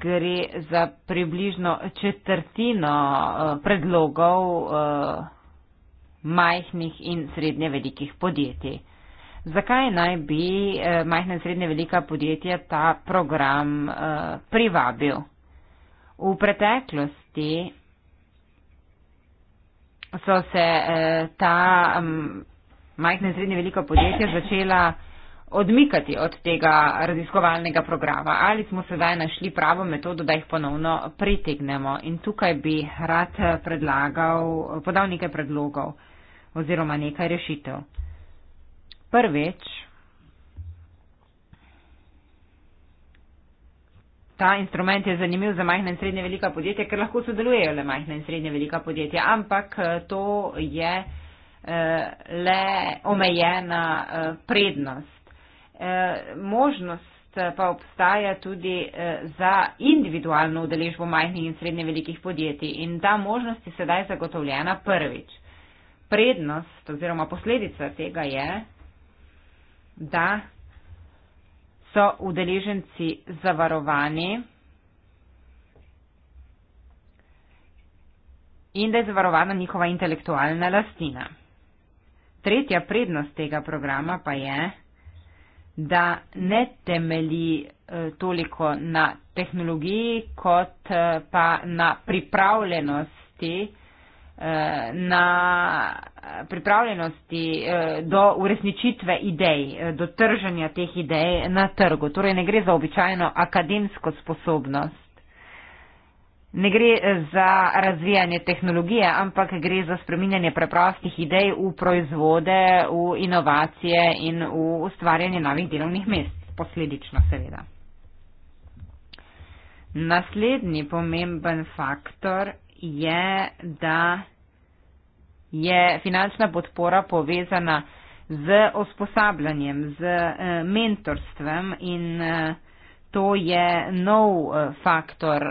gre za približno četrtino predlogov majhnih in srednje velikih podjetij zakaj naj bi eh, majhna in srednje velika podjetja ta program eh, privabil. V preteklosti so se eh, ta mm, majhna in srednje velika podjetja začela odmikati od tega raziskovalnega programa. Ali smo sedaj našli pravo metodo, da jih ponovno pritegnemo? In tukaj bi rad podal nekaj predlogov oziroma nekaj rešitev. Prvič, ta instrument je zanimiv za majhne in srednje velika podjetja, ker lahko sodelujejo le majhne in srednje velika podjetja, ampak eh, to je eh, le omejena eh, prednost. Možnost pa obstaja tudi za individualno udeležbo majhnih in srednje velikih podjetij in ta možnost je sedaj zagotovljena prvič. Prednost oziroma posledica tega je, da so udeleženci zavarovani in da je zavarovana njihova intelektualna lastnina. Tretja prednost tega programa pa je, da ne temeli eh, toliko na tehnologiji, kot eh, pa na pripravljenosti na pripravljenosti eh, do uresničitve idej, eh, do trženja teh idej na trgu. Torej ne gre za običajno akademsko sposobnost, ne gre eh, za razvijanje tehnologije, ampak gre za spreminjanje preprostih idej v proizvode, v inovacije in v ustvarjanje novih delovnih mest, posledično seveda. Naslednji pomemben faktor je, da je finančna podpora povezana z usposabljanjem, z eh, mentorstvem in eh, to je nov eh, faktor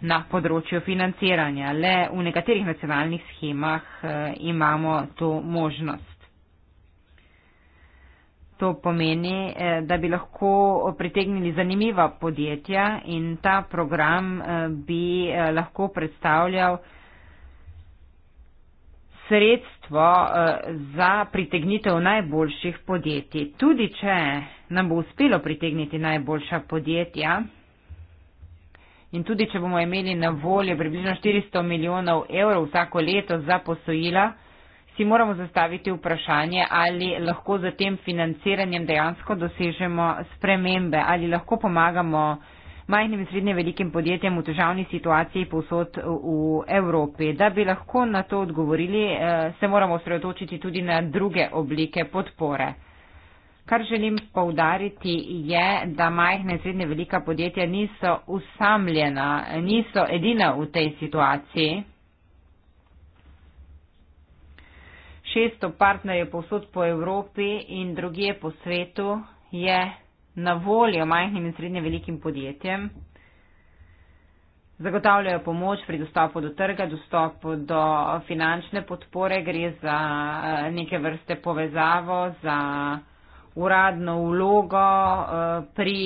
na področju financiranja. Le v nekaterih nacionalnih schemah imamo to možnost. To pomeni, da bi lahko pritegnili zanimiva podjetja in ta program bi lahko predstavljal sredstvo eh, za pritegnitev najboljših podjetij. Tudi, če nam bo uspelo pritegniti najboljša podjetja in tudi, če bomo imeli na voljo približno 400 milijonov evrov vsako leto za posojila, si moramo zastaviti vprašanje, ali lahko z tem financiranjem dejansko dosežemo spremembe, ali lahko pomagamo majhnim in srednje velikim podjetjem v težavni situaciji posod v Evropi. Da bi lahko na to odgovorili, eh, se moramo osredotočiti tudi na druge oblike podpore. Kar želim poudariti je, da majhne in srednje velika podjetja niso usamljena, niso edina v tej situaciji. Šesto partnerjev posod po Evropi in drugije po svetu je na voljo majhnim in srednje velikim podjetjem. Zagotavljajo pomoč pri dostopu do trga, dostopu do finančne podpore, gre za eh, neke vrste povezavo, za uradno vlogo eh, pri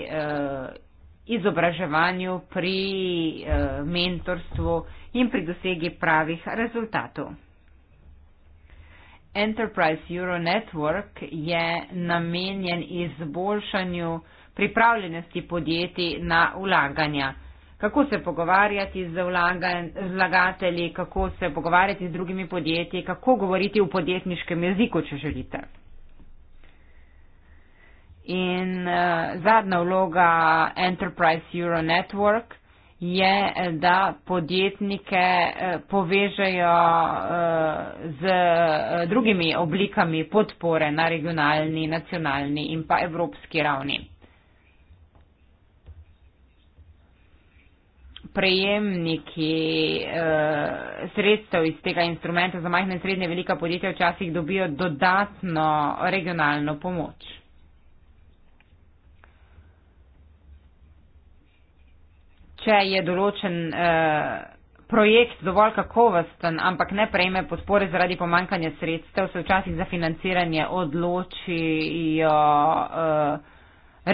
eh, izobraževanju, pri mentorstvu in pri dosegi pravih rezultatov. Enterprise Euro Network je namenjen izboljšanju pripravljenosti podjetij na vlaganja. Kako se pogovarjati z vlagatelji, kako se pogovarjati z drugimi podjetji, kako govoriti v podjetniškem jeziku, če želite. In uh, zadnja vloga Enterprise Euro Network je, da podjetnike eh, povežejo eh, z eh, drugimi oblikami podpore na regionalni, nacionalni in pa evropski ravni. Prejemniki eh, sredstev iz tega instrumenta za majhne in srednje velika podjetja včasih dobijo dodatno regionalno pomoč. če je določen eh, projekt dovolj kakovosten, ampak ne prejme podpore zaradi pomankanja sredstev, se včasih za financiranje odločijo eh,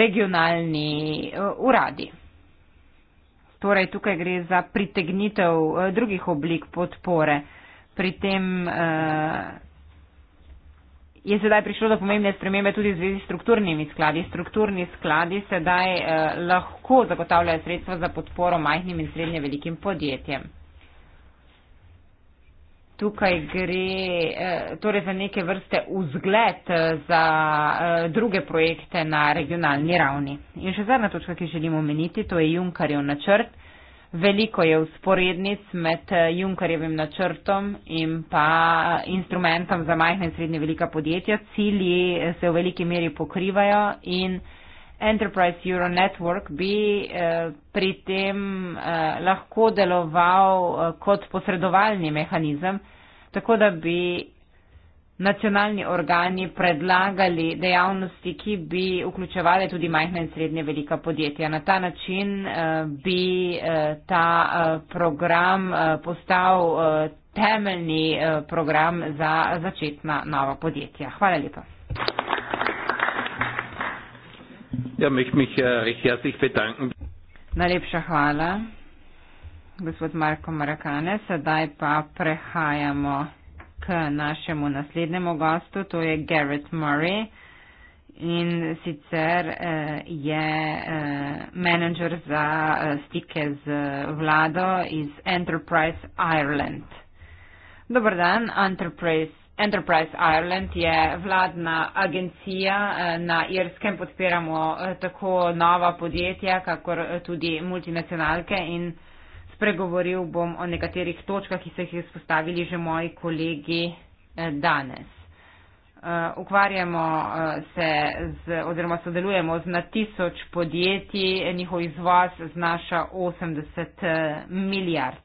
regionalni eh, uradi. Torej, tukaj gre za pritegnitev eh, drugih oblik podpore. Pri tem. Eh, je sedaj prišlo do pomembne spremembe tudi v zvezi s strukturnimi skladi. Strukturni skladi sedaj eh, lahko zagotavljajo sredstva za podporo majhnim in srednje velikim podjetjem. Tukaj gre eh, torej za neke vrste vzgled eh, za eh, druge projekte na regionalni ravni. In še zadnja točka, ki želimo omeniti, to je Junkarjev načrt. Veliko je usporednic med eh, Junkarjevim načrtom in pa eh, instrumentom za majhne in srednje velika podjetja. Cilji eh, se v veliki meri pokrivajo in Enterprise Euro Network bi pri tem lahko deloval kot posredovalni mehanizem, tako da bi nacionalni organi predlagali dejavnosti, ki bi vključevali tudi majhna in srednje velika podjetja. Na ta način eh, bi eh, ta eh, program postal temeljni program za začetna nova podjetja. Hvala lepa. Ja, mich, mich, uh, äh, ich Najlepša hvala, gospod Marko Marakane. Sedaj pa prehajamo k našemu naslednjemu gostu, to je Garrett Murray. In sicer eh, je eh, menedžer za eh, stike z vlado iz Enterprise Ireland. Dobar dan, Enterprise, Enterprise Ireland je vladna agencija eh, na Irskem, podpiramo eh, tako nova podjetja, kakor eh, tudi multinacionalke in eh, spregovoril bom o nekaterih točkah, ki so jih izpostavili že moji kolegi eh, danes. Eh, ukvarjamo eh, se z, oziroma sodelujemo z na tisoč podjetij, njihov izvoz znaša 80 milijard.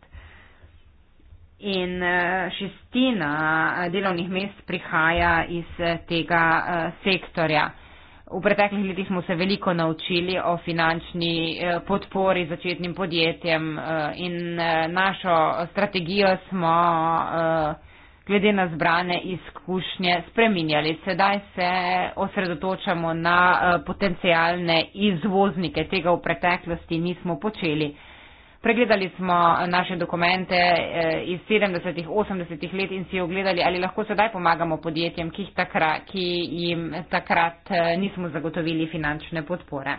In šestina delovnih mest prihaja iz tega sektorja. V preteklih letih smo se veliko naučili o finančni eh, podpori začetnim podjetjem eh, in eh, našo strategijo smo glede na zbrane izkušnje spreminjali. Sedaj se osredotočamo na potencijalne izvoznike. Tega v preteklosti nismo počeli. Pregledali smo eh, naše dokumente eh, iz 70-ih, 80-ih let in si ogledali, ali lahko sedaj pomagamo podjetjem, ki, takra, ki jim takrat eh, nismo zagotovili finančne podpore.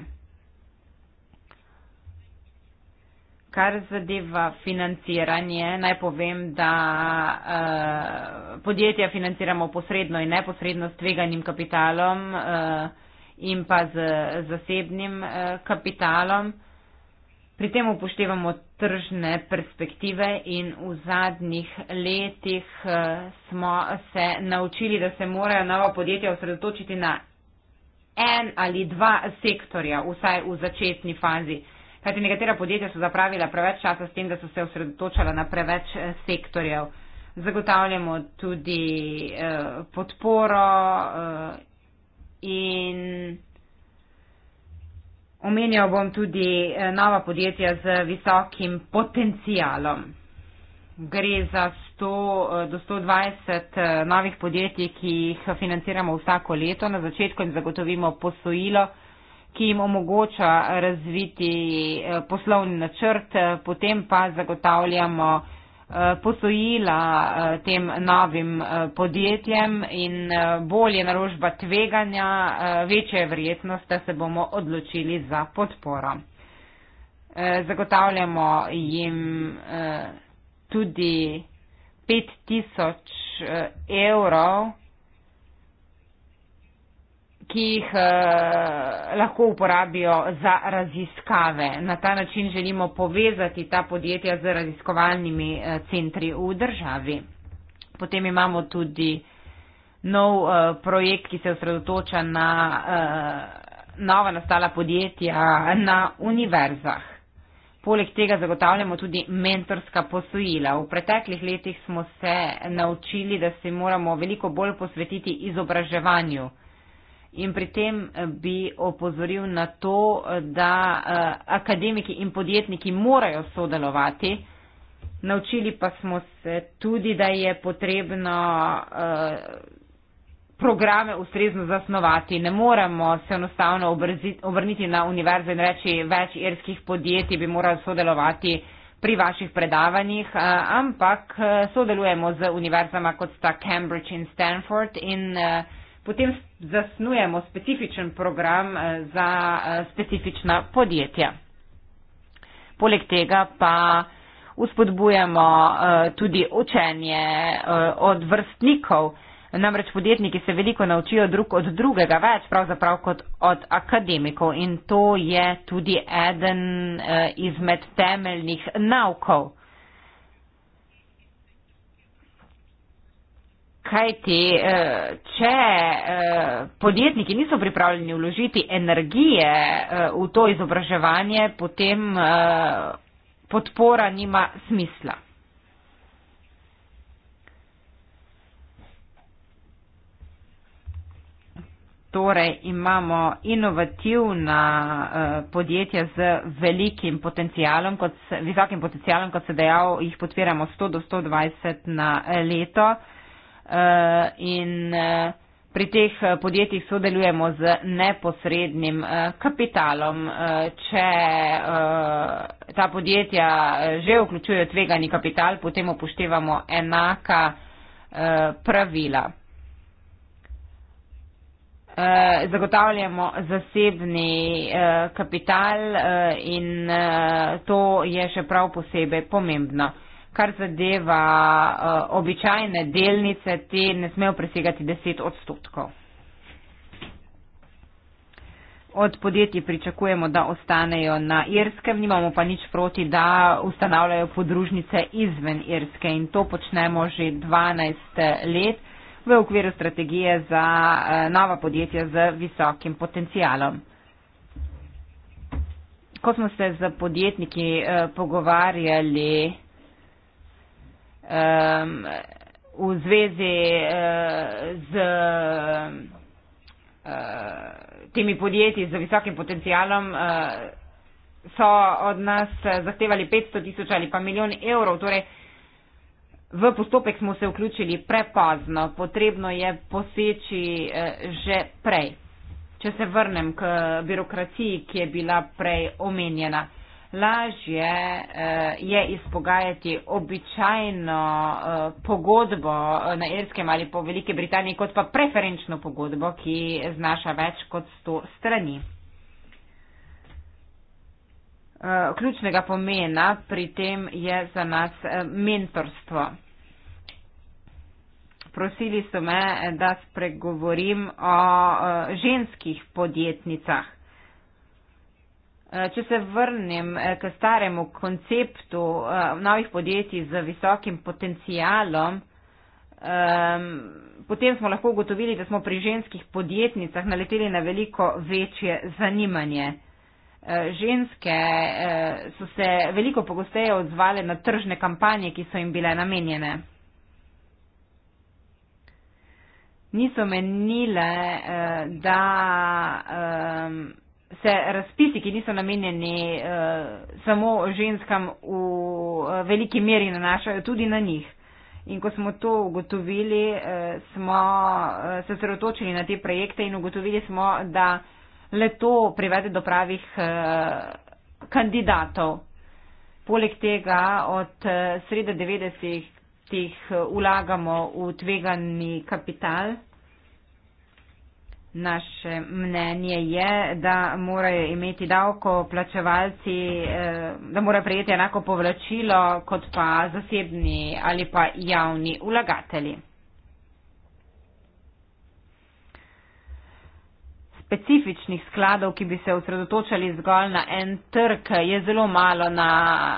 Kar zadeva financiranje, naj povem, da uh, podjetja financiramo posredno in neposredno s tveganim kapitalom uh, in pa z zasebnim uh, kapitalom. Uh, Pri tem upoštevamo tržne perspektive in v zadnjih letih eh, smo se naučili, da se morajo nova podjetja osredotočiti na en ali dva sektorja, vsaj v začetni fazi. Kajti nekatera podjetja so zapravila preveč časa s tem, da so se osredotočala na preveč eh, sektorjev. Zagotavljamo tudi eh, podporo eh, in. Omenjal bom tudi eh, nova podjetja z visokim potencialom. Gre za 100 eh, do 120 eh, novih podjetij, ki jih financiramo vsako leto. Na začetku jim zagotovimo posojilo, ki jim omogoča razviti poslovni načrt, potem pa zagotavljamo Eh, posojila eh, tem novim eh, podjetjem in bolje naložba tveganja, večja je vrijednost, da se bomo odločili za podporo. Zagotavljamo jim tudi 5000 evrov ki jih uh, lahko uporabijo za raziskave. Na ta način želimo povezati ta podjetja z raziskovalnimi uh, centri v državi. Potem imamo tudi nov uh, projekt, ki se osredotoča na uh, nova nastala podjetja na univerzah. Poleg tega zagotavljamo tudi mentorska posojila. V preteklih letih smo se naučili, da se moramo veliko bolj posvetiti izobraževanju uh, in pri tem eh, bi opozoril na to, eh, da eh, akademiki in podjetniki morajo sodelovati. Naučili pa smo se tudi, da je potrebno programe ustrezno zasnovati. Ne moremo se enostavno obrniti na univerze in reči, več irskih podjetij bi moralo sodelovati pri vaših predavanjih, ampak sodelujemo z univerzama kot sta Cambridge in Stanford in uh, potem zasnujemo specifičen program eh, za eh, specifična podjetja. Poleg tega pa uspodbujamo eh, tudi učenje od vrstnikov, namreč podjetniki se veliko naučijo drug od drugega, več pravzaprav kot od akademikov in to je tudi eden izmed temeljnih naukov. Kajti, eh, če eh, podjetniki niso pripravljeni vložiti energije eh, v to izobraževanje, potem podpora nima smisla. Torej imamo inovativna podjetja z velikim potencialom, kot, visokim potencialom, kot se dejal, jih podpiramo 100 do 120 na leto. Eh, in eh, pri teh eh, podjetjih sodelujemo z neposrednim kapitalom. Če ta podjetja že vključujejo tvegani kapital, potem upoštevamo enaka pravila. Zagotavljamo zasebni kapital in to je še prav posebej pomembno kar zadeva uh, običajne delnice, te ne smejo presegati 10 odstotkov. Od podjetij pričakujemo, da ostanejo na Irskem, nimamo pa nič proti, da ustanavljajo podružnice izven Irske in to počnemo že 12 let v okviru strategije za uh, nova podjetja z visokim potencialom. Ko smo se z podjetniki uh, pogovarjali, um, v zvezi uh, z uh, temi podjetji z visokim potencialom, uh, so od nas uh, zahtevali 500 tisoč ali pa milijon evrov. Torej, V postopek smo se vključili prepozno, potrebno je poseči uh, že prej. Če se vrnem k birokraciji, ki je bila prej omenjena lažje uh, je izpogajati običajno uh, pogodbo eh, na Irskem ali po Velike Britaniji, kot pa preferenčno pogodbo, ki znaša več kot 100 strani. Uh, ključnega pomena pri tem je za nas uh, mentorstvo. Prosili so me, da spregovorim o uh, ženskih podjetnicah. Eh, če se vrnem eh, k staremu konceptu eh, novih podjetij z visokim potencialom, potem smo lahko ugotovili, da smo pri ženskih podjetnicah naleteli na veliko večje zanimanje. Ženske so se veliko pogosteje odzvale na tržne kampanje, ki so jim bile namenjene. Niso menile, da se razpisi, ki niso namenjeni uh, samo ženskam, v uh, veliki meri nanašajo tudi na njih. In ko smo to ugotovili, uh, smo uh, se sredotočili na te projekte in ugotovili smo, da le to privede do pravih uh, kandidatov. Poleg tega od uh, sreda 90-ih vlagamo v tvegani kapital. Naše mnenje je, da morajo imeti davkoplačevalci, eh, da morajo prejeti enako povlačilo kot pa zasebni ali pa javni vlagatelji. Specifičnih skladov, ki bi se osredotočali zgolj na en trg, je zelo malo na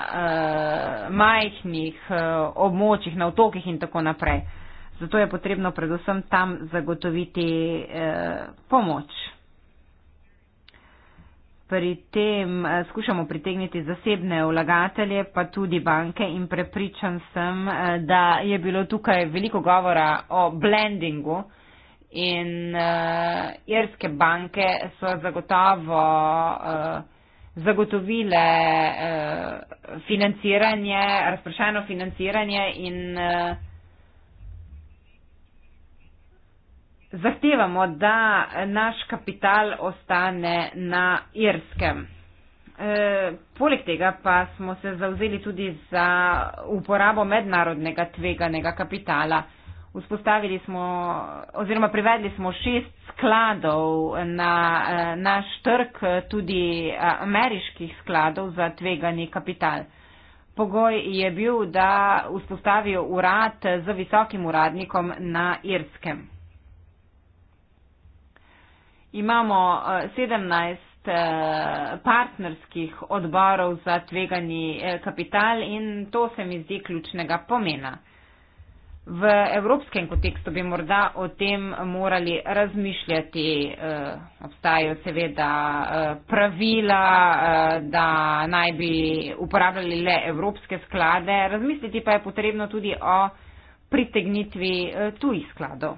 uh, majhnih uh, območjih, na otokih in tako naprej. Uh, Zato je potrebno predvsem tam zagotoviti eh, pomoč. Pri tem eh, skušamo pritegniti zasebne vlagatelje, pa tudi banke in prepričan sem, eh, da je bilo tukaj veliko govora o blendingu in eh, irske banke so zagotovo eh, zagotovile eh, financiranje, razprašajno financiranje in eh, zahtevamo, da naš kapital ostane na Irskem. E, poleg tega pa smo se zauzeli tudi za uporabo mednarodnega tveganega kapitala. Vzpostavili smo oziroma privedli smo šest skladov na e, naš trg, tudi e, ameriških skladov za tvegani kapital. Pogoj je bil, da vzpostavijo urad z visokim uradnikom na Irskem imamo 17 eh, eh, partnerskih odborov za tvegani eh, kapital in to se mi zdi ključnega pomena. V evropskem kontekstu bi morda o tem morali razmišljati. Obstajajo seveda pravila, da naj bi uporabljali le evropske sklade. Razmisliti pa je potrebno tudi o pritegnitvi tujih skladov.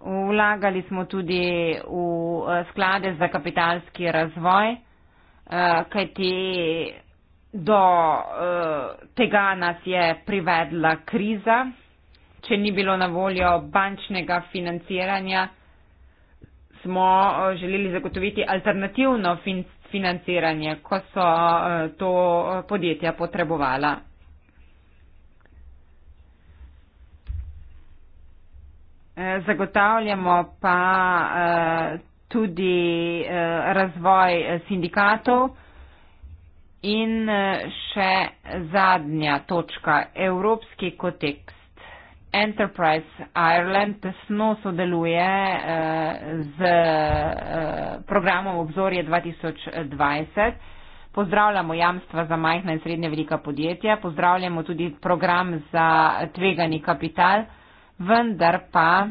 Vlagali smo tudi v eh, sklade za kapitalski razvoj, eh, kajti do eh, tega nas je privedla kriza, če ni bilo na voljo bančnega financiranja smo želeli zagotoviti alternativno financiranje, ko so to podjetja potrebovala. Zagotavljamo pa eh, tudi eh, razvoj sindikatov. In eh, še zadnja točka, Evropski kontekst. Enterprise Ireland tesno sodeluje z programom Obzorje 2020. Pozdravljamo jamstva za majhna in srednja velika podjetja, pozdravljamo tudi program za tvegani kapital vendar pa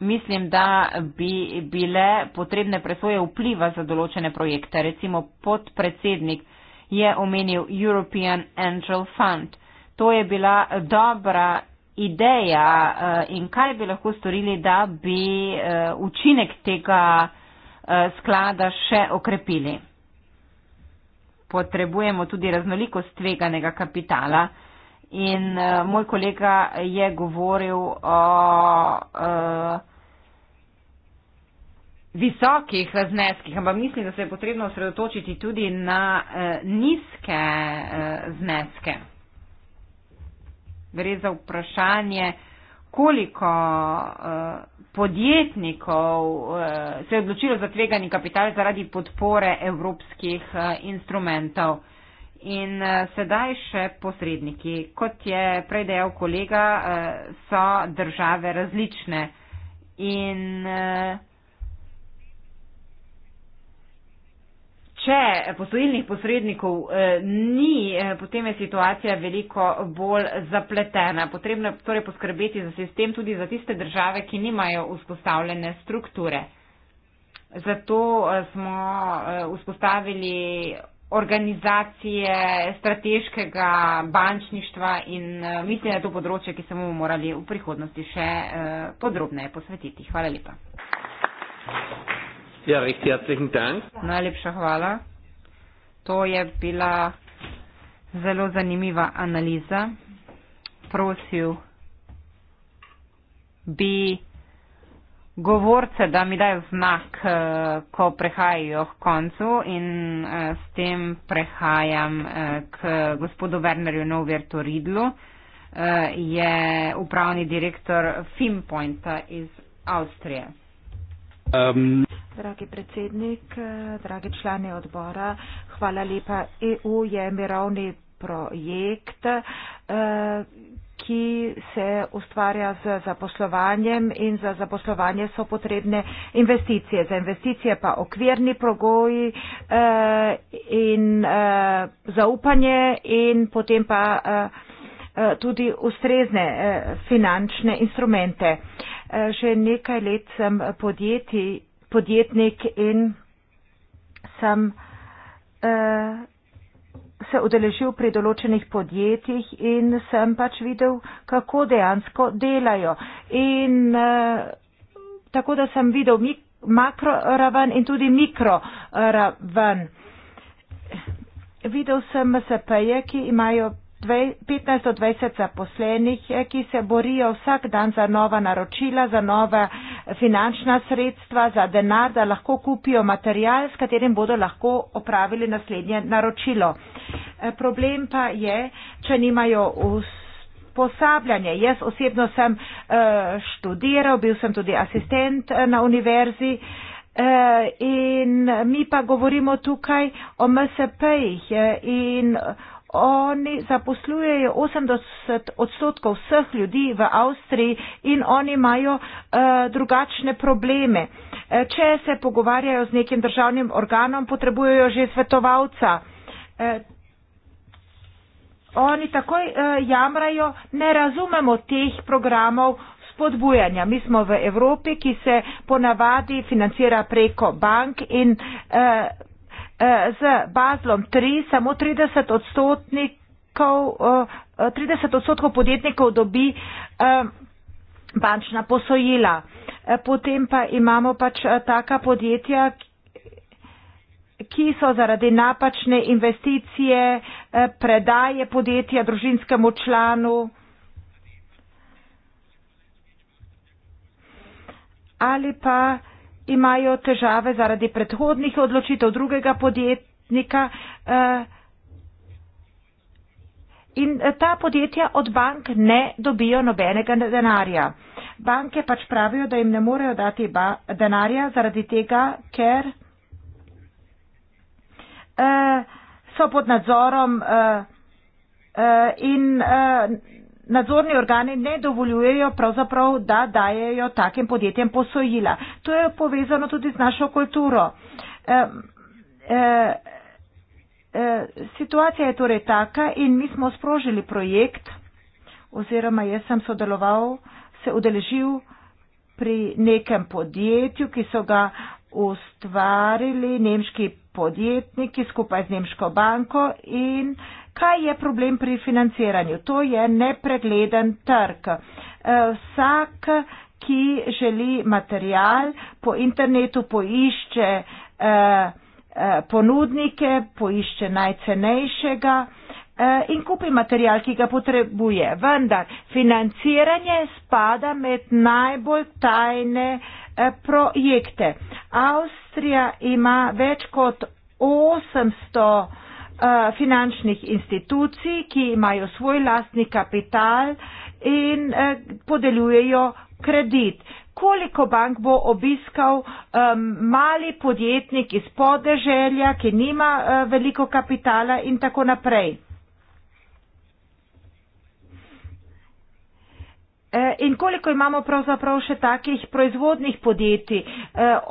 mislim, da bi bile potrebne presoje vpliva za določene projekte. Recimo podpredsednik je omenil European Angel Fund. To je bila dobra ideja eh, in kaj bi lahko storili, da bi eh, učinek tega eh, sklada še okrepili. Potrebujemo tudi raznolikost tveganega kapitala. In uh, moj kolega je govoril o uh, visokih zneskih, ampak mislim, da se je potrebno osredotočiti tudi na uh, nizke uh, zneske. Gre za vprašanje, koliko uh, podjetnikov uh, se je odločilo za tvegani kapital zaradi podpore evropskih uh, instrumentov. In eh, sedaj še posredniki. Kot je prej dejal kolega, eh, so države različne. In eh, če posojilnih posrednikov ni, potem je situacija veliko bolj zapletena. Potrebno je torej poskrbeti za sistem tudi za tiste države, ki nimajo vzpostavljene strukture. Zato smo vzpostavili organizacije strateškega bančništva in eh, mislim, da je to področje, ki se bomo morali v prihodnosti še eh, podrobneje posvetiti. Hvala lepa. Ja, Najlepša hvala. To je bila zelo zanimiva analiza. Prosil bi govorce, da mi dajo znak, eh, ko prehajajo k koncu in eh, s tem prehajam eh, k gospodu Wernerju Novertu Ridlu, je upravni direktor Fimpointa iz Avstrije. Um. Dragi predsednik, dragi člani odbora, hvala lepa. EU je mirovni projekt ki se ustvarja z zaposlovanjem in za zaposlovanje so potrebne investicije. Za investicije pa okvirni progoji eh, in eh, zaupanje in potem pa eh, eh tudi ustrezne eh, finančne instrumente. Eh, že nekaj let sem podjeti, podjetnik in sem eh, se odeležil pri določenih podjetjih in sem pač videl, kako dejansko delajo. In uh, tako da sem videl mik makro raven in tudi mikro eh, raven. Videl sem MSP-je, ki imajo 15 do 20 zaposlenih, eh, ki se borijo vsak dan za nova naročila, za nove uh, finančna sredstva, za denar, da lahko kupijo material, s katerim bodo lahko opravili naslednje naročilo. Eh, problem pa je, če nimajo usposabljanje. Jaz osebno sem eh, študiral, bil sem tudi asistent eh, na univerzi. In mi pa govorimo tukaj o MSP-jih in oni zaposlujejo 80 odstotkov vseh ljudi v Avstriji in oni imajo uh, drugačne probleme. Eh, če se pogovarjajo z nekim državnim organom, potrebujejo že svetovalca. Uh, oni takoj uh, jamrajo, ne razumemo teh programov. Podbujanja. Mi smo v Evropi, ki se ponavadi financira preko bank in eh, Eh, z bazlom 3 samo 30 odstotnikov, 30 eh, odstotkov podjetnikov dobi eh, bančna posojila. Potem pa imamo pač taka podjetja, ki so zaradi napačne investicije, predaje podjetja družinskemu članu ali pa imajo težave zaradi predhodnih odločitev drugega podjetnika eh, in eh, ta podjetja od bank ne dobijo nobenega denarja. Banke pač pravijo, da jim ne morejo dati denarja zaradi tega, ker eh, so pod nadzorom in nadzorni organi ne dovoljujejo pravzaprav, da dajejo takim podjetjem posojila. To je povezano tudi z našo kulturo. E, e, e, Situacija je torej taka in mi smo sprožili projekt oziroma jaz sem sodeloval, se udeležil pri nekem podjetju, ki so ga ustvarili nemški podjetniki skupaj z nemško banko in eh, Kaj je problem pri financiranju? To je nepregleden trg. Eh, vsak, ki želi material, po internetu poišče eh, eh, ponudnike, poišče najcenejšega in kupi material, ki ga potrebuje. Vendar financiranje spada med najbolj tajne projekte. Avstrija ima več kot 800 Eh, finančnih institucij, ki imajo svoj lastni kapital in eh, podeljujejo kredit. Koliko bank bo obiskal um, mali podjetnik iz podeželja, ki nima uh, veliko kapitala in tako naprej? E, in koliko imamo pravzaprav še takih proizvodnih podjetij? E,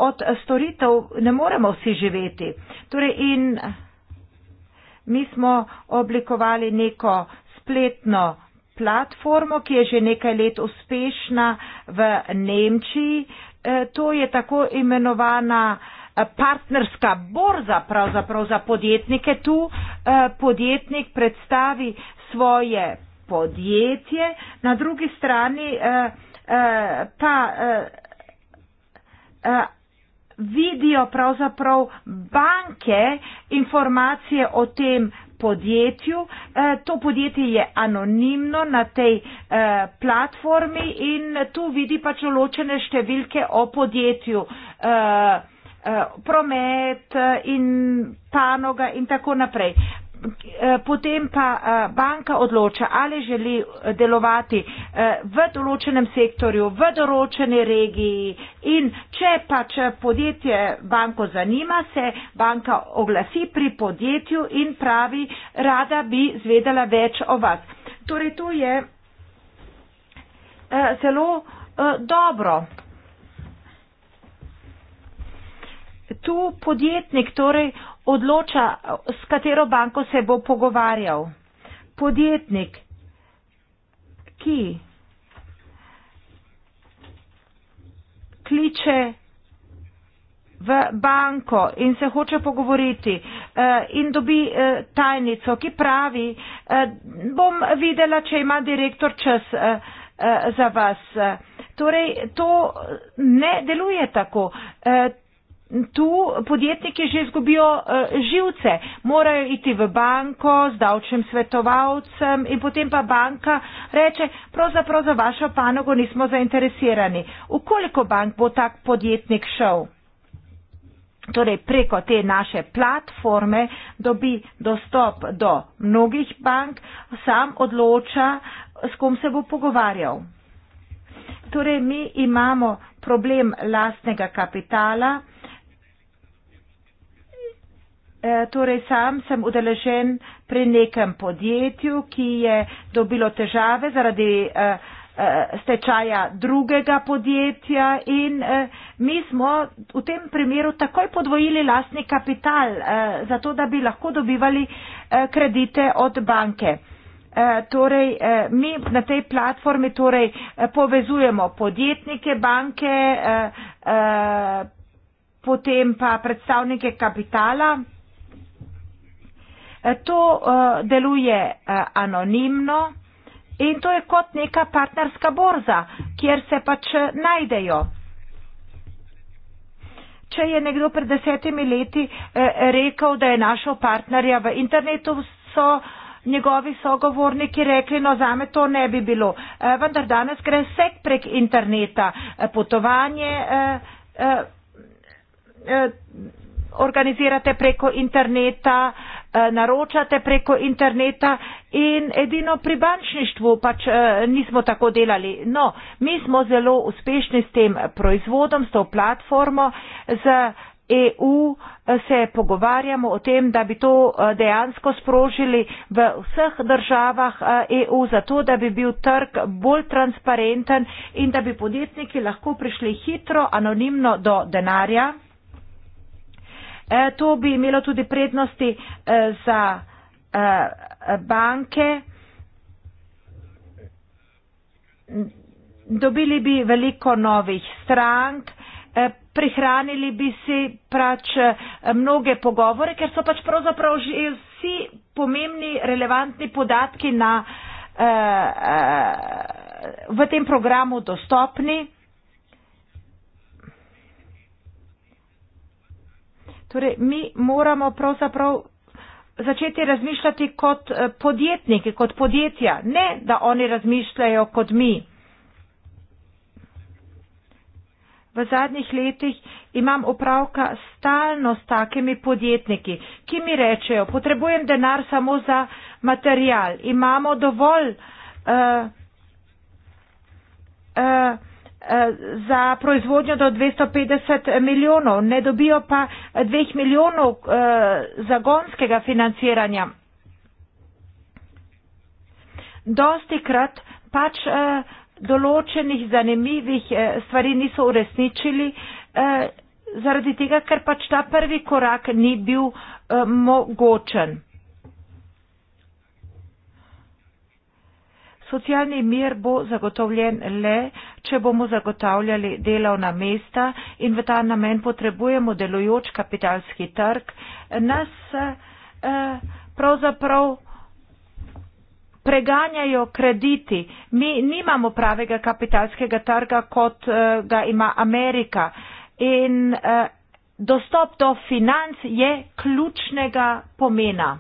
od storitev ne moremo vsi živeti. Torej in, mi smo oblikovali neko spletno platformo, ki je že nekaj let uspešna v Nemčiji. E, to je tako imenovana e, partnerska borza pravzaprav za podjetnike. Tu e, podjetnik predstavi svoje podjetje, na drugi strani pa vidijo pravzaprav banke informacije o tem podjetju. E, to podjetje je anonimno na tej e, platformi in tu vidi pač določene številke o podjetju e, promet in panoga in tako naprej. Eh, potem pa eh, banka odloča, ali želi eh, delovati v določenem sektorju, v določeni regiji in če pač podjetje banko zanima, se banka oglasi pri podjetju in pravi, rada bi zvedela več o vas. Torej, to je zelo dobro. Tu podjetnik torej odloča, s katero banko se bo pogovarjal. Podjetnik, ki kliče v banko in se hoče pogovoriti eh, in dobi eh, tajnico, ki pravi, eh, bom videla, če ima direktor čas za vas. Torej, to ne deluje tako. Tu podjetniki že izgubijo eh, živce, morajo iti v banko z davčnim svetovalcem in potem pa banka reče, pravzaprav za vašo panogo nismo zainteresirani. Ukoliko bank bo tak podjetnik šel? Torej preko te naše platforme dobi dostop do mnogih bank, sam odloča, s kom se bo pogovarjal. Torej mi imamo problem lastnega kapitala, E, torej sam sem udeležen pri nekem podjetju, ki je dobilo težave zaradi e, e, stečaja drugega podjetja in mi smo v tem primeru takoj podvojili lastni kapital, zato da bi lahko dobivali kredite od banke. Torej, mi na tej platformi torej, povezujemo podjetnike, banke, potem pa predstavnike kapitala. To eh, deluje eh, anonimno in to je kot neka partnerska borza, kjer se pač eh, najdejo. Če je nekdo pred desetimi leti rekel, da je našel partnerja v internetu, so njegovi sogovorniki rekli, no zame to ne bi bilo. Vendar danes gre vse prek interneta. Potovanje organizirate preko interneta, Eh, naročate preko interneta in edino pri bančništvu pač eh, nismo tako delali. No, mi smo zelo uspešni s tem proizvodom, s to platformo, z EU eh, se pogovarjamo o tem, da bi to dejansko sprožili v vseh državah EU, e zato da bi bil trg bolj transparenten in da bi podjetniki lahko prišli hitro, anonimno do denarja. E, to bi imelo tudi prednosti e, za e, banke. Dobili bi veliko novih strank, prihranili bi si pač mnoge pogovore, ker so pač pravzaprav že vsi pomembni, relevantni podatki na, v tem programu dostopni. Torej, mi moramo pravzaprav začeti razmišljati kot eh, podjetniki, kot podjetja, ne da oni razmišljajo kot mi. V zadnjih letih imam opravka stalno s takimi podjetniki, ki mi rečejo, potrebujem denar samo za material, imamo dovolj uh, uh, za proizvodnjo do 250 milijonov, ne dobijo pa 2 milijonov eh, zagonskega financiranja. Dosti krat pač eh, določenih zanimivih eh, stvari niso uresničili, zaradi tega, ker pač ta prvi korak ni bil mogočen. Socialni mir bo zagotovljen le, če bomo zagotavljali delovna mesta in v ta namen potrebujemo delujoč kapitalski trg. Nas eh, pravzaprav preganjajo krediti. Mi nimamo pravega kapitalskega trga, kot eh, ga ima Amerika. In eh, dostop do financ je ključnega pomena.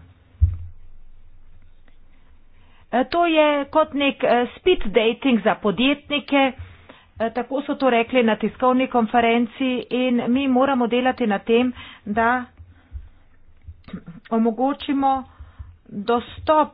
E, to je kot nek e, speed dating za podjetnike, e, tako so to rekli na tiskovni konferenci in mi moramo delati na tem, da omogočimo dostop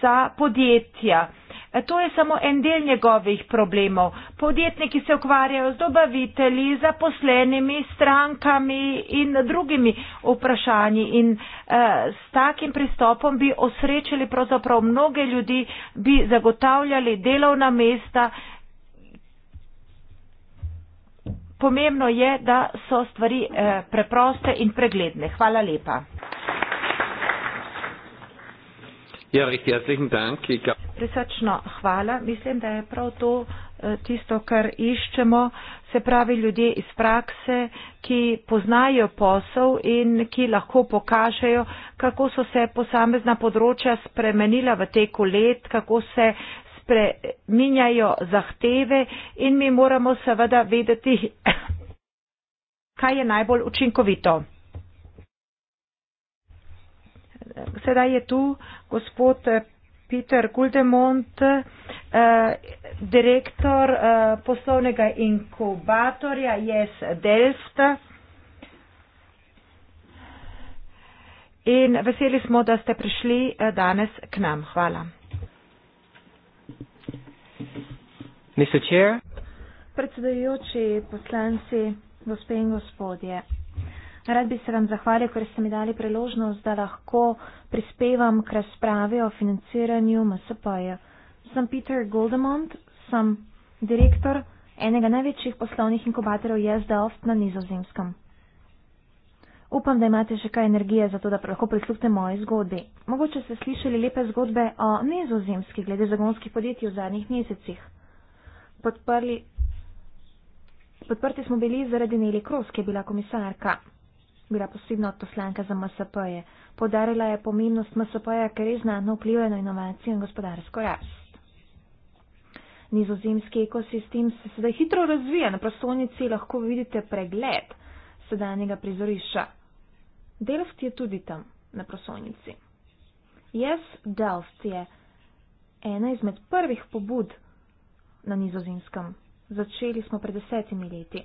za podjetja. E, to je samo en del njegovih problemov. Podjetniki se ukvarjajo z dobavitelji, zaposlenimi, strankami in drugimi vprašanji. In eh, s takim pristopom bi osrečili pravzaprav mnoge ljudi, bi zagotavljali delovna mesta. Pomembno je, da so stvari eh, preproste in pregledne. Hvala lepa. Ja, recht herzlichen Dank. Prisrčno hvala. Mislim, da je prav to eh, tisto, kar iščemo, se pravi ljudje iz prakse, ki poznajo posel in ki lahko pokažejo, kako so se posamezna področja spremenila v teku let, kako se spreminjajo zahteve in mi moramo seveda vedeti, kaj je najbolj učinkovito sedaj je tu gospod eh, Peter Guldemont, eh, direktor eh, poslovnega inkubatorja Jes Delft. In veseli smo, da ste prišli danes k nam. Hvala. Predsedujoči poslanci, gospe in gospodje. Rad bi se vam zahvalil, ker ste mi dali priložnost, da lahko prispevam k razpravi o financiranju MSP-ja. Sem Peter Goldemont, sem direktor enega največjih poslovnih inkubatorjev JSDOFT na nizozemskem. Upam, da imate še kaj energije za to, da lahko prisluhte moji zgodbi. Mogoče ste slišali lepe zgodbe o nizozemski glede zagonskih podjetij v zadnjih mesecih. Podprli, podprti smo bili zaradi Neli Kros, ki je bila komisarka. Mira Posebna odposlanka za MSP je podarila je pomembnost MSP-ja, ker je znatno vplivala na inovacijo in gospodarsko rast. Nizozemski ekosistem se sedaj hitro razvija, na prostornici lahko vidite pregled sedanjega prizorišča. Delft je tudi tam, na prostornici. Yes, Delft je ena izmed prvih pobud na nizozemskem. Začeli smo pred desetimi leti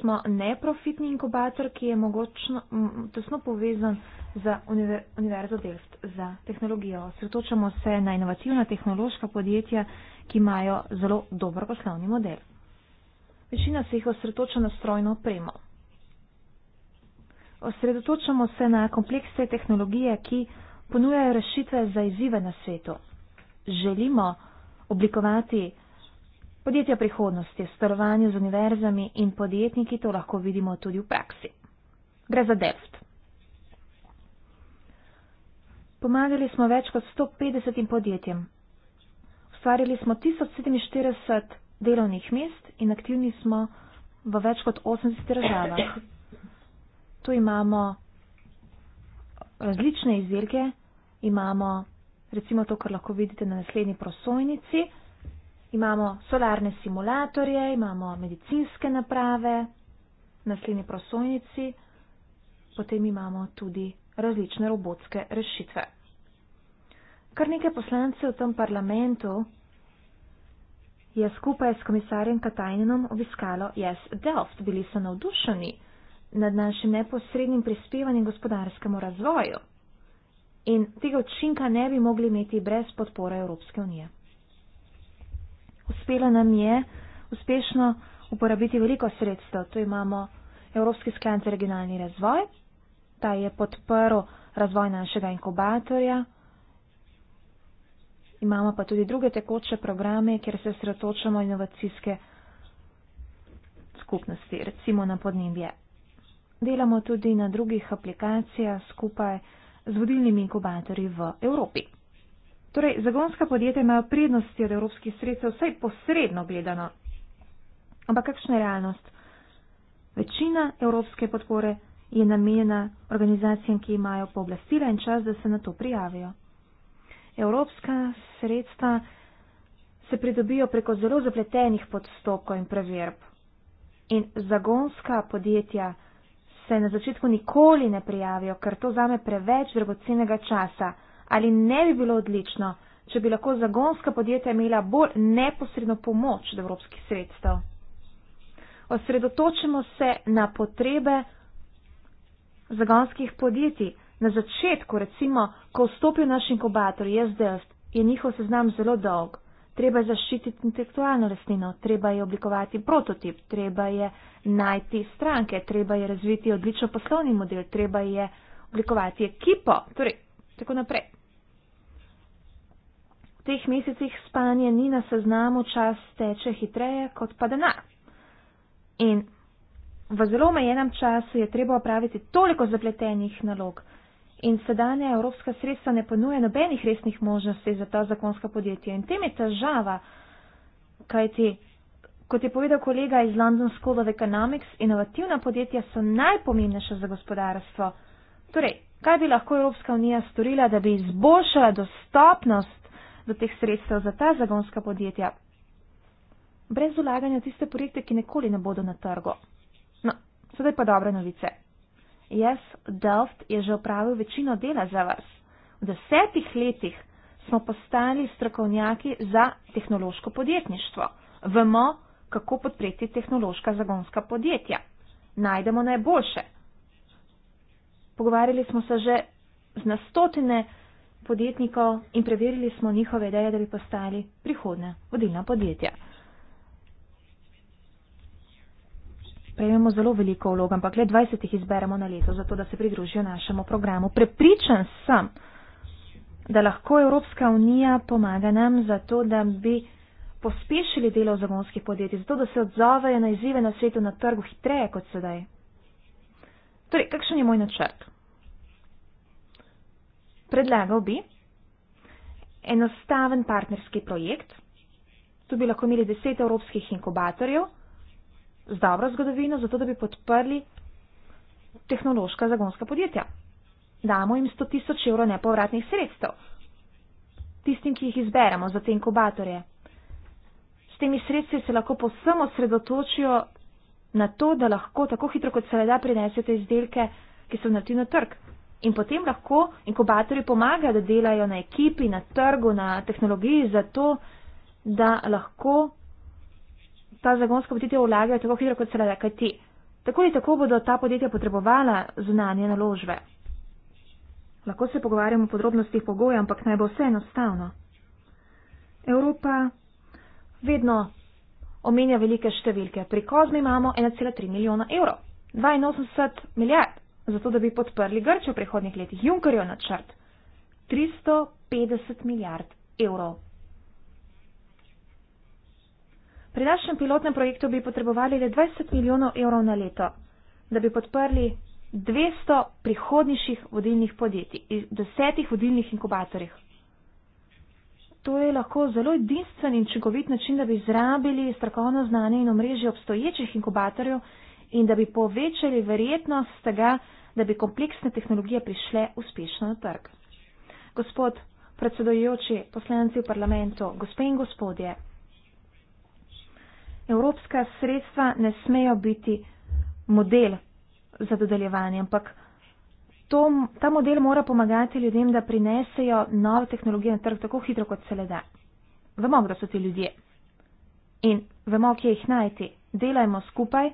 smo neprofitni inkubator, ki je mogočno, m, tesno povezan z univer, Univerzo Delft za tehnologijo. Sretočamo se na inovativna tehnološka podjetja, ki imajo zelo dober poslovni model. Večina se jih osredotoča na strojno opremo. Osredotočamo se na komplekse tehnologije, ki ponujajo rešitve za izzive na svetu. Želimo oblikovati Podjetja prihodnosti v sodelovanju z univerzami in podjetniki to lahko vidimo tudi v praksi. Gre za Delft. Pomagali smo več kot 150 podjetjem. Ustvarili smo 1047 delovnih mest in aktivni smo v več kot 80 državah. Tu imamo različne izdelke, imamo recimo to, kar lahko vidite na naslednji prosojnici imamo solarne simulatorje, imamo medicinske naprave, na slini prosojnici, potem imamo tudi različne robotske rešitve. Kar nekaj poslancev v tem parlamentu je skupaj s komisarjem Katajninom obiskalo Yes Delft. Bili so navdušeni nad našim neposrednim prispevanjem gospodarskemu razvoju in tega učinka ne bi mogli imeti brez podpore Evropske unije uspelo nam je uspešno uporabiti veliko sredstev. Tu imamo Evropski sklad za regionalni razvoj, ta je podprl razvoj našega inkubatorja. Imamo pa tudi druge tekoče programe, kjer se sretočamo inovacijske skupnosti, recimo na podnebje. Delamo tudi na drugih aplikacijah skupaj z vodilnimi inkubatorji v Evropi. Torej, zagonska podjetja imajo prednosti od evropskih sredstev, vsaj posredno gledano. Ampak kakšna je realnost? Večina evropske podpore je namenjena organizacijam, ki imajo pooblastila in čas, da se na to prijavijo. Evropska sredstva se pridobijo preko zelo zapletenih podstokov in preverb. In zagonska podjetja se na začetku nikoli ne prijavijo, ker to zame preveč dragocenega časa. Ali ne bi bilo odlično, če bi lahko zagonska podjetja imela bolj neposredno pomoč od evropskih sredstev? Osredotočimo se na potrebe zagonskih podjetij. Na začetku, recimo, ko vstopi v naš inkubator JSDF, je njihov seznam zelo dolg. Treba je zaščititi intelektualno lastnino, treba je oblikovati prototip, treba je najti stranke, treba je razviti odličen poslovni model, treba je oblikovati ekipo, torej tako naprej teh mesecih spanje ni na seznamu, čas teče hitreje kot pa denar. In v zelo omejenem času je treba opraviti toliko zapletenih nalog. In sedanja evropska sredstva ne ponuje nobenih resnih možnosti za ta zakonska podjetja. In tem je težava, kajti, kot je povedal kolega iz London School of Economics, inovativna podjetja so najpomembnejša za gospodarstvo. Torej, kaj bi lahko Evropska unija storila, da bi izboljšala dostopnost do teh sredstev za ta zagonska podjetja. Brez ulaganja tiste projekte, ki nikoli ne bodo na trgu. No, sedaj pa dobre novice. Jaz, Delft, je že opravil večino dela za vas. V desetih letih smo postali strokovnjaki za tehnološko podjetništvo. Vemo, kako podpreti tehnološka zagonska podjetja. Najdemo najboljše. Pogovarjali smo se že z nastotine podjetnikov in preverili smo njihove ideje, da bi postali prihodne vodilna podjetja. Prejmemo zelo veliko vlog, ampak le 20 jih izberemo na leto, zato da se pridružijo našemu programu. Prepričan sem, da lahko Evropska unija pomaga nam zato, da bi pospešili delo zagonskih podjetij, zato da se odzovejo na izzive na svetu na trgu hitreje kot sedaj. Torej, kakšen je moj načrt? predlagal bi enostaven partnerski projekt. Tu bi lahko imeli deset evropskih inkubatorjev z dobro zgodovino, zato da bi podprli tehnološka zagonska podjetja. Damo jim 100 tisoč evrov nepovratnih sredstev. Tistim, ki jih izberemo za te inkubatorje. S temi sredstvi se lahko posebno osredotočijo na to, da lahko tako hitro kot se le da prinesete izdelke, ki so na tino trg. In potem lahko inkubatorji pomagajo, da delajo na ekipi, na trgu, na tehnologiji, zato da lahko ta zagonska podjetja vlagajo tako hitro, kot se le da, kaj ti. Tako in tako bodo ta podjetja potrebovala zunanje naložbe. Lahko se pogovarjamo o podrobnostih pogoja, ampak naj bo vse enostavno. Evropa vedno omenja velike številke. Pri kozmi imamo 1,3 milijona evrov, 82 milijard zato da bi podprli Grčo v prihodnih letih. Junker je načrt. 350 milijard evrov. Pri našem pilotnem projektu bi potrebovali le 20 milijonov evrov na leto, da bi podprli 200 prihodnjih vodilnih podjetij iz desetih vodilnih inkubatorjih. To je lahko zelo edinstven in čigovit način, da bi izrabili strokovno znanje in omrežje obstoječih inkubatorjev in da bi povečali verjetnost tega, da bi kompleksne tehnologije prišle uspešno na trg. Gospod predsedojoči, poslanci v parlamentu, gospe in gospodje, evropska sredstva ne smejo biti model za dodeljevanje, ampak to, ta model mora pomagati ljudem, da prinesejo nove tehnologije na trg tako hitro, kot se le da. Vemo, kdo so ti ljudje in vemo, kje jih najti. Delajmo skupaj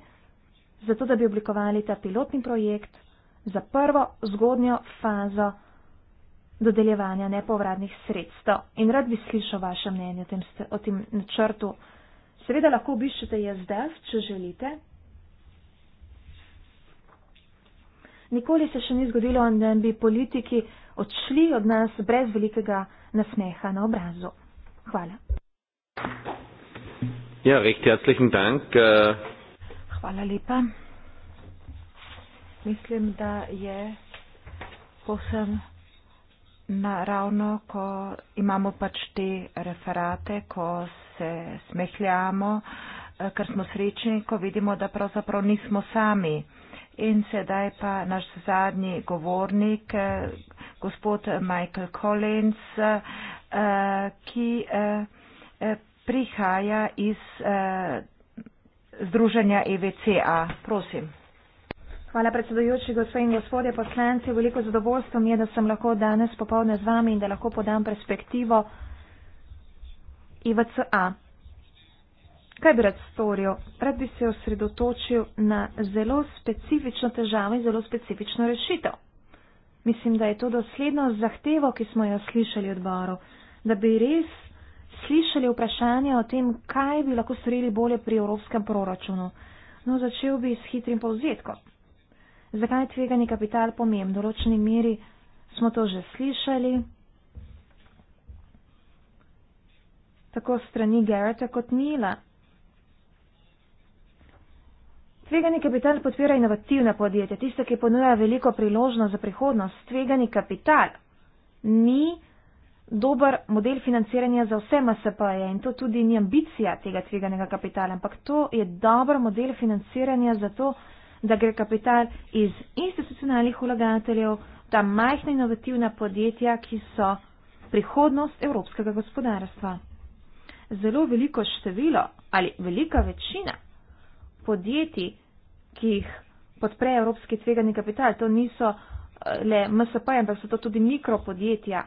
zato da bi oblikovali ta pilotni projekt za prvo zgodnjo fazo dodeljevanja nepovratnih sredstev. In rad bi slišal vaše mnenje o tem, o tem načrtu. Seveda lahko obiščete jaz DAS, če želite. Nikoli se še ni zgodilo, da bi politiki odšli od nas brez velikega nasmeha na obrazu. Hvala. Ja, recht herzlichen Dank. Äh, Hvala lepa. Mislim, da je posem naravno, ko imamo pač te referate, ko se smehljamo, eh, ker smo srečni, ko vidimo, da pravzaprav nismo sami. In sedaj pa naš zadnji govornik, eh, gospod Michael Collins, eh, ki prihaja iz Združenja EVCA. Prosim. Hvala predsedujoči, gospe in gospodje poslanci. Veliko zadovoljstvo mi je, da sem lahko danes popovdne z vami in da lahko podam perspektivo IVCA. E Kaj bi rad storil? Rad bi se osredotočil na zelo specifično težavo in zelo specifično rešitev. Mislim, da je to dosledno zahtevo, ki smo jo slišali odboru, da bi res slišali vprašanje o tem, kaj bi lahko storili bolje pri evropskem proračunu. No, začel bi s hitrim povzetkom. Zakaj je tvegani kapital pomembno? V določeni meri smo to že slišali, tako strani Garretta kot Nila. Tvegani kapital podpira inovativna podjetja, tiste, ki ponujajo veliko priložnost za prihodnost. Tvegani kapital ni dober model financiranja za vse MSP-je in to tudi ni ambicija tega tveganega kapitala, ampak to je dober model financiranja za to, da gre kapital iz institucionalnih vlagateljev, ta majhna inovativna podjetja, ki so prihodnost evropskega gospodarstva. Zelo veliko število ali velika večina podjetij, ki jih podpre evropski tvegani kapital, to niso eh, le MSP, ampak so to tudi mikropodjetja,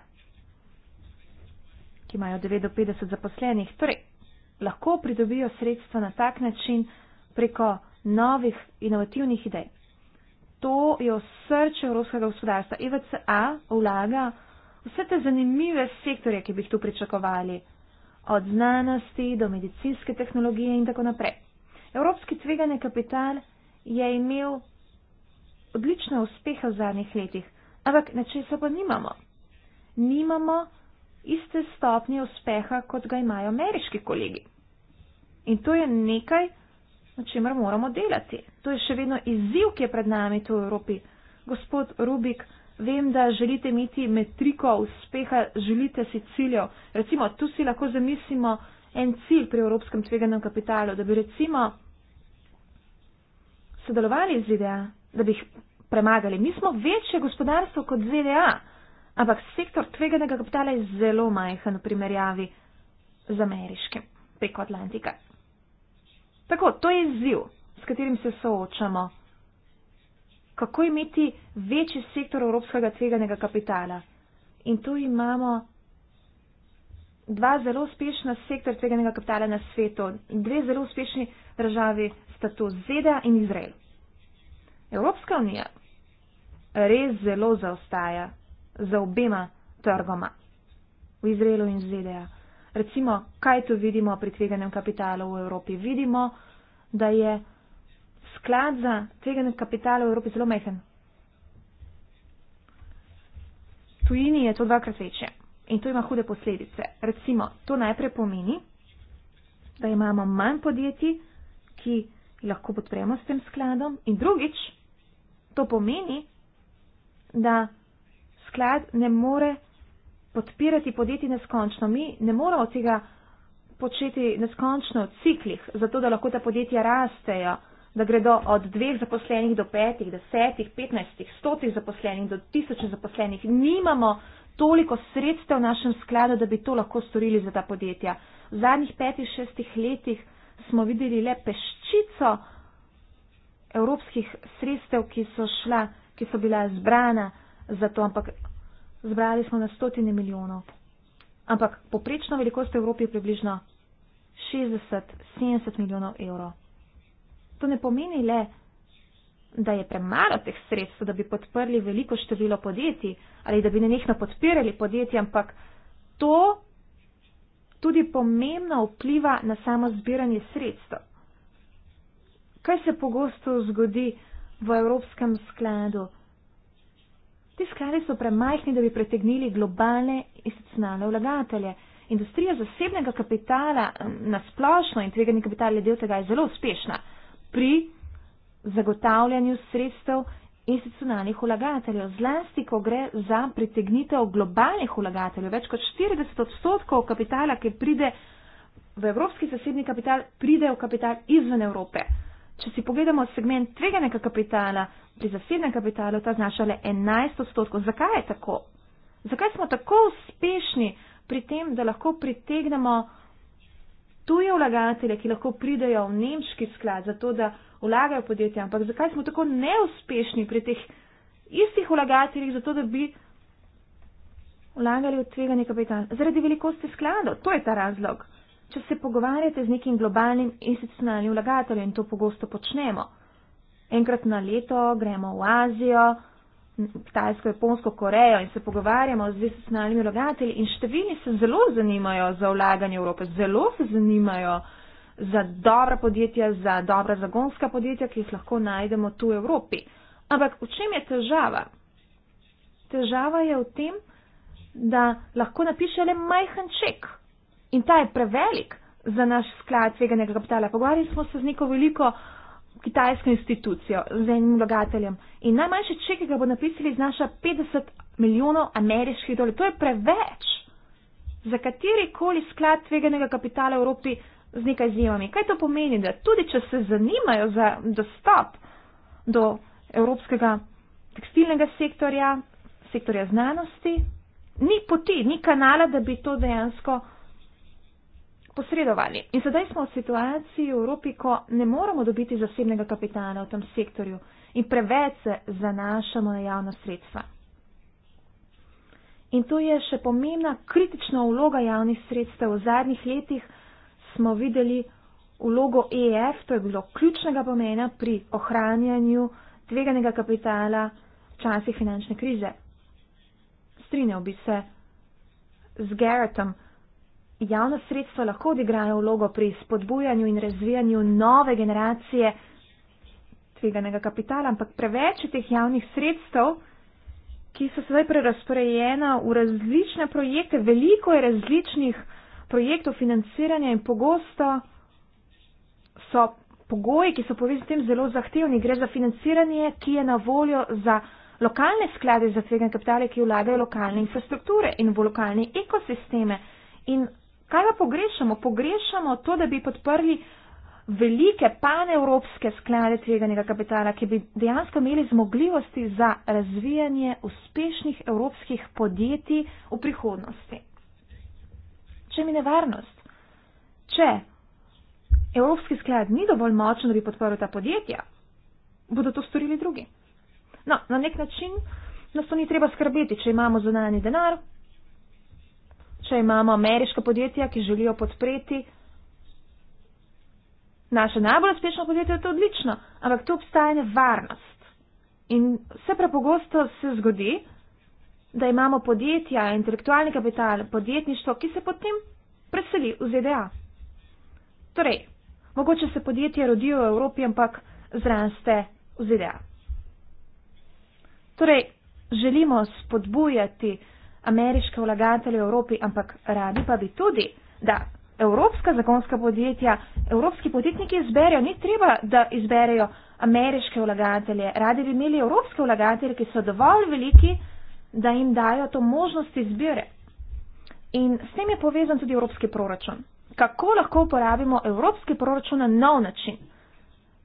ki imajo 9 do 50 zaposlenih, torej lahko pridobijo sredstva na tak način preko novih inovativnih idej. To je srce evropskega gospodarstva. EVCA vlaga vse te zanimive sektorje, ki bi jih tu pričakovali, od znanosti do medicinske tehnologije in tako naprej. Evropski tvegane kapital je imel odlične uspehe v zadnjih letih, ampak na česa pa nimamo? Nimamo iste stopnje uspeha, kot ga imajo ameriški kolegi. In to je nekaj, na čemer moramo delati. To je še vedno izziv, ki je pred nami tu v Evropi. Gospod Rubik, vem, da želite imeti metriko uspeha, želite si ciljev. Recimo, tu si lahko zamislimo en cilj pri evropskem tveganem kapitalu, da bi recimo sodelovali z ZDA, da bi jih premagali. Mi smo večje gospodarstvo kot ZDA ampak sektor tveganega kapitala je zelo majhen v primerjavi z ameriškim preko Atlantika. Tako, to je izziv, s katerim se soočamo. Kako imeti večji sektor evropskega tveganega kapitala? In tu imamo dva zelo uspešna sektor tveganega kapitala na svetu in dve zelo uspešni državi sta to ZDA in Izrael. Evropska unija res zelo zaostaja za obema trgoma, v Izraelu in ZDA. Recimo, kaj tu vidimo pri tveganem kapitalu v Evropi? Vidimo, da je sklad za tveganem kapitalu v Evropi zelo mehen. Tujini je to dvakrat večje in to ima hude posledice. Recimo, to najprej pomeni, da imamo manj podjetij, ki lahko podpremo s tem skladom in drugič, to pomeni, da sklad ne more podpirati podjetij neskončno. Mi ne moramo tega početi neskončno v ciklih, zato da lahko ta podjetja rastejo, da gredo od dveh zaposlenih do petih, desetih, petnajstih, stotih zaposlenih do tisoče zaposlenih. Nimamo toliko sredstev v našem skladu, da bi to lahko storili za ta podjetja. V zadnjih petih, šestih letih smo videli le peščico evropskih sredstev, ki so šla, ki so bila zbrana za to, ampak zbrali smo na stotine milijonov. Ampak poprečna velikost v Evropi je približno 60-70 milijonov evrov. To ne pomeni le, da je premalo teh sredstev, da bi podprli veliko število podjetij ali da bi ne nekno podpirali podjetje, ampak to tudi pomembno vpliva na samo zbiranje sredstev. Kaj se pogosto zgodi v Evropskem skladu? Ti skladi so premajhni, da bi pritegnili globalne institucionalne vlagatelje. Industrija zasebnega kapitala na splošno in tvegani kapital je del tega, je zelo uspešna pri zagotavljanju sredstev institucionalnih vlagateljev. Zlasti, ko gre za pritegnitev globalnih vlagateljev, več kot 40 odstotkov kapitala, ki pride v evropski zasebni kapital, pride v kapital izven Evrope. Če si pogledamo segment tveganega kapitala, pri zasebnem kapitalu ta znaša le 11 odstotkov. Zakaj je tako? Zakaj smo tako uspešni pri tem, da lahko pritegnemo tuje vlagatelje, ki lahko pridejo v nemški sklad, zato da vlagajo podjetja, ampak zakaj smo tako neuspešni pri teh istih vlagateljih, zato da bi vlagali v tveganje kapitala? Zaradi velikosti skladov. To je ta razlog če se pogovarjate z nekim globalnim institucionalnim vlagateljem, in to pogosto počnemo. Enkrat na leto gremo v Azijo, Kitajsko, Japonsko, Korejo in se pogovarjamo z institucionalnimi vlagatelji in številni se zelo zanimajo za vlaganje Evrope, zelo se zanimajo za dobra podjetja, za dobra zagonska podjetja, ki jih lahko najdemo tu v Evropi. Ampak v čem je težava? Težava je v tem, da lahko napiše le majhen ček in ta je prevelik za naš sklad sveganega kapitala. Pogovarjali smo se z neko veliko kitajsko institucijo, z enim vlagateljem in najmanjši ček, ki ga bo napisali, znaša 50 milijonov ameriških dolarjev. To je preveč za katerikoli sklad sveganega kapitala v Evropi z nekaj izjemami. Kaj to pomeni? Da tudi, če se zanimajo za dostop do evropskega tekstilnega sektorja, sektorja znanosti, ni poti, ni kanala, da bi to dejansko posredovali. In sedaj smo v situaciji v Evropi, ko ne moremo dobiti zasebnega kapitala v tem sektorju in preveč se zanašamo na javna sredstva. In to je še pomembna kritična vloga javnih sredstev. V zadnjih letih smo videli vlogo EF, to je bilo ključnega pomena pri ohranjanju tveganega kapitala v časih finančne krize. Strinjal bi se z Garrettom javna sredstva lahko odigrajo vlogo pri spodbujanju in razvijanju nove generacije tveganega kapitala, ampak preveč teh javnih sredstev, ki so sedaj prerasporejena v različne projekte, veliko je različnih projektov financiranja in pogosto so pogoji, ki so povezani s tem, zelo zahtevni. Gre za financiranje, ki je na voljo za lokalne sklade za tvegan kapitale, ki vlagajo lokalne infrastrukture in v lokalne ekosisteme. In Kaj pa pogrešamo? Pogrešamo to, da bi podprli velike paneuropske sklade tveganega kapitala, ki bi dejansko imeli zmogljivosti za razvijanje uspešnih evropskih podjetij v prihodnosti. Če mi nevarnost, če evropski sklad ni dovolj močen, da bi podprl ta podjetja, bodo to storili drugi. No, na nek način nas to ni treba skrbeti, če imamo zunanji denar, če imamo ameriška podjetja, ki želijo podpreti naše najbolj uspešno podjetje, je to odlično, ampak tu obstaja nevarnost. In vse prepogosto se zgodi, da imamo podjetja, intelektualni kapital, podjetništvo, ki se potem preseli v ZDA. Torej, mogoče se podjetja rodijo v Evropi, ampak zraste v ZDA. Torej, želimo spodbujati ameriške vlagatelje v Evropi, ampak radi pa bi tudi, da evropska zakonska podjetja, evropski podjetniki izberejo, ni treba, da izberejo ameriške vlagatelje, radi bi imeli evropske vlagatelje, ki so dovolj veliki, da jim dajo to možnost izbire. In s tem je povezan tudi evropski proračun. Kako lahko uporabimo evropski proračun na nov način,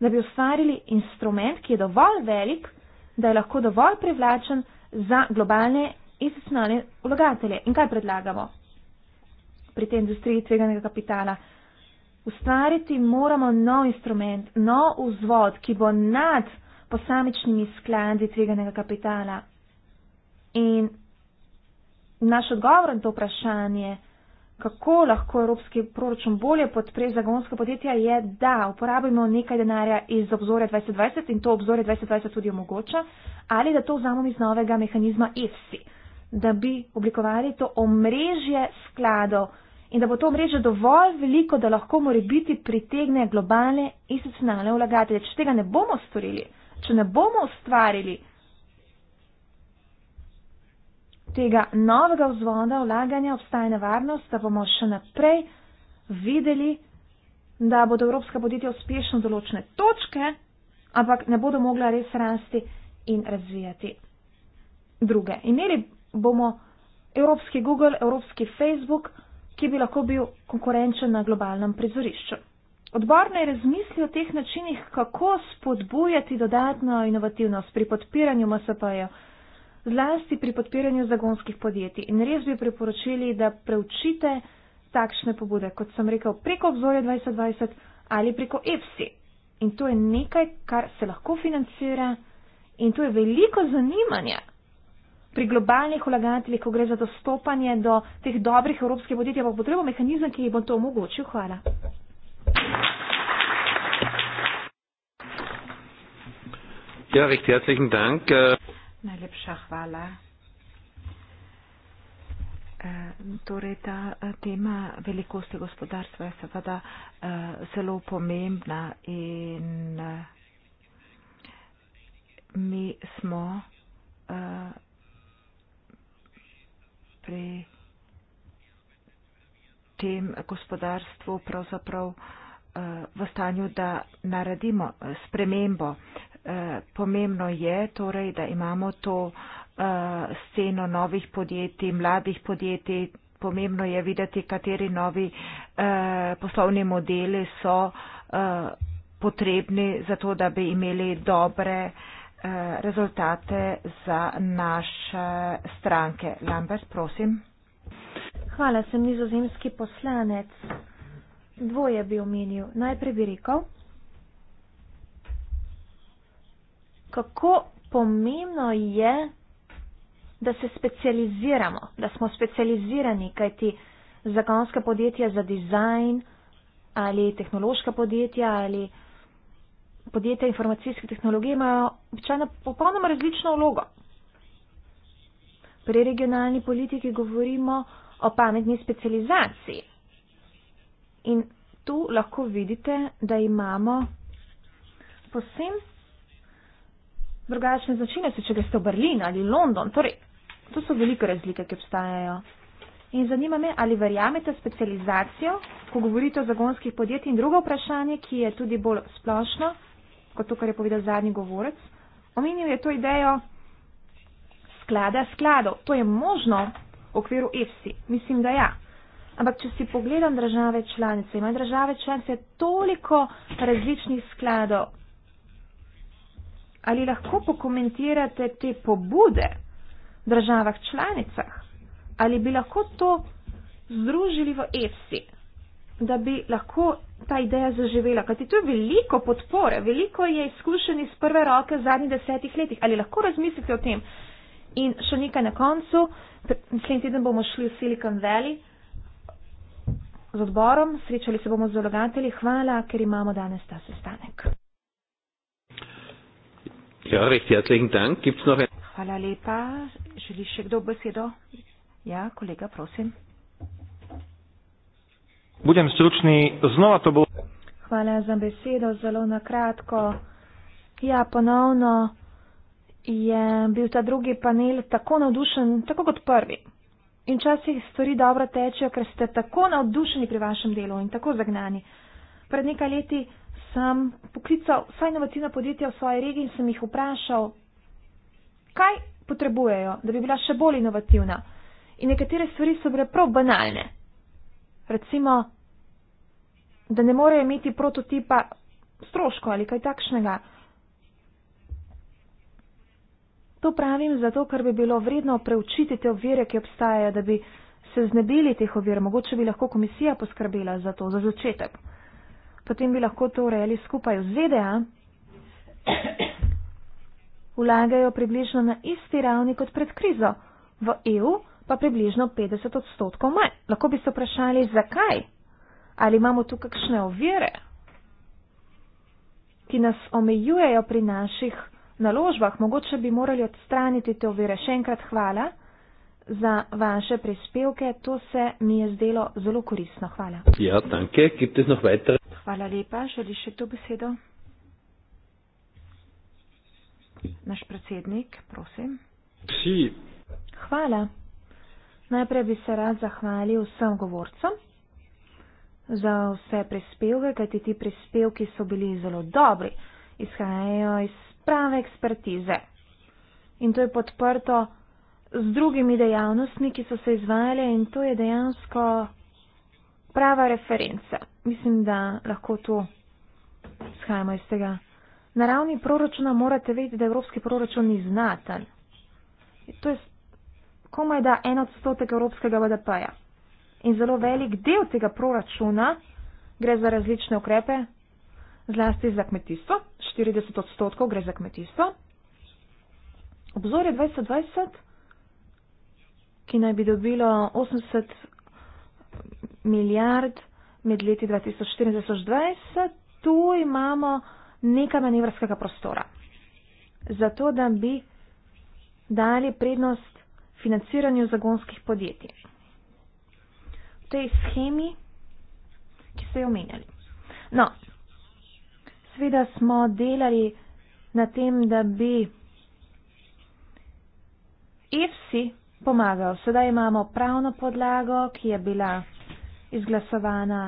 da bi ustvarili instrument, ki je dovolj velik, da je lahko dovolj privlačen za globalne in se znane vlagatelje. In kaj predlagamo pri tej industriji tveganega kapitala? Ustvariti moramo nov instrument, nov vzvod, ki bo nad posamičnimi skladi tveganega kapitala. In naš odgovor na to vprašanje, kako lahko evropski proračun bolje podpre zagonsko podjetje, je, da uporabimo nekaj denarja iz obzorja 2020 in to obzorje 2020 tudi omogoča, ali da to vzamemo iz novega mehanizma EFSI da bi oblikovali to omrežje skladov in da bo to omrežje dovolj veliko, da lahko mora biti pritegne globalne institucionalne vlagatelje. Če tega ne bomo storili, če ne bomo ustvarili tega novega vzvoda vlaganja, obstaja nevarnost, da bomo še naprej videli, da bodo evropska podjetja uspešno določene točke, ampak ne bodo mogla res rasti in razvijati druge. Imeli bomo evropski Google, evropski Facebook, ki bi lahko bil konkurenčen na globalnem prizorišču. Odbor naj razmisli o teh načinih, kako spodbujati dodatno inovativnost pri podpiranju MSP-ja, zlasti pri podpiranju zagonskih podjetij. In res bi priporočili, da preučite takšne pobude, kot sem rekel, preko obzorja 2020 ali preko EFSI. In to je nekaj, kar se lahko financira in to je veliko zanimanja pri globalnih vlagateljih, ko gre za dostopanje do teh dobrih evropskih podjetij, pa potrebo mehanizem, ki bo to omogočil. Hvala. Ja, recht herzlichen Dank. Äh, Najlepša hvala. Ehm, torej, ta e, tema velikosti gospodarstva je seveda e, zelo pomembna in e, mi smo pri tem gospodarstvu pravzaprav eh, v stanju, da naredimo eh, spremembo. Eh, pomembno je torej, da imamo to sceno novih podjetij, mladih podjetij. Pomembno je videti, kateri novi poslovni modeli so potrebni za to, da bi imeli dobre Eh, rezultate za naše stranke. Lambert, prosim. Hvala, sem nizozemski poslanec. Dvoje bi omenil. Najprej bi rekel, kako pomembno je, da se specializiramo, da smo specializirani, kajti zakonska podjetja za dizajn ali tehnološka podjetja ali podjetja informacijske tehnologije imajo običajno popolnoma različno vlogo. Pri regionalni politiki govorimo o pametni specializaciji. In tu lahko vidite, da imamo posem drugačne začine, se če greste v Berlin ali London. Torej, to so velike razlike, ki obstajajo. In zanima me, ali verjamete specializacijo, ko govorite o zagonskih podjetjih in drugo vprašanje, ki je tudi bolj splošno kot to, kar je povedal zadnji govorec. Omenil je to idejo sklada skladov. To je možno v okviru EFSI. Mislim, da ja. Ampak, če si pogledam države članice, imajo države članice toliko različnih skladov. Ali lahko pokomentirate te pobude v državah članicah? Ali bi lahko to združili v EFSI? da bi lahko ta ideja zaživela, kajti tu je veliko podpore, veliko je izkušenj iz prve roke v zadnjih desetih letih. Ali lahko razmislite o tem? In še nekaj na koncu, naslednji teden bomo šli v Silicon Valley z odborom, srečali se bomo z vlagatelji. Hvala, ker imamo danes ta sestanek. Ja, recht herzlichen Dank. Gibt's noch ein... Hvala lepa. Želi še kdo besedo? Ja, kolega, prosim. Budem stručni, znova to bo. Hvala za besedo, zelo na kratko. Ja, ponovno je bil ta drugi panel tako navdušen, tako kot prvi. In včasih stvari dobro tečejo, ker ste tako navdušeni pri vašem delu in tako zagnani. Pred nekaj leti sem poklical vsa inovativna podjetja v svoji regiji in sem jih vprašal, kaj potrebujejo, da bi bila še bolj inovativna. In nekatere stvari so bile prav banalne recimo, da ne morejo imeti prototipa stroško ali kaj takšnega. To pravim zato, ker bi bilo vredno preučiti te ovire, ki obstajajo, da bi se znebili teh ovir. Mogoče bi lahko komisija poskrbela za to, za začetek. Potem bi lahko to urejali skupaj v ZDA. Vlagajo približno na isti ravni kot pred krizo. V EU pa približno 50 odstotkov manj. Lahko bi se vprašali, zakaj? Ali imamo tu kakšne ovire, ki nas omejujejo pri naših naložbah? Mogoče bi morali odstraniti te ovire. Še enkrat hvala za vaše prispevke. To se mi je zdelo zelo koristno. Hvala. Ja, danke. Kipte noch weiter. Hvala lepa. Želi še to besedo? Naš predsednik, prosim. Vsi. Hvala. Najprej bi se rad zahvalil vsem govorcem za vse prispevke, kajti ti prispevki so bili zelo dobri, izhajajo iz prave ekspertize. In to je podprto z drugimi dejavnostmi, ki so se izvajale in to je dejansko prava referenca. Mislim, da lahko to izhajamo iz tega. Na ravni proračuna morate vedeti, da evropski proračun ni znaten. To je komaj da en odstotek evropskega BDP-ja. In zelo velik del tega proračuna gre za različne ukrepe, zlasti za kmetijstvo. 40 odstotkov gre za kmetijstvo. Obzorje 2020, ki naj bi dobilo 80 milijard med leti 2014-2020, tu imamo nekaj manevrskega prostora. Zato, da bi dali prednost financiranju zagonskih podjetij. V tej schemi, ki ste jo omenjali. No, sveda smo delali na tem, da bi EFSI pomagal. Sedaj imamo pravno podlago, ki je bila izglasovana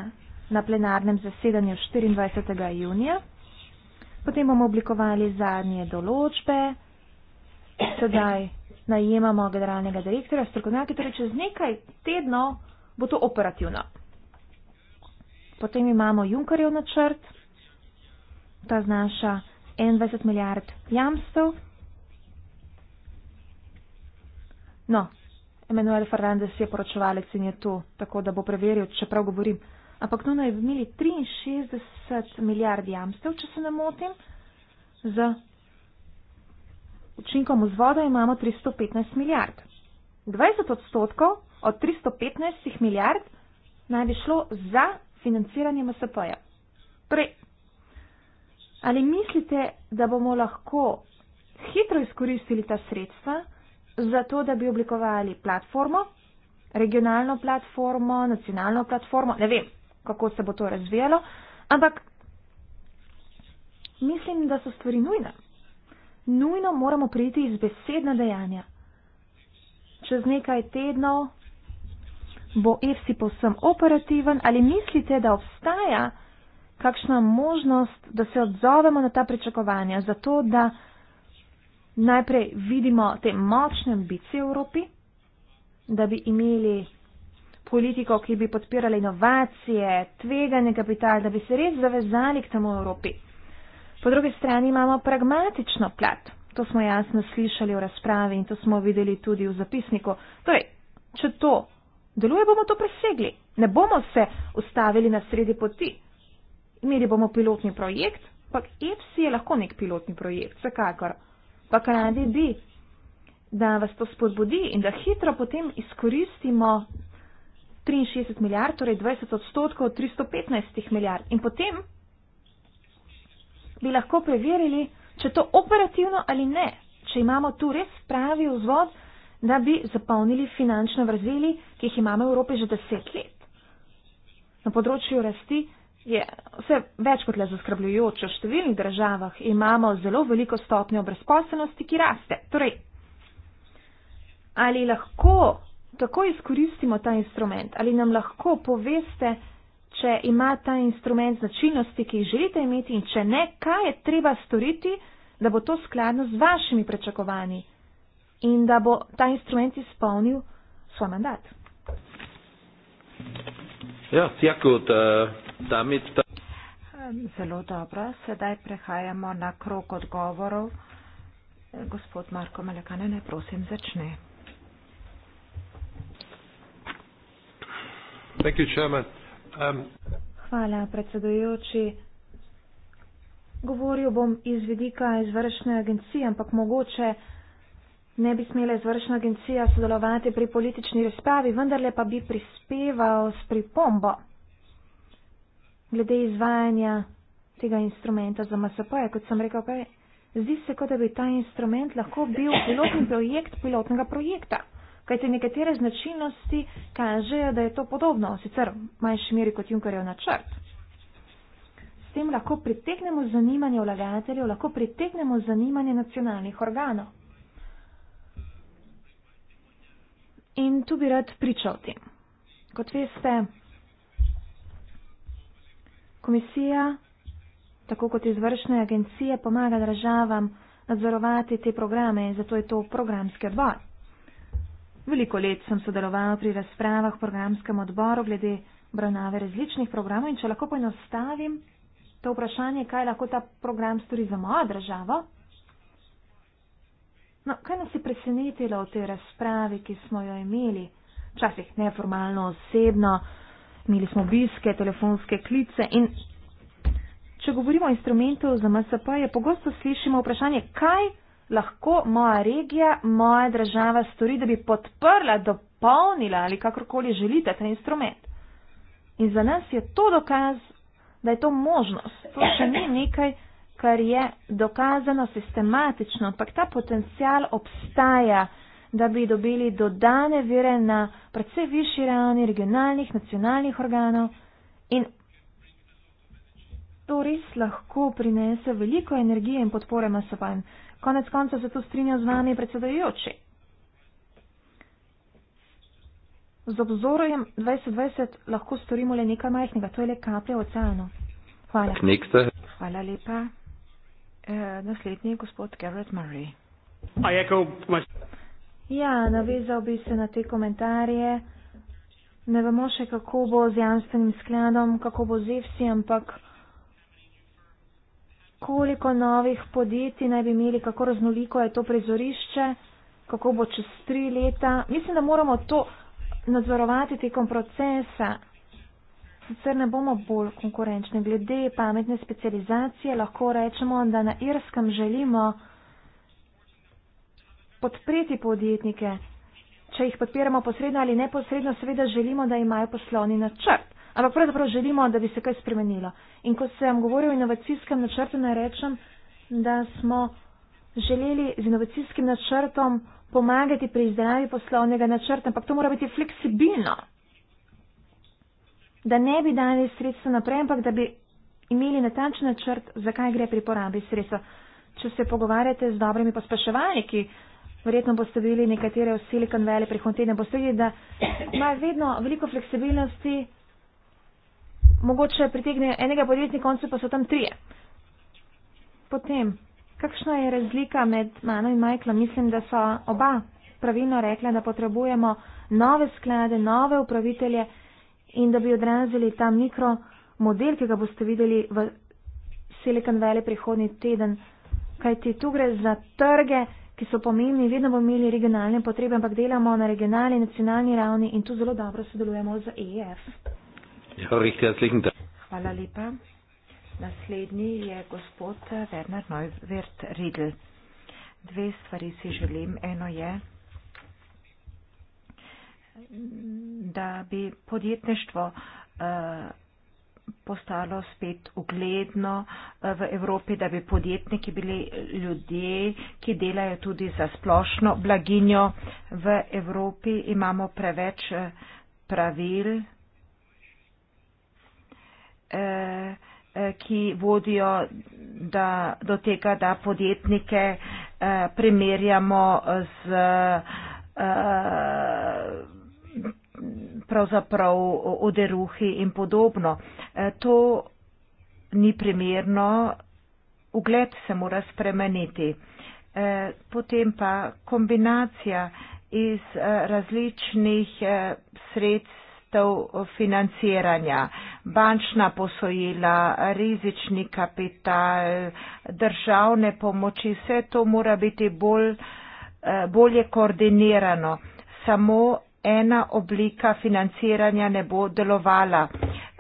na plenarnem zasedanju 24. junija. Potem bomo oblikovali zadnje določbe. Sedaj najemamo generalnega direktorja, strokovnjaki, torej čez nekaj tednov bo to operativno. Potem imamo Junkerjev načrt, ta znaša 21 milijard jamstev. No, Emanuel Fernandez je poročevalec in je tu, tako da bo preveril, čeprav govorim. Ampak nuno no, je imeli 63 milijard jamstev, če se ne motim, za učinkom vzvoda imamo 315 milijard. 20 odstotkov od 315 milijard naj bi šlo za financiranje MSP-ja. Torej, ali mislite, da bomo lahko hitro izkoristili ta sredstva za to, da bi oblikovali platformo, regionalno platformo, nacionalno platformo, ne vem, kako se bo to razvijalo, ampak mislim, da so stvari nujne nujno moramo priti iz besedna dejanja. Čez nekaj tednov bo EFSI povsem operativen ali mislite, da obstaja kakšna možnost, da se odzovemo na ta pričakovanja, zato da najprej vidimo te močne ambicije v Evropi, da bi imeli politiko, ki bi podpirala inovacije, tveganje kapital, da bi se res zavezali k temu Evropi. Po drugi strani imamo pragmatično plat. To smo jasno slišali v razpravi in to smo videli tudi v zapisniku. Torej, če to deluje, bomo to presegli. Ne bomo se ustavili na sredi poti. Imeli bomo pilotni projekt, ampak EPSI je lahko nek pilotni projekt, vsekakor. Pa radi bi, da vas to spodbudi in da hitro potem izkoristimo 63 milijard, torej 20 odstotkov od 315 milijard. In potem bi lahko preverili, če to operativno ali ne, če imamo tu res pravi vzvod, da bi zapolnili finančne vrzeli, ki jih imamo v Evropi že deset let. Na področju rasti je vse več kot le zaskrbljujoče. V številnih državah imamo zelo veliko stopnjo brezposelnosti, ki raste. Torej, ali lahko tako izkoristimo ta instrument, ali nam lahko poveste, če ima ta instrument značilnosti, ki jih želite imeti in če ne, kaj je treba storiti, da bo to skladno z vašimi prečakovanji in da bo ta instrument izpolnil svoj mandat. Ja, jakut, eh, uh, ta... Zelo dobro. Sedaj prehajamo na krok odgovorov. Gospod Marko Melekane, ne prosim, začne. Thank you, Chairman. Um, Hvala, predsedujoči. Govoril bom iz vidika izvršne agencije, ampak mogoče ne bi smela izvršna agencija sodelovati pri politični razpravi, vendarle pa bi prispeval s pripombo glede izvajanja tega instrumenta za MSP. -je. Kot sem rekel, kaj, zdi se, kot da bi ta instrument lahko bil pilotni projekt pilotnega projekta kajte nekatere značilnosti kažejo, da je to podobno, sicer v manjši meri kot Junkerjev načrt. S tem lahko pritegnemo zanimanje vlagateljev, lahko pritegnemo zanimanje nacionalnih organov. In tu bi rad pričal tem. Kot veste, komisija, tako kot izvršne agencije, pomaga državam nadzorovati te programe in zato je to programski odbor. Veliko let sem sodeloval pri razpravah v programskem odboru glede obravnave različnih programov in če lahko poenostavim to vprašanje, kaj lahko ta program stori za mojo državo. No, kaj nas je presenetilo v tej razpravi, ki smo jo imeli, včasih neformalno, osebno, imeli smo obiske, telefonske klice in če govorimo o instrumentu za MSP, je pogosto slišimo vprašanje, kaj lahko moja regija, moja država stori, da bi podprla, dopolnila ali kakorkoli želite ta instrument. In za nas je to dokaz, da je to možnost. To še ni nekaj, kar je dokazano sistematično, ampak ta potencial obstaja, da bi dobili dodane vire na predvsej višji ravni regionalnih, nacionalnih organov in to res lahko prinese veliko energije in podpore masovanj. Konec konca se to strinja z nami predsedajoči. Z obzorojem 2020 lahko storimo le nekaj majhnega, to je le kaplja v oceanu. Hvala. Nekste. Hvala lepa. E, naslednji je gospod Garrett Murray. Ja, navezal bi se na te komentarje. Ne vemo še, kako bo z jamstvenim skladom, kako bo z EFSI, ampak koliko novih podjetij naj bi imeli, kako raznoliko je to prizorišče, kako bo čez tri leta. Mislim, da moramo to nadzorovati tekom procesa, sicer ne bomo bolj konkurenčni. Glede pametne specializacije lahko rečemo, da na Irskem želimo podpreti podjetnike. Če jih podpiramo posredno ali neposredno, seveda želimo, da imajo poslovni načrt ampak pravzaprav želimo, da bi se kaj spremenilo. In ko sem govoril o inovacijskem načrtu, naj rečem, da smo želeli z inovacijskim načrtom pomagati pri izdelavi poslovnega načrta, ampak to mora biti fleksibilno. Da ne bi dali sredstva naprej, ampak da bi imeli natančen načrt, zakaj gre pri porabi sredstva. Če se pogovarjate z dobrimi pospeševalniki, verjetno boste videli nekatere v Silicon Valley prihodnje teden, boste videli, da ima vedno veliko fleksibilnosti, mogoče pritegne enega podjetnika, konce pa so tam trije. Potem, kakšna je razlika med mano in Michaelom? Mislim, da so oba pravilno rekla, da potrebujemo nove sklade, nove upravitelje in da bi odrazili ta mikro model, ki ga boste videli v Silicon Valley prihodnji teden. Kaj ti tu gre za trge, ki so pomembni, vedno bomo imeli regionalne potrebe, ampak delamo na regionalni, nacionalni ravni in tu zelo dobro sodelujemo z EF. E Ja, Recht herzlichen Dank. Hvala lepa. Naslednji je gospod Werner Neuwirth Riedl. Dve stvari si želim. Eno je, da bi podjetništvo eh, postalo spet ugledno eh, v Evropi, da bi podjetniki bili ljudje, ki delajo tudi za splošno blaginjo. V Evropi imamo preveč eh, pravil, Eh, eh, ki vodijo da, do tega, da podjetnike eh, primerjamo z pravzaprav oderuhi in podobno. To ni primerno, ugled se mora spremeniti. Potem pa kombinacija iz različnih sredstv, sredstev financiranja, bančna posojila, rizični kapital, državne pomoči, vse to mora biti bolj, eh, bolje koordinirano. Samo ena oblika financiranja ne bo delovala.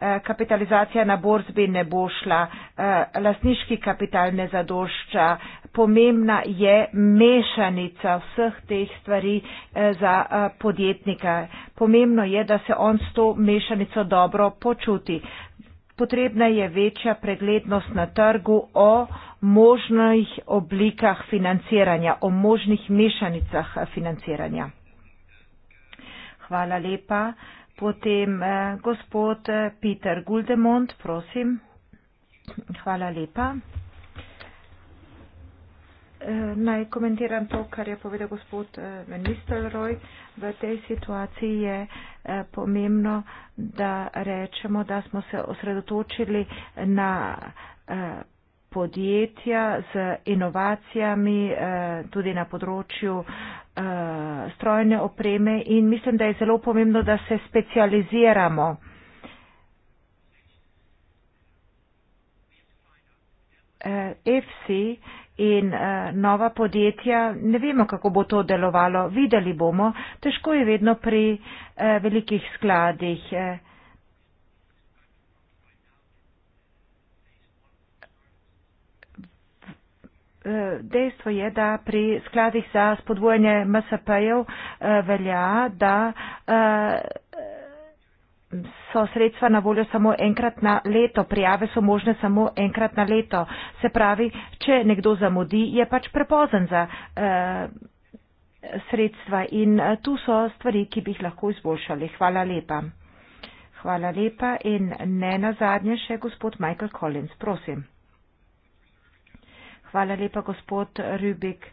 Eh, kapitalizacija na borzbi ne bo šla, eh, lasniški kapital ne zadošča, pomembna je mešanica vseh teh stvari eh, za eh, podjetnika. Pomembno je, da se on s to mešanico dobro počuti. Potrebna je večja preglednost na trgu o možnih oblikah financiranja, o možnih mešanicah eh, financiranja. Hvala lepa. Potem eh, gospod Peter Guldemont, prosim. Hvala lepa naj komentiram to, kar je povedal gospod eh, minister Roj. V tej situaciji je eh, pomembno, da rečemo, da smo se osredotočili na eh, podjetja z inovacijami tudi na področju strojne opreme in mislim, da je zelo pomembno, da se specializiramo. EFSI uh, in uh, nova podjetja. Ne vemo, kako bo to delovalo. Videli bomo. Težko je vedno pri uh, velikih skladih. Eh. Dejstvo je, da pri skladih za spodbojanje MSP-jev velja, da so sredstva na voljo samo enkrat na leto, prijave so možne samo enkrat na leto. Se pravi, če nekdo zamudi, je pač prepozen za uh, sredstva in uh, tu so stvari, ki bi jih lahko izboljšali. Hvala lepa. Hvala lepa in ne na zadnje še gospod Michael Collins, prosim. Hvala lepa, gospod Rubik.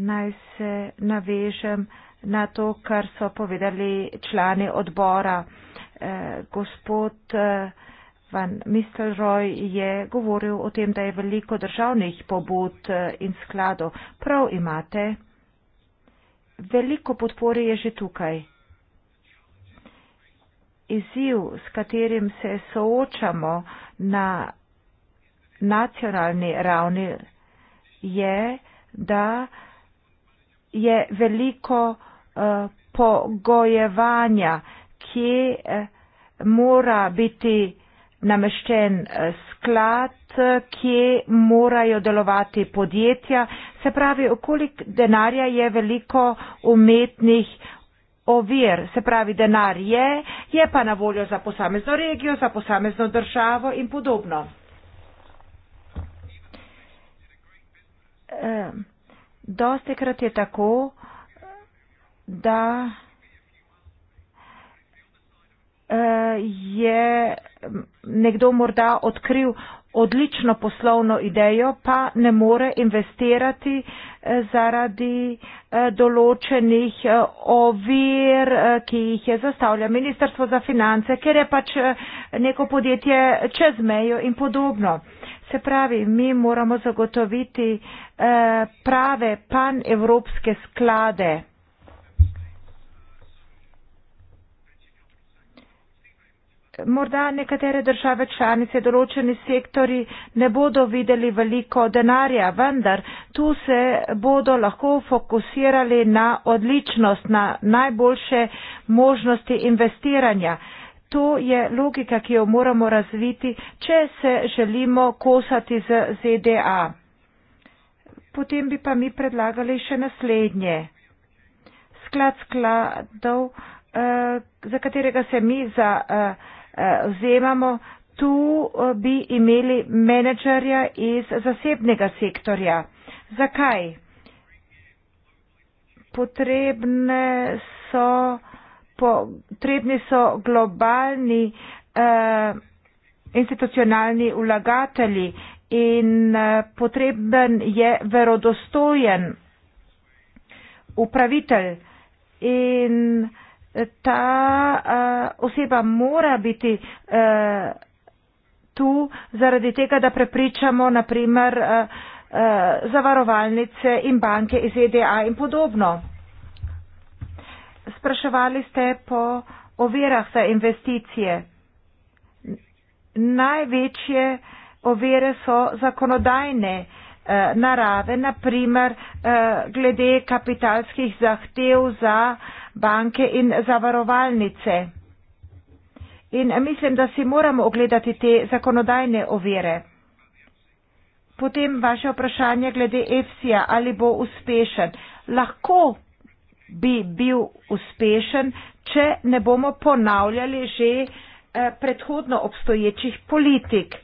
Naj se navežem na to, kar so povedali člani odbora. Eh, gospod eh, Van Mistelroj je govoril o tem, da je veliko državnih pobud eh, in skladov. Prav imate. Veliko podpore je že tukaj. Izziv, s katerim se soočamo na nacionalni ravni, je, da je veliko Eh, pogojevanja, kje eh, mora biti nameščen eh, sklad, kje morajo delovati podjetja. Se pravi, okolik denarja je veliko umetnih ovir. Se pravi, denar je, je pa na voljo za posamezno regijo, za posamezno državo in podobno. Dostikrat je tako, da eh, je nekdo morda odkril odlično poslovno idejo, pa ne more investirati eh, zaradi eh, določenih ovir, ki jih je zastavlja Ministrstvo za finance, ker je pač neko podjetje čez mejo in podobno. Se pravi, mi moramo zagotoviti prave panevropske sklade. morda nekatere države članice, določeni sektori ne bodo videli veliko denarja, vendar tu se bodo lahko fokusirali na odličnost, na najboljše možnosti investiranja. To je logika, ki jo moramo razviti, če se želimo kosati z ZDA. Potem bi pa mi predlagali še naslednje. Sklad skladov, eh, za katerega se mi za eh, Eh, vzemamo, tu eh, bi imeli menedžerja iz zasebnega sektorja. Zakaj? Potrebne so, potrebni so globalni eh, institucionalni vlagatelji in eh, potreben je verodostojen upravitelj. In, eh, ta uh, oseba mora biti uh, tu zaradi tega, da prepričamo naprimer uh, eh, uh, zavarovalnice in banke iz EDA in podobno. Spraševali ste po ovirah za investicije. Največje ovire so zakonodajne eh, narave, naprimer eh, glede kapitalskih zahtev za eh, banke in zavarovalnice. In mislim, da si moramo ogledati te zakonodajne ovire. Potem vaše vprašanje glede EFSI-ja, ali bo uspešen. Lahko bi bil uspešen, če ne bomo ponavljali že eh, predhodno obstoječih politik.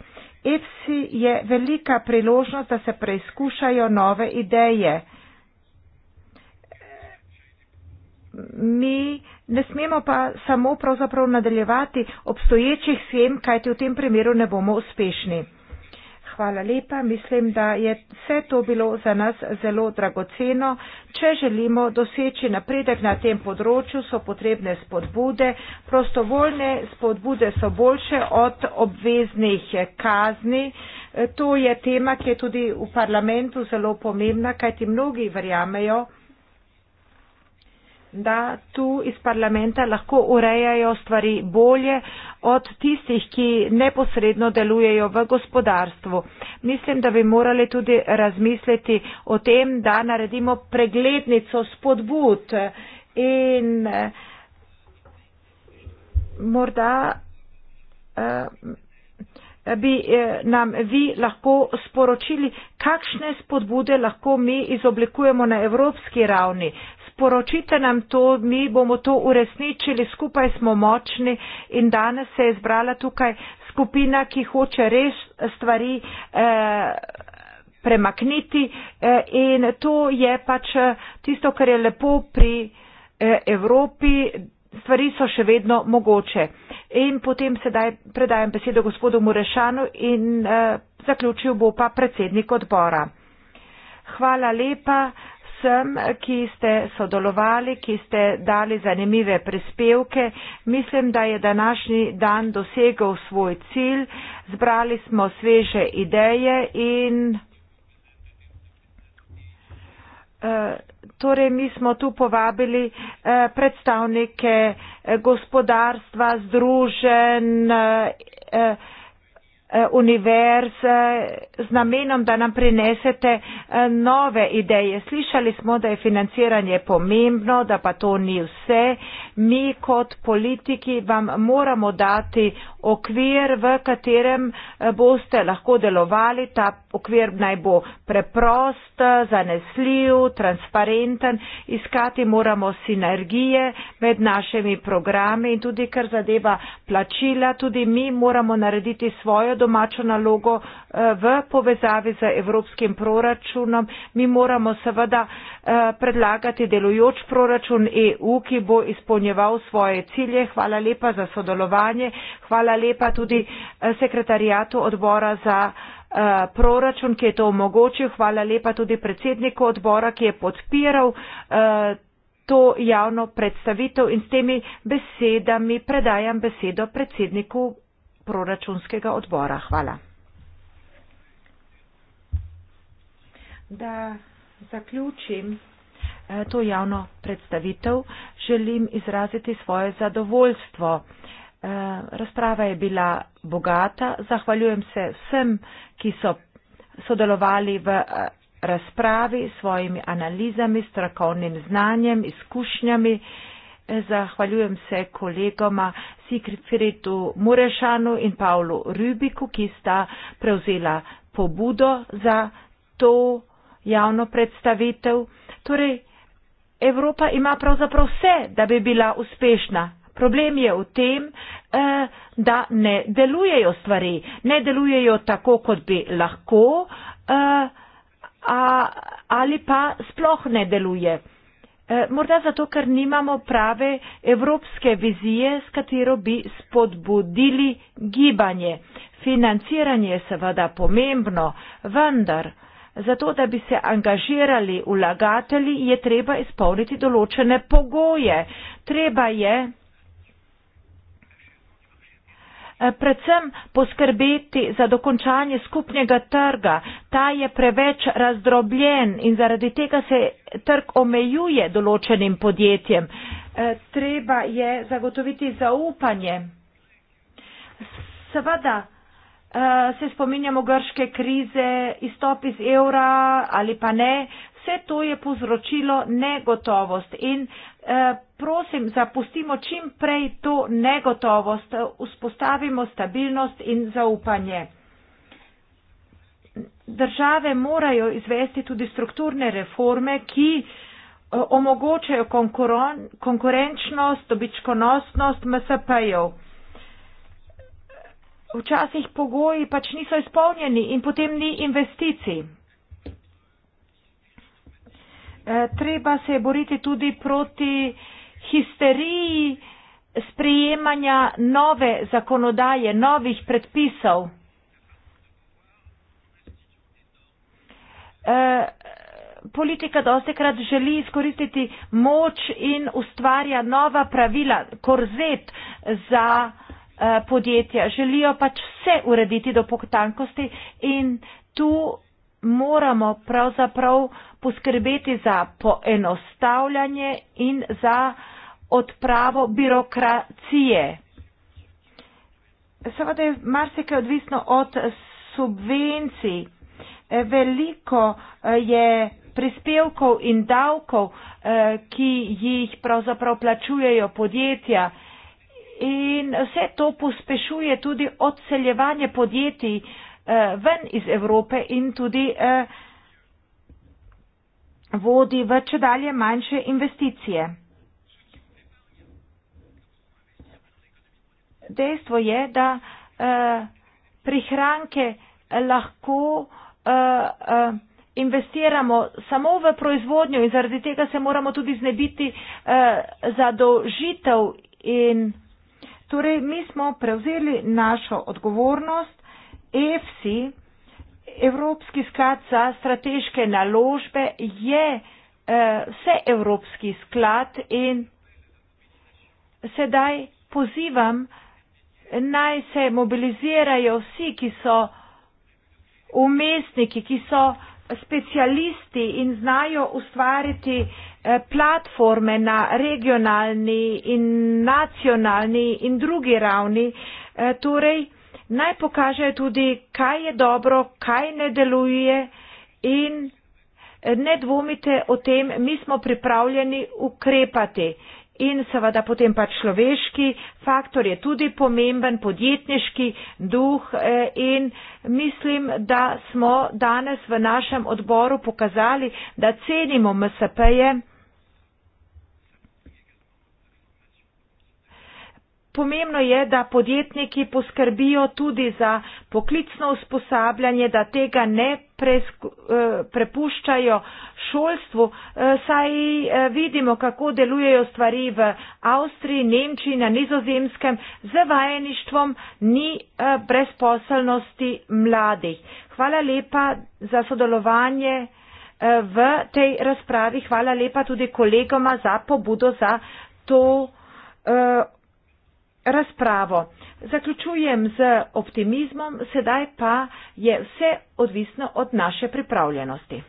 EFSI je velika priložnost, da se preizkušajo nove ideje. mi ne smemo pa samo pravzaprav nadaljevati obstoječih schem, kajti v tem primeru ne bomo uspešni. Hvala lepa, mislim, da je vse to bilo za nas zelo dragoceno. Če želimo doseči napredek na tem področju, so potrebne spodbude. Prostovoljne spodbude so boljše od obveznih kazni. E, to je tema, ki je tudi v parlamentu zelo pomembna, kajti mnogi verjamejo, da tu iz parlamenta lahko urejajo stvari bolje od tistih, ki neposredno delujejo v gospodarstvu. Mislim, da bi morali tudi razmisliti o tem, da naredimo preglednico spodbud in eh, morda eh, bi eh, nam vi lahko sporočili, kakšne spodbude lahko mi izoblikujemo na evropski ravni sporočite nam to, mi bomo to uresničili, skupaj smo močni in danes se je zbrala tukaj skupina, ki hoče res stvari eh, premakniti eh, in to je pač eh, tisto, kar je lepo pri eh, Evropi. Stvari so še vedno mogoče. In potem sedaj predajam besedo gospodu Murešanu in eh, zaključil bo pa predsednik odbora. Hvala lepa vsem, ki ste sodelovali, ki ste dali zanimive prispevke. Mislim, da je današnji dan dosegel svoj cilj. Zbrali smo sveže ideje in. Eh, torej, mi smo tu povabili eh, predstavnike eh, gospodarstva, združen. Eh, univerz eh, z namenom, da nam prinesete eh, nove ideje. Slišali smo, da je financiranje pomembno, da pa to ni vse. Mi kot politiki vam moramo dati okvir, v katerem boste lahko delovali. Ta okvir naj bo preprost, zanesljiv, transparenten. Iskati moramo sinergije med našimi programi in tudi, kar zadeva plačila, tudi mi moramo narediti svojo domačo nalogo eh, v povezavi z evropskim proračunom. Mi moramo seveda eh, predlagati delujoč proračun EU, ki bo izpolnjeval svoje cilje. Hvala lepa za sodelovanje. Hvala lepa tudi eh, sekretarijatu odbora za proračun, ki je to omogočil. Hvala lepa tudi predsedniku odbora, ki je podpiral to javno predstavitev in s temi besedami predajam besedo predsedniku proračunskega odbora. Hvala. Da zaključim eh, to javno predstavitev, želim izraziti svoje zadovoljstvo. Eh, razprava je bila bogata. Zahvaljujem se vsem, ki so sodelovali v eh, razpravi s svojimi analizami, strokovnim znanjem, izkušnjami. Zahvaljujem se kolegoma Sigridu Murešanu in Pavlu Rubiku, ki sta prevzela pobudo za to javno predstavitev. Torej, Evropa ima pravzaprav vse, da bi bila uspešna. Problem je v tem, eh, da ne delujejo stvari, ne delujejo tako, kot bi lahko, eh, ali pa sploh ne delujejo. Eh, morda zato, ker nimamo prave evropske vizije, s katero bi spodbudili gibanje. Financiranje je seveda pomembno, vendar zato, da bi se angažirali vlagatelji, je treba izpolniti določene pogoje. Treba je Eh, predvsem poskrbeti za dokončanje skupnega trga. Ta je preveč razdrobljen in zaradi tega se trg omejuje določenim podjetjem. Eh, treba je zagotoviti zaupanje. Seveda eh, se spominjamo grške krize, izstop iz evra ali pa ne, vse to je povzročilo negotovost in eh, prosim, zapustimo čim prej to negotovost, vzpostavimo stabilnost in zaupanje. Države morajo izvesti tudi strukturne reforme, ki eh, omogočajo konkurenčnost, dobičkonosnost MSP-jev. Včasih pogoji pač niso izpolnjeni in potem ni investicij. Eh, treba se je boriti tudi proti histeriji sprejemanja nove zakonodaje, novih predpisov. E, politika dostekrat želi izkoristiti moč in ustvarja nova pravila, korzet za e, podjetja. Želijo pač vse urediti do potankosti in tu moramo pravzaprav poskrbeti za poenostavljanje in za odpravo birokracije. Seveda je marsikaj odvisno od subvencij. Veliko eh, je prispevkov in davkov, eh, ki jih pravzaprav plačujejo podjetja. In vse to pospešuje tudi odseljevanje podjetij, eh, eh, ven iz Evrope in tudi eh, vodi v če dalje manjše investicije. Dejstvo je, da eh, prihranke lahko eh, eh, investiramo samo v proizvodnjo in zaradi tega se moramo tudi znebiti eh, zadolžitev. In, torej, mi smo prevzeli našo odgovornost. EFSI, Evropski sklad za strateške naložbe, je eh, vseevropski sklad in sedaj pozivam, naj se mobilizirajo vsi, ki so umestniki, ki so specialisti in znajo ustvariti eh, platforme na regionalni in nacionalni in drugi ravni. Eh, torej, naj pokažejo tudi, kaj je dobro, kaj ne deluje in eh, ne dvomite o tem, mi smo pripravljeni ukrepati. In seveda potem pač človeški faktor je tudi pomemben, podjetniški duh eh, in mislim, da smo danes v našem odboru pokazali, da cenimo MSP-je. pomembno je, da podjetniki poskrbijo tudi za poklicno usposabljanje, da tega ne eh, prepuščajo šolstvu, eh, saj eh, vidimo, kako delujejo stvari v Avstriji, Nemčiji, na nizozemskem, z vajeništvom ni brezposelnosti mladih. Hvala lepa za sodelovanje v tej razpravi, hvala lepa tudi kolegoma za pobudo za to razpravo. Zaključujem z optimizmom, sedaj pa je vse odvisno od naše pripravljenosti.